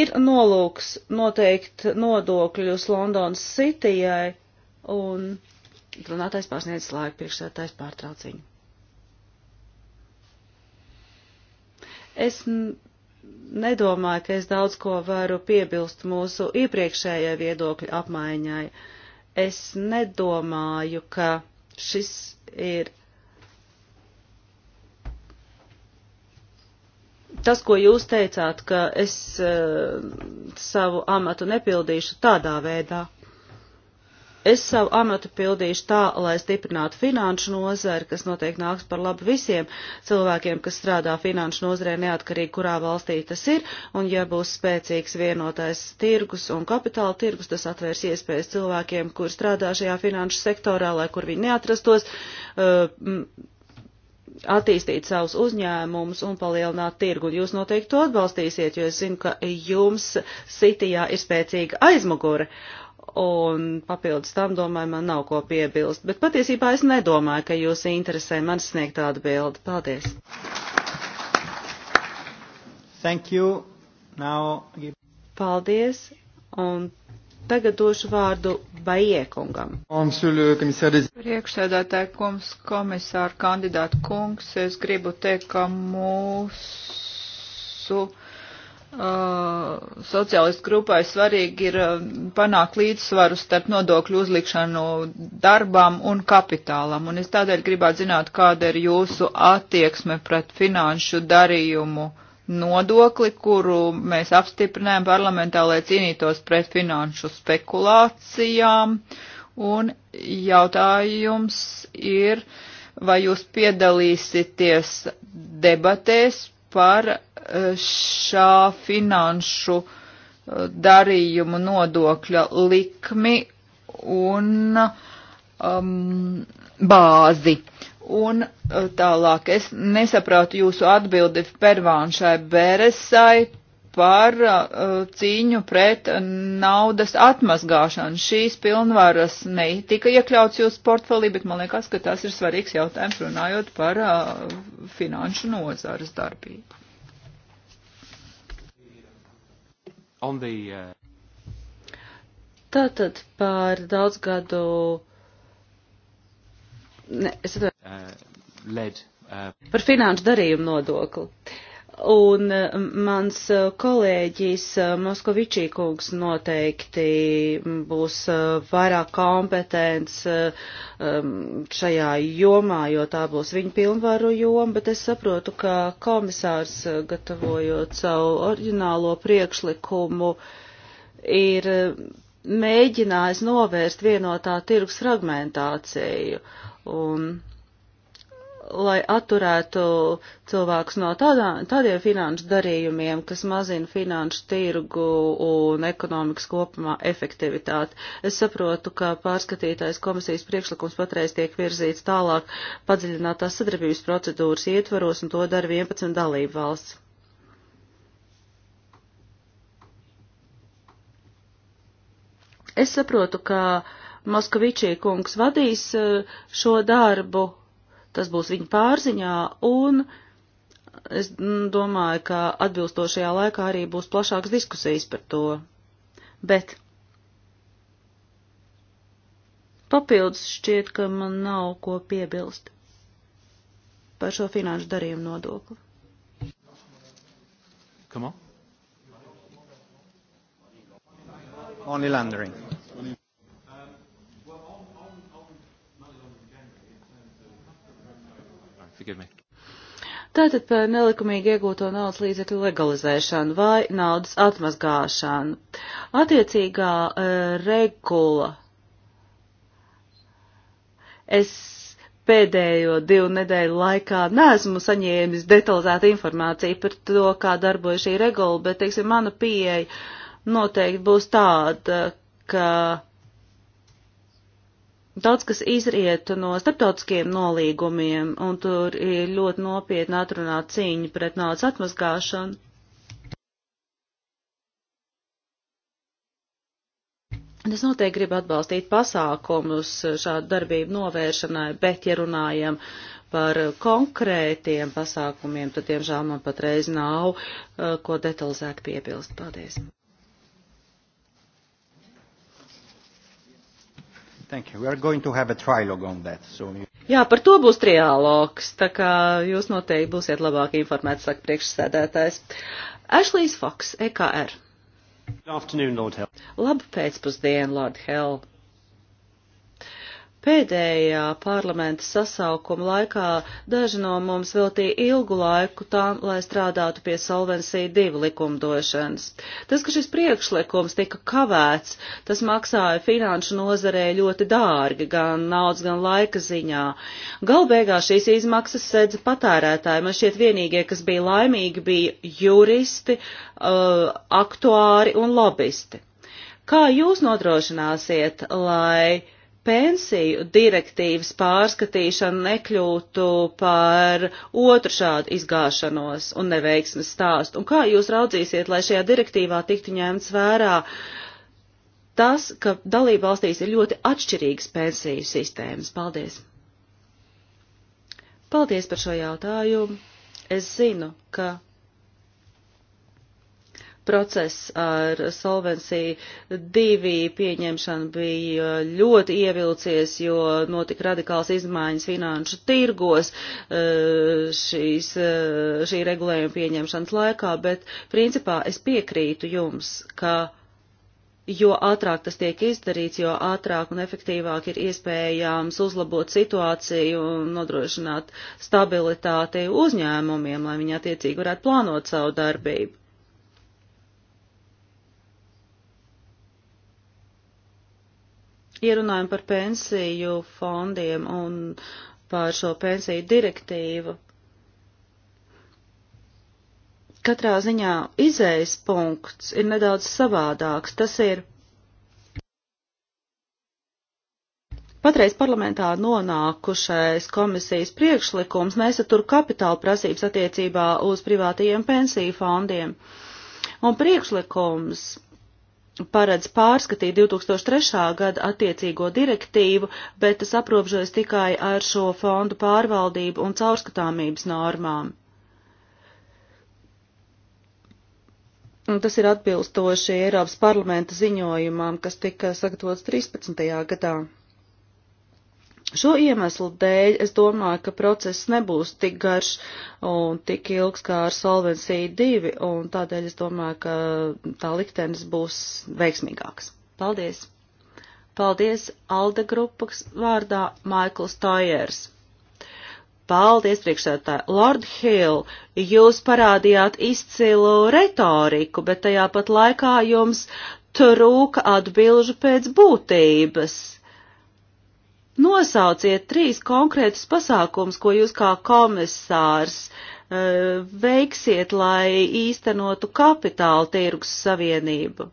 Ir nolūks noteikt nodokļus Londonas Cityjai un Runātais pārsniedz laiku, priekšsētājs pārtrauc viņu. Es nedomāju, ka es daudz ko varu piebilst mūsu iepriekšējai viedokļu apmaiņai. Es nedomāju, ka šis ir tas, ko jūs teicāt, ka es uh, savu amatu nepildīšu tādā veidā. Es savu amatu pildīšu tā, lai stiprinātu finanšu nozari, kas noteikti nāks par labu visiem cilvēkiem, kas strādā finanšu nozarē neatkarīgi, kurā valstī tas ir, un ja būs spēcīgs vienotais tirgus un kapitāla tirgus, tas atvērs iespējas cilvēkiem, kur strādā šajā finanšu sektorā, lai kur viņi neatrastos, uh, attīstīt savus uzņēmumus un palielināt tirgu. Jūs noteikti to atbalstīsiet, jo es zinu, ka jums Sitijā ir spēcīga aizmugure. Uh, un papildus tam, domāju, man nav ko piebilst. Bet patiesībā es nedomāju, ka jūs interesē man sniegt tādu bildi. Paldies! Thank you. Now... Paldies! Un tagad došu vārdu Baiekungam. Priekšsēdētāji kungs, komisāra kandidāta kungs, es gribu teikt, ka mūsu Uh, sociālistu grupai svarīgi ir uh, panākt līdzsvaru starp nodokļu uzlikšanu darbam un kapitālam, un es tādēļ gribētu zināt, kāda ir jūsu attieksme pret finanšu darījumu nodokli, kuru mēs apstiprinājām parlamentā, lai cīnītos pret finanšu spekulācijām, un jautājums ir, vai jūs piedalīsieties debatēs par eh, šā finanšu eh, darījumu nodokļa likmi un um, bāzi. Un eh, tālāk es nesaprātu jūsu atbildi pervāņšai Beresai par uh, cīņu pret naudas atmazgāšanu. Šīs pilnvaras netika iekļauts jūsu portfelī, bet man liekas, ka tas ir svarīgs jautājums runājot par uh, finanšu nozares darbību. The, uh... Tātad par daudzgadu. Ne, es... uh, led, uh... Par finanšu darījumu nodokli. Uh, Un eh, mans eh, kolēģis eh, Moskovičī kungs noteikti būs vairāk kompetents šajā jomā, jo tā būs viņa pilnvaru joma, bet es saprotu, ka komisārs, gatavojot savu oriģinālo priekšlikumu, ir mēģinājis novērst vienotā tirgus fragmentāciju. Un lai atturētu cilvēkus no tādā, tādiem finanšu darījumiem, kas mazina finanšu tirgu un ekonomikas kopumā efektivitāti. Es saprotu, ka pārskatītais komisijas priekšlikums patreiz tiek virzīts tālāk padziļinātās sadarbības procedūras ietvaros, un to dara 11 dalību valsts. Es saprotu, ka Moskavičī kungs vadīs eh, šo darbu tas būs viņa pārziņā, un es domāju, ka atbilstošajā laikā arī būs plašāks diskusijas par to. Bet papildus šķiet, ka man nav ko piebilst par šo finanšu darījumu nodokli. Come on. Money laundering. forgive me. Tātad par nelikumīgi iegūto naudas līdzekļu legalizēšanu vai naudas atmazgāšanu. Attiecīgā uh, regula. Es pēdējo divu nedēļu laikā neesmu saņēmis detalizētu informāciju par to, kā darbojas šī regula, bet, teiksim, mana pieeja noteikti būs tāda, ka Daudz kas izriet no starptautiskiem nolīgumiem, un tur ir ļoti nopietna atrunāta cīņa pret naudas atmazgāšanu. Es noteikti gribu atbalstīt pasākumus šādu darbību novēršanai, bet, ja runājam par konkrētiem pasākumiem, tad, diemžēl, man patreiz nav eh, ko detalizēti piebilst. Paldies! Thank you. We are going to have a trilogue on that. So... Jā, par to būs trialogs, tā kā jūs noteikti būsiet labāk informēti, saka priekšsēdētājs. Ashley's Fox, EKR. Labu pēcpusdienu, Lord Help. Pēdējā parlamenta sasaukuma laikā daži no mums veltīja ilgu laiku tām, lai strādātu pie Solvency 2 likumdošanas. Tas, ka šis priekšlikums tika kavēts, tas maksāja finanšu nozarē ļoti dārgi, gan naudas, gan laika ziņā. Galbeigā šīs izmaksas sedza patērētāji. Man šķiet vienīgie, kas bija laimīgi, bija juristi, uh, aktuāri un lobbyisti. Kā jūs nodrošināsiet, lai pensiju direktīvas pārskatīšana nekļūtu par otru šādu izgāšanos un neveiksmes stāstu? Un kā jūs raudzīsiet, lai šajā direktīvā tiktu ņemts vērā tas, ka dalība valstīs ir ļoti atšķirīgas pensiju sistēmas? Paldies! Paldies par šo jautājumu! Es zinu, ka process ar Solvenciju divi pieņemšanu bija ļoti ievilcies, jo notika radikāls izmaiņas finanšu tirgos eh, šīs, eh, šī regulējuma pieņemšanas laikā, bet principā es piekrītu jums, ka jo ātrāk tas tiek izdarīts, jo ātrāk un efektīvāk ir iespējams uzlabot situāciju un nodrošināt stabilitāti uzņēmumiem, lai viņi attiecīgi varētu plānot savu darbību. Ja runājam par pensiju fondiem un par šo pensiju direktīvu, katrā ziņā izējas punkts ir nedaudz savādāks. Tas ir Patreiz parlamentā nonākušais komisijas priekšlikums nesatur kapitāla prasības attiecībā uz privātajiem pensiju fondiem. Un priekšlikums paredz pārskatīt 2003. gada attiecīgo direktīvu, bet tas aprobežojas tikai ar šo fondu pārvaldību un caurskatāmības normām. Un tas ir atbilstoši Eiropas parlamenta ziņojumam, kas tika sagatavots 13. gadā. Šo iemeslu dēļ es domāju, ka process nebūs tik garš un tik ilgs kā ar Solvency 2, un tādēļ es domāju, ka tā liktenis būs veiksmīgāks. Paldies! Paldies Alde grupas vārdā Maikls Tojers. Paldies, priekšsētāji. Lord Hill, jūs parādījāt izcilu retoriku, bet tajā pat laikā jums trūka atbilžu pēc būtības. Nosauciet trīs konkrētus pasākums, ko jūs kā komisārs uh, veiksiet, lai īstenotu kapitāla tirgus savienību.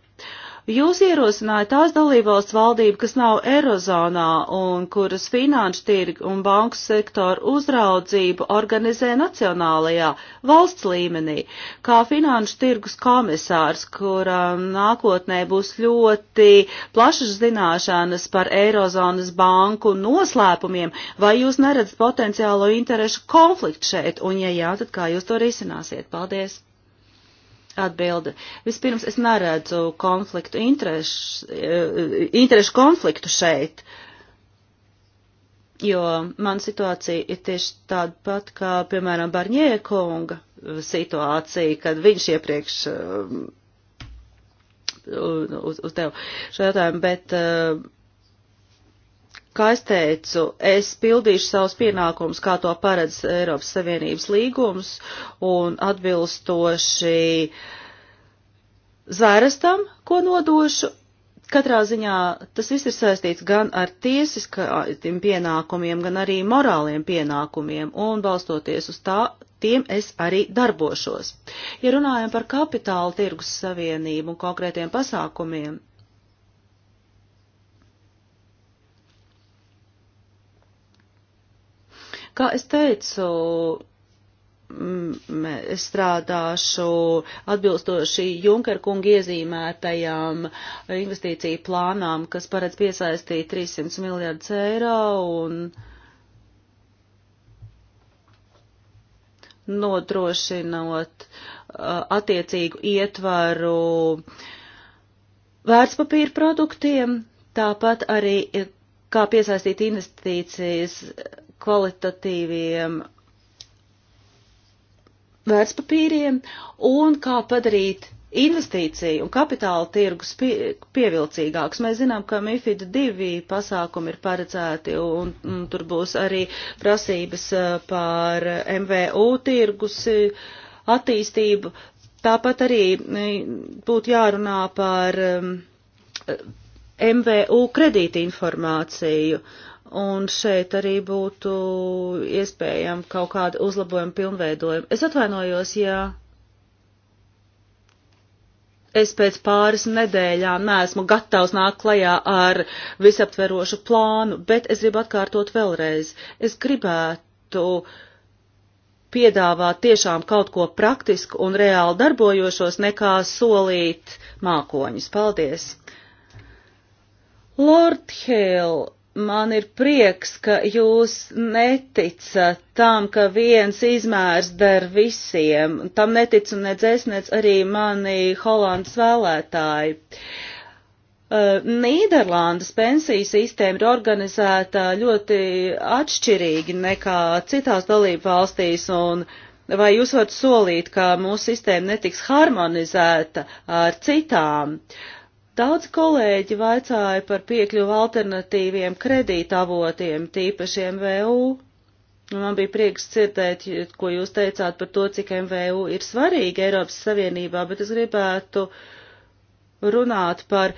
Jūs ierosinājāt tās dalībvalsts valdību, kas nav Eirozonā un kuras finanšu tirgu un banku sektoru uzraudzību organizē nacionālajā valsts līmenī, kā finanšu tirgus komisārs, kuram nākotnē būs ļoti plašas zināšanas par Eirozonas banku noslēpumiem, vai jūs neredzat potenciālo interešu konfliktu šeit, un ja jā, tad kā jūs to risināsiet? Paldies! Atbilde. Vispirms es neredzu konfliktu interešu, eh, interešu konfliktu šeit, jo man situācija ir tieši tāda pat kā, piemēram, Barņē kunga situācija, kad viņš iepriekš eh, uz, uz tevu šo jautājumu, bet uh, Kā es teicu, es pildīšu savus pienākumus, kā to paredz Eiropas Savienības līgums, un atbilstoši zvērestam, ko nodošu, katrā ziņā tas viss ir saistīts gan ar tiesiskajiem pienākumiem, gan arī morāliem pienākumiem, un balstoties uz tā, tiem es arī darbošos. Ja runājam par kapitāla tirgus savienību un konkrētiem pasākumiem, Kā es teicu, es strādāšu atbilstoši Junker kunga iezīmētajām investīciju plānām, kas paredz piesaistīt 300 miljardus eiro un nodrošinot attiecīgu ietvaru vērtspapīra produktiem, tāpat arī kā piesaistīt investīcijas kvalitatīviem vērtspapīriem un kā padarīt investīciju un kapitāla tirgus pievilcīgāks. Mēs zinām, ka MIFID divi pasākumi ir paredzēti un, un tur būs arī prasības eh, par MVU tirgus eh, attīstību. Tāpat arī eh, būtu jārunā par MVU kredīti informāciju. Uh, Un šeit arī būtu iespējama kaut kāda uzlabojuma, pilnveidojuma. Es atvainojos, ja es pēc pāris nedēļām neesmu gatavs nākt klajā ar visaptverošu plānu, bet es gribu atkārtot vēlreiz. Es gribētu piedāvāt tiešām kaut ko praktisku un reāli darbojošos, nekā solīt mākoņus. Paldies! Lord Hale man ir prieks, ka jūs neticat tam, ka viens izmērs der visiem. Tam neticu nedz es, nedz arī mani Holandas vēlētāji. Uh, Nīderlandes pensiju sistēma ir organizēta ļoti atšķirīgi nekā citās dalību valstīs, un vai jūs varat solīt, ka mūsu sistēma netiks harmonizēta ar citām? Uh, Daudz kolēģi vaicāja par piekļuvu alternatīviem kredītavotiem, tīpašiem VU. Nu, man bija prieks dzirdēt, ko jūs teicāt par to, cik MVU ir svarīgi Eiropas Savienībā, bet es gribētu runāt par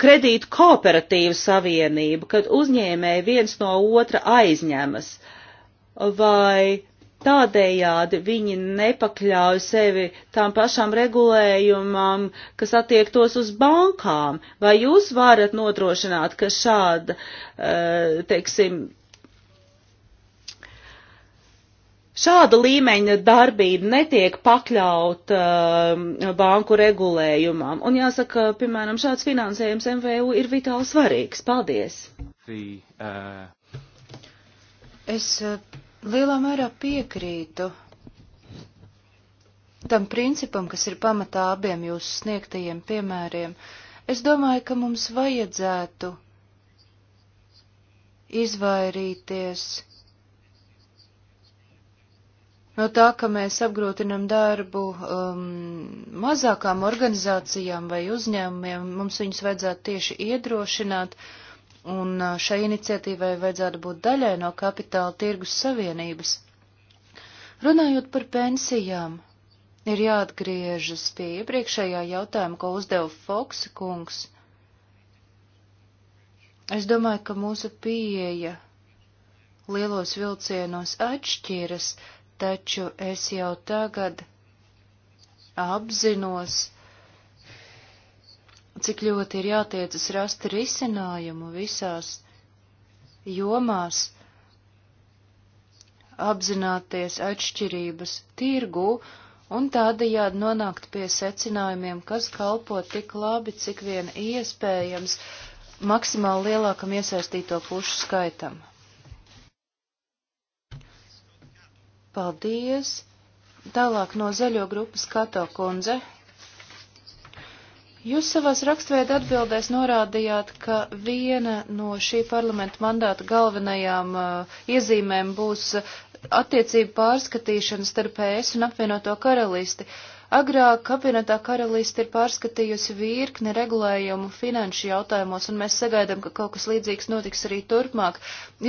kredītu kooperatīvu savienību, kad uzņēmēji viens no otra aizņemas. Vai Tādējādi viņi nepakļauj sevi tām pašām regulējumam, kas attiektos uz bankām. Vai jūs varat nodrošināt, ka šāda, eh, teiksim, šāda līmeņa darbība netiek pakļaut eh, banku regulējumam? Un jāsaka, piemēram, šāds finansējums MVU ir vitāli svarīgs. Paldies! The, uh... Es eh, lielā mērā piekrītu tam principam, kas ir pamatā abiem jūsu sniegtajiem piemēriem. Es domāju, ka mums vajadzētu izvairīties no tā, ka mēs apgrūtinam darbu um, mazākām organizācijām vai uzņēmumiem, mums viņus vajadzētu tieši iedrošināt, uh, un šai iniciatīvai vajadzētu būt daļai no kapitāla tirgus savienības. Runājot par pensijām, ir jāatgriežas pie iepriekšējā jautājuma, ko uzdeva Foksa kungs. Es domāju, ka mūsu pieeja lielos vilcienos atšķiras, taču es jau tagad apzinos, cik ļoti ir jātiecas rast risinājumu visās jomās, apzināties atšķirības tirgū un tādējādi nonākt pie secinājumiem, kas kalpo tik labi, cik vien iespējams, maksimāli lielākam iesaistīto pušu skaitam. Paldies! Tālāk no zaļo grupas Kato kundze. Jūs savās rakstveida atbildēs norādījāt, ka viena no šī parlamenta mandāta galvenajām uh, iezīmēm būs uh, attiecību pārskatīšana starp ES un apvienoto karalisti. Uh, Agrāk apvienotā karaliste ir pārskatījusi virkni regulējumu finanšu jautājumos, un mēs sagaidām, ka kaut kas līdzīgs notiks arī turpmāk.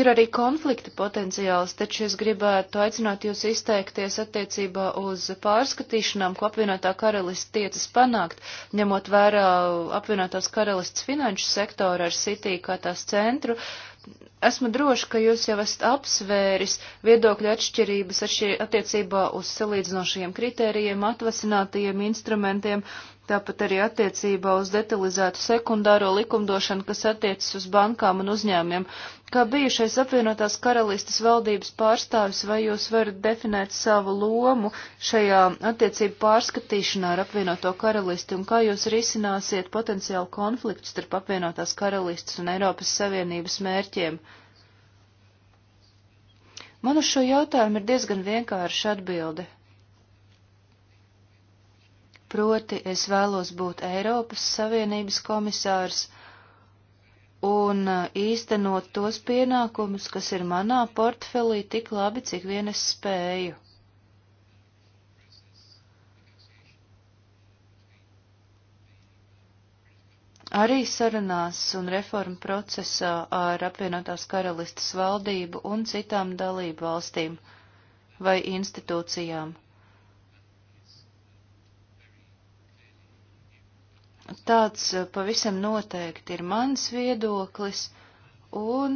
Ir arī konflikta potenciāls, taču es gribētu aicināt jūs izteikties attiecībā uz pārskatīšanām, ko apvienotā karaliste tiecas panākt, ņemot vērā apvienotās karalistes finanšu sektoru ar City kā tās centru. Uh, Esmu droši, ka jūs jau esat apsvēris viedokļu atšķirības atšķir, attiecībā uz salīdzinošajiem kritērijiem, atvasinātajiem instrumentiem Tāpat arī attiecībā uz detalizētu sekundāro likumdošanu, kas attiecas uz bankām un uzņēmiem. Kā bijušais apvienotās karalistes valdības pārstāvis, vai jūs varat definēt savu lomu šajā attiecību pārskatīšanā ar apvienoto karalisti un kā jūs risināsiet potenciālu konfliktu starp apvienotās karalistes un Eiropas Savienības mērķiem? Man uz šo jautājumu ir diezgan vienkārša atbilde. Proti, es vēlos būt Eiropas Savienības komisārs un uh, īstenot tos pienākumus, kas ir manā portfelī, tik labi, cik vien es spēju. Arī sarunās un reformu procesā ar apvienotās karalistas valdību un citām dalību valstīm vai institūcijām. Tāds eh, pavisam noteikti ir mans viedoklis, un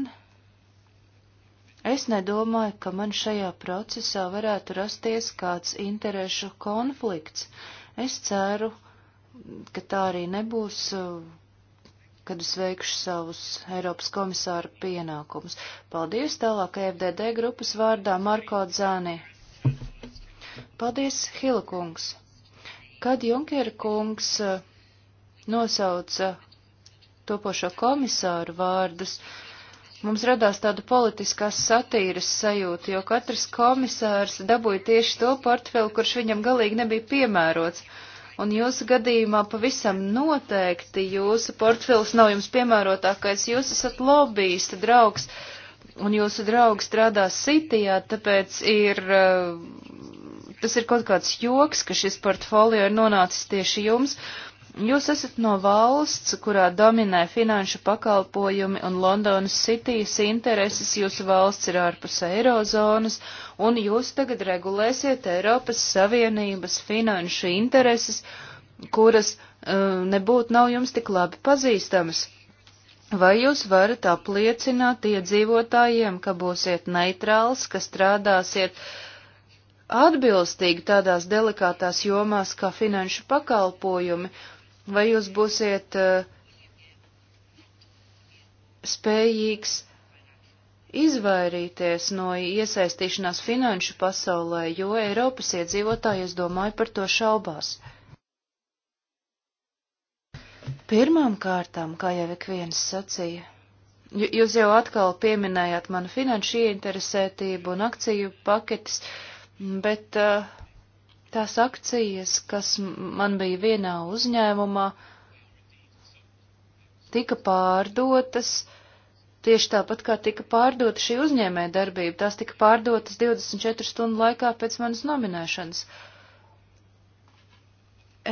es nedomāju, ka man šajā procesā varētu rasties kāds interešu konflikts. Es ceru, ka tā arī nebūs, eh, kad es veikšu savus Eiropas komisāru pienākumus. Paldies tālāk FDD grupas vārdā Marko Dzāni. Paldies, Hilakungs. Kad Junkera kungs. Uh, nosauca topošo komisāru vārdus, mums radās tāda politiskās satīras sajūta, jo katrs komisārs dabūja tieši to portfeli, kurš viņam galīgi nebija piemērots. Un jūsu gadījumā pavisam noteikti jūsu portfels nav jums piemērotākais, jūs esat lobbyista draugs, un jūsu draugs strādā sitijā, tāpēc ir, eh, tas ir kaut kāds joks, ka šis portfolio ir nonācis tieši jums, Jūs esat no valsts, kurā dominē finanšu pakalpojumi un Londonas Citīs intereses, jūsu valsts ir ārpus eirozonas, un jūs tagad regulēsiet Eiropas Savienības finanšu intereses, kuras uh, nebūtu nav jums tik labi pazīstamas. Vai jūs varat apliecināt iedzīvotājiem, ka būsiet neitrāls, ka strādāsiet atbilstīgi tādās delikātās jomās kā finanšu pakalpojumi, Vai jūs būsiet eh, spējīgs izvairīties no iesaistīšanās finanšu pasaulē, jo Eiropas iedzīvotāji, es domāju, par to šaubās? Pirmām kārtām, kā jau ik viens sacīja, Jūs jau atkal pieminējāt manu finanšu ieinteresētību un akciju paketes, bet uh, tās akcijas, kas man bija vienā uzņēmumā, tika pārdotas tieši tāpat, kā tika pārdota šī uzņēmē darbība. Tās tika pārdotas 24 stundu laikā pēc manas nominēšanas.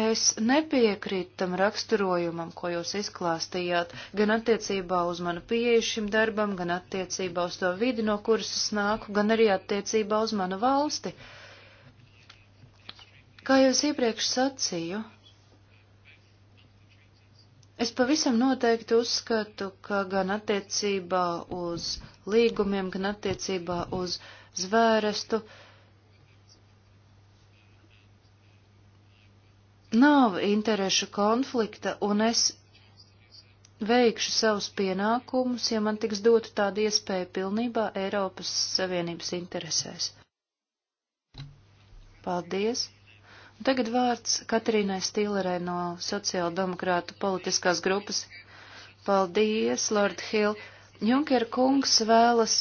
Es nepiekrītu tam raksturojumam, ko jūs izklāstījāt, gan attiecībā uz manu pieeju šim darbam, gan attiecībā uz to vidi, no kuras es nāku, gan arī attiecībā uz manu valsti. Uh, Kā jau es iepriekš sacīju, es pavisam noteikti uzskatu, ka gan attiecībā uz līgumiem, gan attiecībā uz zvērestu nav interešu konflikta, un es veikšu savus pienākumus, ja man tiks dota tāda iespēja pilnībā Eiropas Savienības interesēs. Paldies! Un tagad vārds Katrīnai Stīlerē no sociāldemokrātu politiskās grupas. Paldies, Lord Hill. Junker kungs vēlas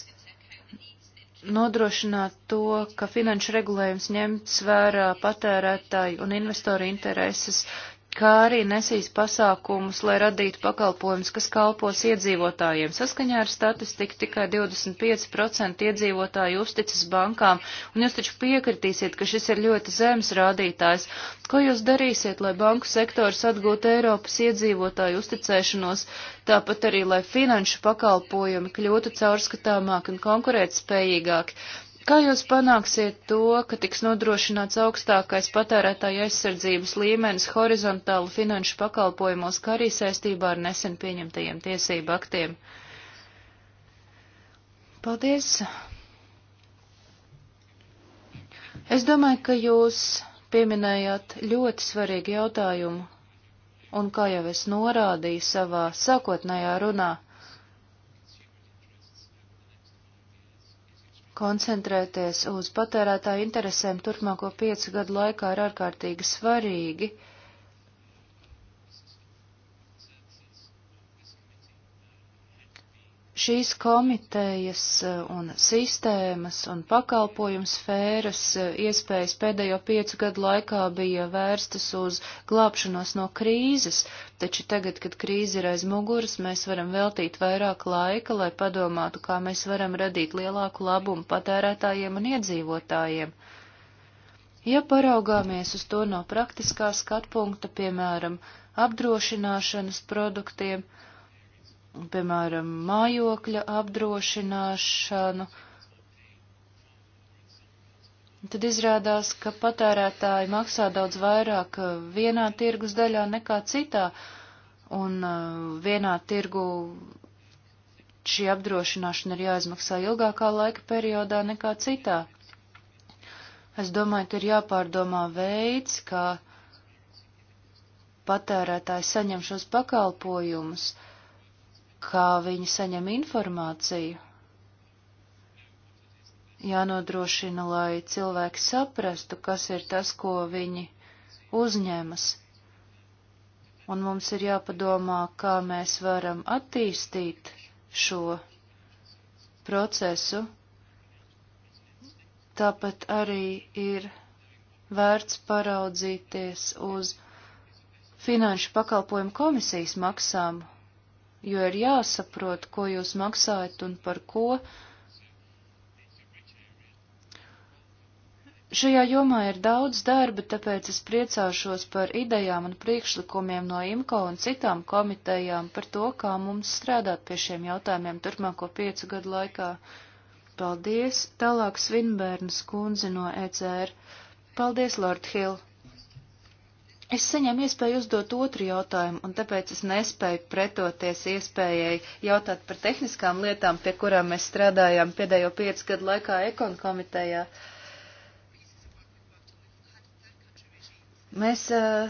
nodrošināt to, ka finanšu regulējums ņemts vērā patērētāju un investoru intereses kā arī nesīs pasākumus, lai radītu pakalpojumus, kas kalpos iedzīvotājiem. Saskaņā ar statistiku tikai 25% iedzīvotāju uzticas bankām, un jūs taču piekritīsiet, ka šis ir ļoti zems rādītājs. Ko jūs darīsiet, lai banku sektors atgūtu Eiropas iedzīvotāju uzticēšanos, tāpat arī, lai finanšu pakalpojumi kļūtu caurskatāmāk un konkurētspējīgāk? Kā jūs panāksiet to, ka tiks nodrošināts augstākais patērētāja aizsardzības līmenis horizontāli finanšu pakalpojumos, kā arī saistībā ar nesen pieņemtajiem tiesību aktiem? Paldies! Es domāju, ka jūs pieminējāt ļoti svarīgu jautājumu, un kā jau es norādīju savā sākotnējā runā, Koncentrēties uz patērētāju interesēm turpmāko piecu gadu laikā ir ārkārtīgi svarīgi. Šīs komitejas eh, un sistēmas un pakalpojums sfēras eh, iespējas pēdējo piecu gadu laikā bija vērstas uz glābšanos no krīzes, taču tagad, kad krīze ir aiz muguras, mēs varam veltīt vairāk laika, lai padomātu, kā mēs varam radīt lielāku labumu patērētājiem un iedzīvotājiem. Ja paraugāmies uz to no praktiskā skatpunkta, piemēram, apdrošināšanas produktiem, piemēram, mājokļa apdrošināšanu, tad izrādās, ka patērētāji maksā daudz vairāk uh, vienā tirgus daļā nekā citā, un uh, vienā tirgu šī apdrošināšana ir jāizmaksā ilgākā laika periodā nekā citā. Es domāju, ka ir jāpārdomā veids, kā patērētāji saņem šos pakalpojumus. Uh, kā viņi saņem informāciju. Jānodrošina, lai cilvēki saprastu, kas ir tas, ko viņi uzņemas. Un mums ir jāpadomā, kā mēs varam attīstīt šo procesu. Tāpat arī ir vērts paraudzīties uz Finanšu pakalpojumu komisijas maksām jo ir jāsaprot, ko jūs maksājat un par ko. Šajā jomā ir daudz darba, tāpēc es priecāšos par idejām un priekšlikumiem no IMCO un citām komitejām par to, kā mums strādāt pie šiem jautājumiem turpmāko piecu gadu laikā. Paldies! Tālāk Svinbērnas kundze no ECR. Paldies, Lord Hill! Es saņēmu iespēju uzdot otru jautājumu, un tāpēc es nespēju pretoties iespējai jautāt par tehniskām lietām, pie kurām mēs strādājām pēdējo piecu gadu laikā ekon komitejā. Mēs uh,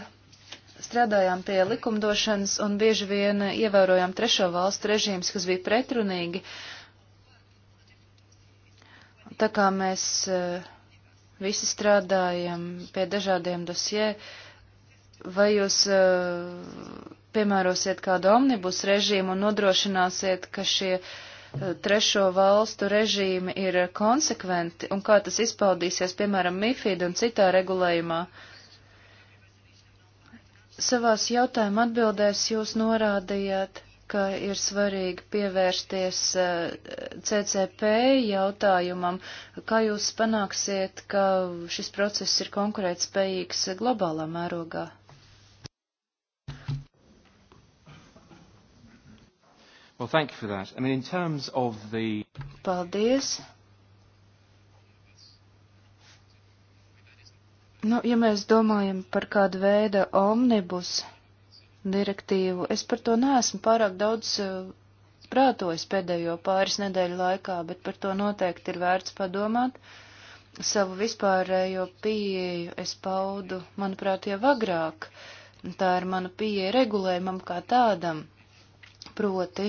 strādājām pie likumdošanas un bieži vien ievērojām trešo valstu režīmus, kas bija pretrunīgi. Tā kā mēs uh, visi strādājam pie dažādiem dosjē, uh, vai jūs e, piemērosiet kādu omnibus režīmu un nodrošināsiet, ka šie e, trešo valstu režīmi ir konsekventi un kā tas izpaudīsies, piemēram, MIFID un citā regulējumā? Savās jautājuma atbildēs jūs norādījāt, ka ir svarīgi pievērsties e, CCP jautājumam. Kā jūs panāksiet, ka šis process ir konkurētspējīgs globālā mērogā? Well, thank you for that. I mean, in terms of the... Paldies. Nu, ja mēs domājam par kādu veidu omnibus direktīvu, es par to neesmu pārāk daudz eh, prātojis pēdējo pāris nedēļu laikā, bet par to noteikti ir vērts padomāt. Savu vispārējo pieeju es paudu, manuprāt, jau agrāk. Tā ir mana pieeja regulējumam kā tādam. Proti,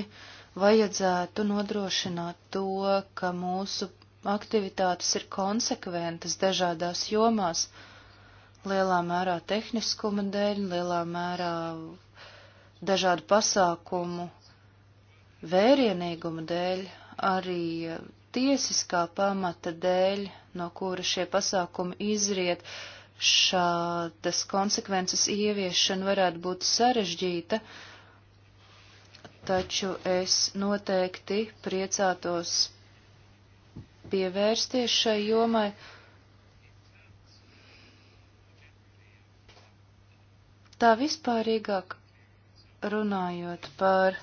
vajadzētu nodrošināt to, ka mūsu aktivitātes ir konsekventas dažādās jomās, lielā mērā tehniskuma dēļ, lielā mērā dažādu pasākumu vērienīguma dēļ, arī tiesiskā pamata dēļ, no kura šie pasākumi izriet, šādas konsekvences ieviešana varētu būt sarežģīta, uh, taču es noteikti priecātos pievērsties šai jomai. Tā vispārīgāk runājot par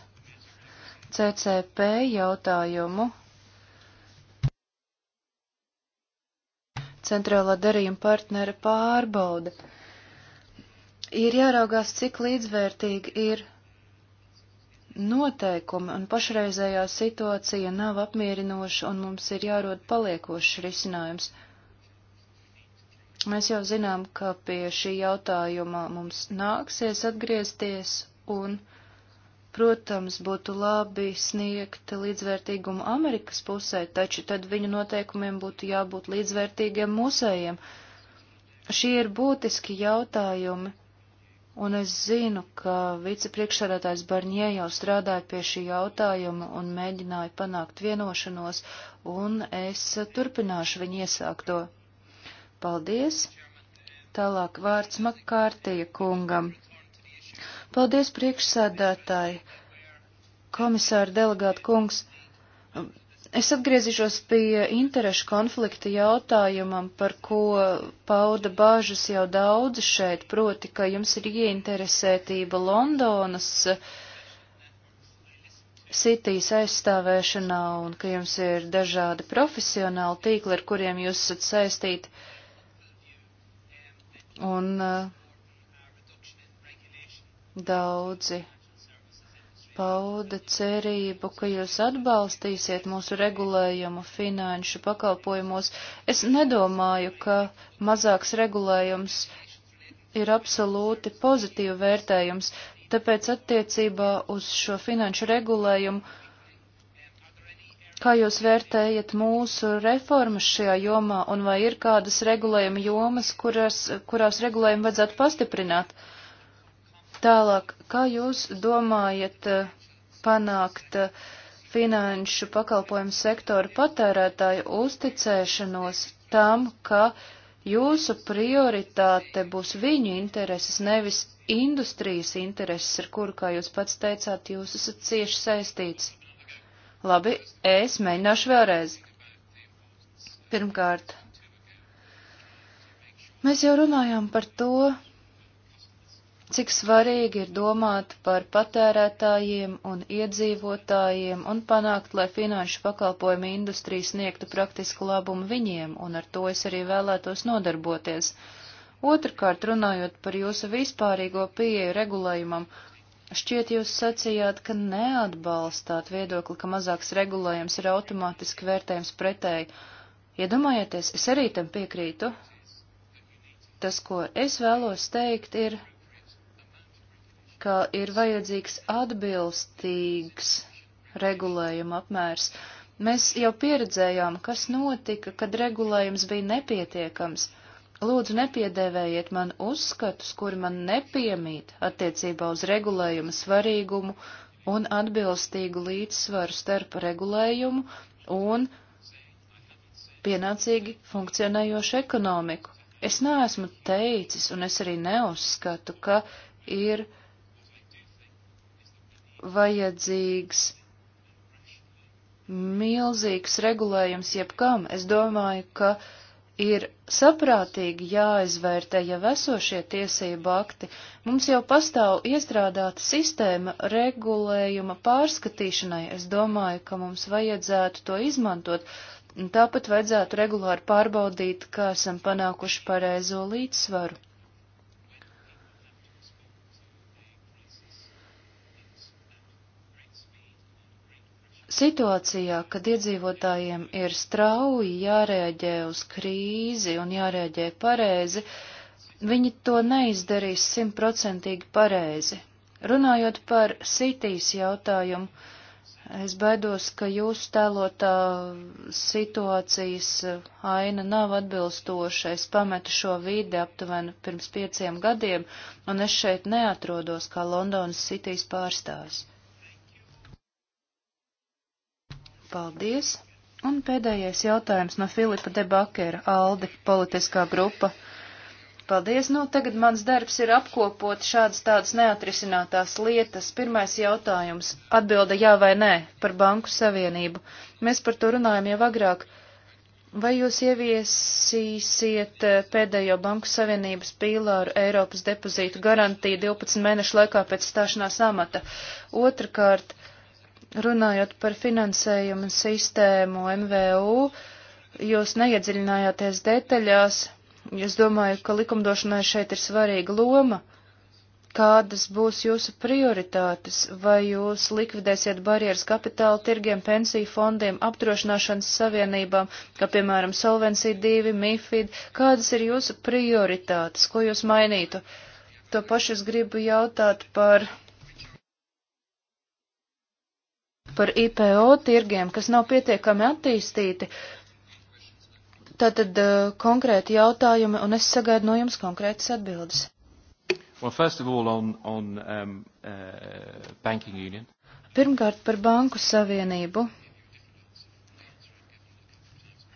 CCP jautājumu, centrālā darījuma partnera pārbauda, ir jāraugās, cik līdzvērtīgi ir Noteikumi un pašreizējā situācija nav apmierinoša, un mums ir jārod paliekošs risinājums. Mēs jau zinām, ka pie šī jautājuma mums nāksies atgriezties, un, protams, būtu labi sniegt līdzvērtīgumu Amerikas pusē, taču tad viņu noteikumiem būtu jābūt līdzvērtīgiem mūsējiem. Šie ir būtiski jautājumi. Un es zinu, ka vicepriekšsēdētājs Barņē jau strādāja pie šī jautājuma un mēģināja panākt vienošanos, un es turpināšu viņu iesākto. Paldies! Tālāk vārds Makārtija kungam. Paldies priekšsēdētāji, komisāra delegāta kungs. Es atgriezīšos pie interešu konflikta jautājumam, par ko pauda bāžas jau daudzi šeit, proti, ka jums ir ieinteresētība Londonas sitīs aizstāvēšanā un ka jums ir dažādi profesionāli tīkli, ar kuriem jūs esat saistīti. Un uh, daudzi pauda cerību, ka jūs atbalstīsiet mūsu regulējumu finanšu pakalpojumos. Es nedomāju, ka mazāks regulējums ir absolūti pozitīvi vērtējums, tāpēc attiecībā uz šo finanšu regulējumu, kā jūs vērtējat mūsu reformas šajā jomā un vai ir kādas regulējuma jomas, kuras, kurās regulējumu vajadzētu pastiprināt? Uh, Tālāk, kā jūs domājat eh, panākt eh, finanšu pakalpojumu sektoru patērētāju uzticēšanos tam, ka jūsu prioritāte būs viņu intereses, nevis industrijas intereses, ar kuru, kā jūs pats teicāt, jūs esat cieši saistīts? Labi, es mēģināšu vēlreiz. Pirmkārt, mēs jau runājām par to, cik svarīgi ir domāt par patērētājiem un iedzīvotājiem un panākt, lai finanšu pakalpojumu industrija sniegtu praktisku labumu viņiem, un ar to es arī vēlētos nodarboties. Otrkārt, runājot par jūsu vispārīgo pieeju regulējumam, šķiet jūs sacījāt, ka neatbalstāt viedokli, ka mazāks regulējums ir automātiski vērtējums pretēji. Iedomājieties, es arī tam piekrītu. Tas, ko es vēlos teikt, ir, ka ir vajadzīgs atbilstīgs regulējuma apmērs. Mēs jau pieredzējām, kas notika, kad regulējums bija nepietiekams. Lūdzu, nepiedēvējiet man uzskatus, kuri man nepiemīt attiecībā uz regulējuma svarīgumu un atbilstīgu līdzsvaru starp regulējumu un pienācīgi funkcionējošu ekonomiku. Es neesmu teicis, un es arī neuzskatu, ka ir uh, vajadzīgs milzīgs regulējums jebkam. Es domāju, ka ir saprātīgi jāizvērtē jau esošie tiesību akti. Mums jau pastāv iestrādāta sistēma regulējuma pārskatīšanai. Es domāju, ka mums vajadzētu to izmantot. Un tāpat vajadzētu regulāri pārbaudīt, kā esam panākuši pareizo līdzsvaru. Situācijā, kad iedzīvotājiem ir strauji jārēģē uz krīzi un jārēģē pareizi, viņi to neizdarīs simtprocentīgi pareizi. Runājot par sitīs jautājumu, es baidos, ka jūsu tēlotā situācijas aina nav atbilstoša. Es pametu šo vīdi aptuveni pirms pieciem gadiem, un es šeit neatrodos kā Londonas sitīs pārstāvis. Paldies! Un pēdējais jautājums no Filipa Debakera, Aldi, politiskā grupa. Paldies! Nu, tagad mans darbs ir apkopot šādas tādas neatrisinātās lietas. Pirmais jautājums - atbilda jā vai nē par banku savienību. Mēs par to runājam jau agrāk. Vai jūs ieviesīsiet eh, pēdējo banku savienības pīlāru Eiropas depozītu garantiju 12 mēnešu laikā pēc stāšanās amata? Otrakārt, runājot par finansējumu sistēmu MVU, jūs neiedziļinājāties detaļās. Es domāju, ka likumdošanai šeit ir svarīga loma. Kādas būs jūsu prioritātes? Vai jūs likvidēsiet barjeras kapitāla tirgiem, pensiju fondiem, apdrošināšanas savienībām, kā piemēram Solvency 2, MIFID? Kādas ir jūsu prioritātes? Ko jūs mainītu? To pašu es gribu jautāt par par IPO tirgiem, kas nav pietiekami attīstīti. Tātad uh, eh, konkrēti jautājumi, un es sagaidu no jums konkrētas atbildes. Well, first of all, on, on um, uh, banking union. Pirmkārt par banku savienību.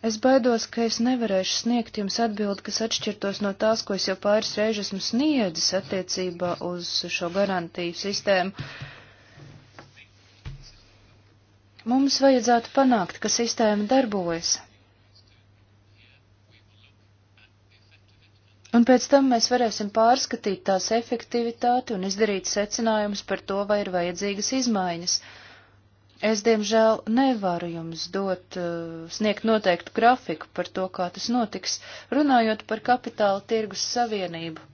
Es baidos, ka es nevarēšu sniegt jums atbildi, kas atšķirtos no tās, ko es jau pāris reizes esmu sniedzis attiecībā uz šo garantiju sistēmu. Uh, Mums vajadzētu panākt, ka sistēma darbojas. Un pēc tam mēs varēsim pārskatīt tās efektivitāti un izdarīt secinājumus par to, vai ir vajadzīgas izmaiņas. Es, diemžēl, nevaru jums dot, eh, sniegt noteiktu grafiku par to, kā tas notiks, runājot par kapitāla tirgus savienību.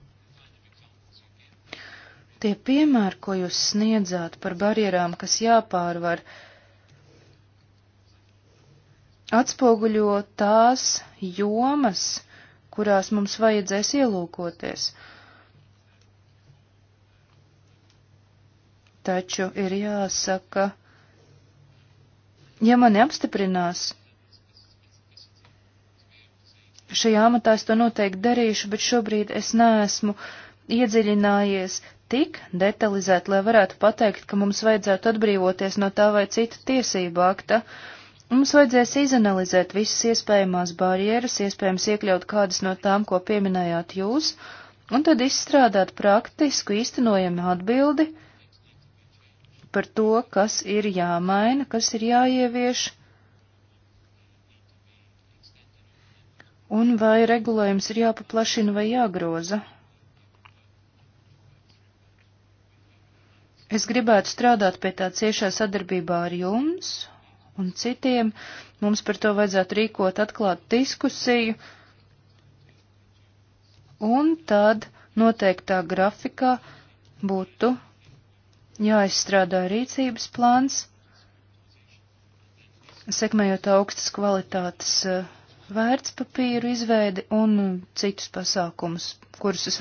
Tie piemēri, ko jūs sniedzāt par barjerām, kas jāpārvar, uh, atspoguļo tās jomas, kurās mums vajadzēs ielūkoties. Taču ir jāsaka, ja mani apstiprinās, šajā amatā es to noteikti darīšu, bet šobrīd es neesmu iedziļinājies tik detalizēti, lai varētu pateikt, ka mums vajadzētu atbrīvoties no tā vai cita tiesību akta. Uh, Mums vajadzēs izanalizēt visas iespējamās barjeras, iespējams iekļaut kādas no tām, ko pieminējāt jūs, un tad izstrādāt praktisku īstenojumu atbildi par to, kas ir jāmaina, kas ir jāievieš, un vai regulējums ir jāpaplašina vai jāgroza. Es gribētu strādāt pie tā ciešā sadarbībā ar jums un citiem. Mums par to vajadzētu rīkot atklāt diskusiju. Un tad noteiktā grafikā būtu jāizstrādā rīcības plāns, sekmējot augstas kvalitātes eh, vērtspapīru izveidi un citus pasākumus, kurus es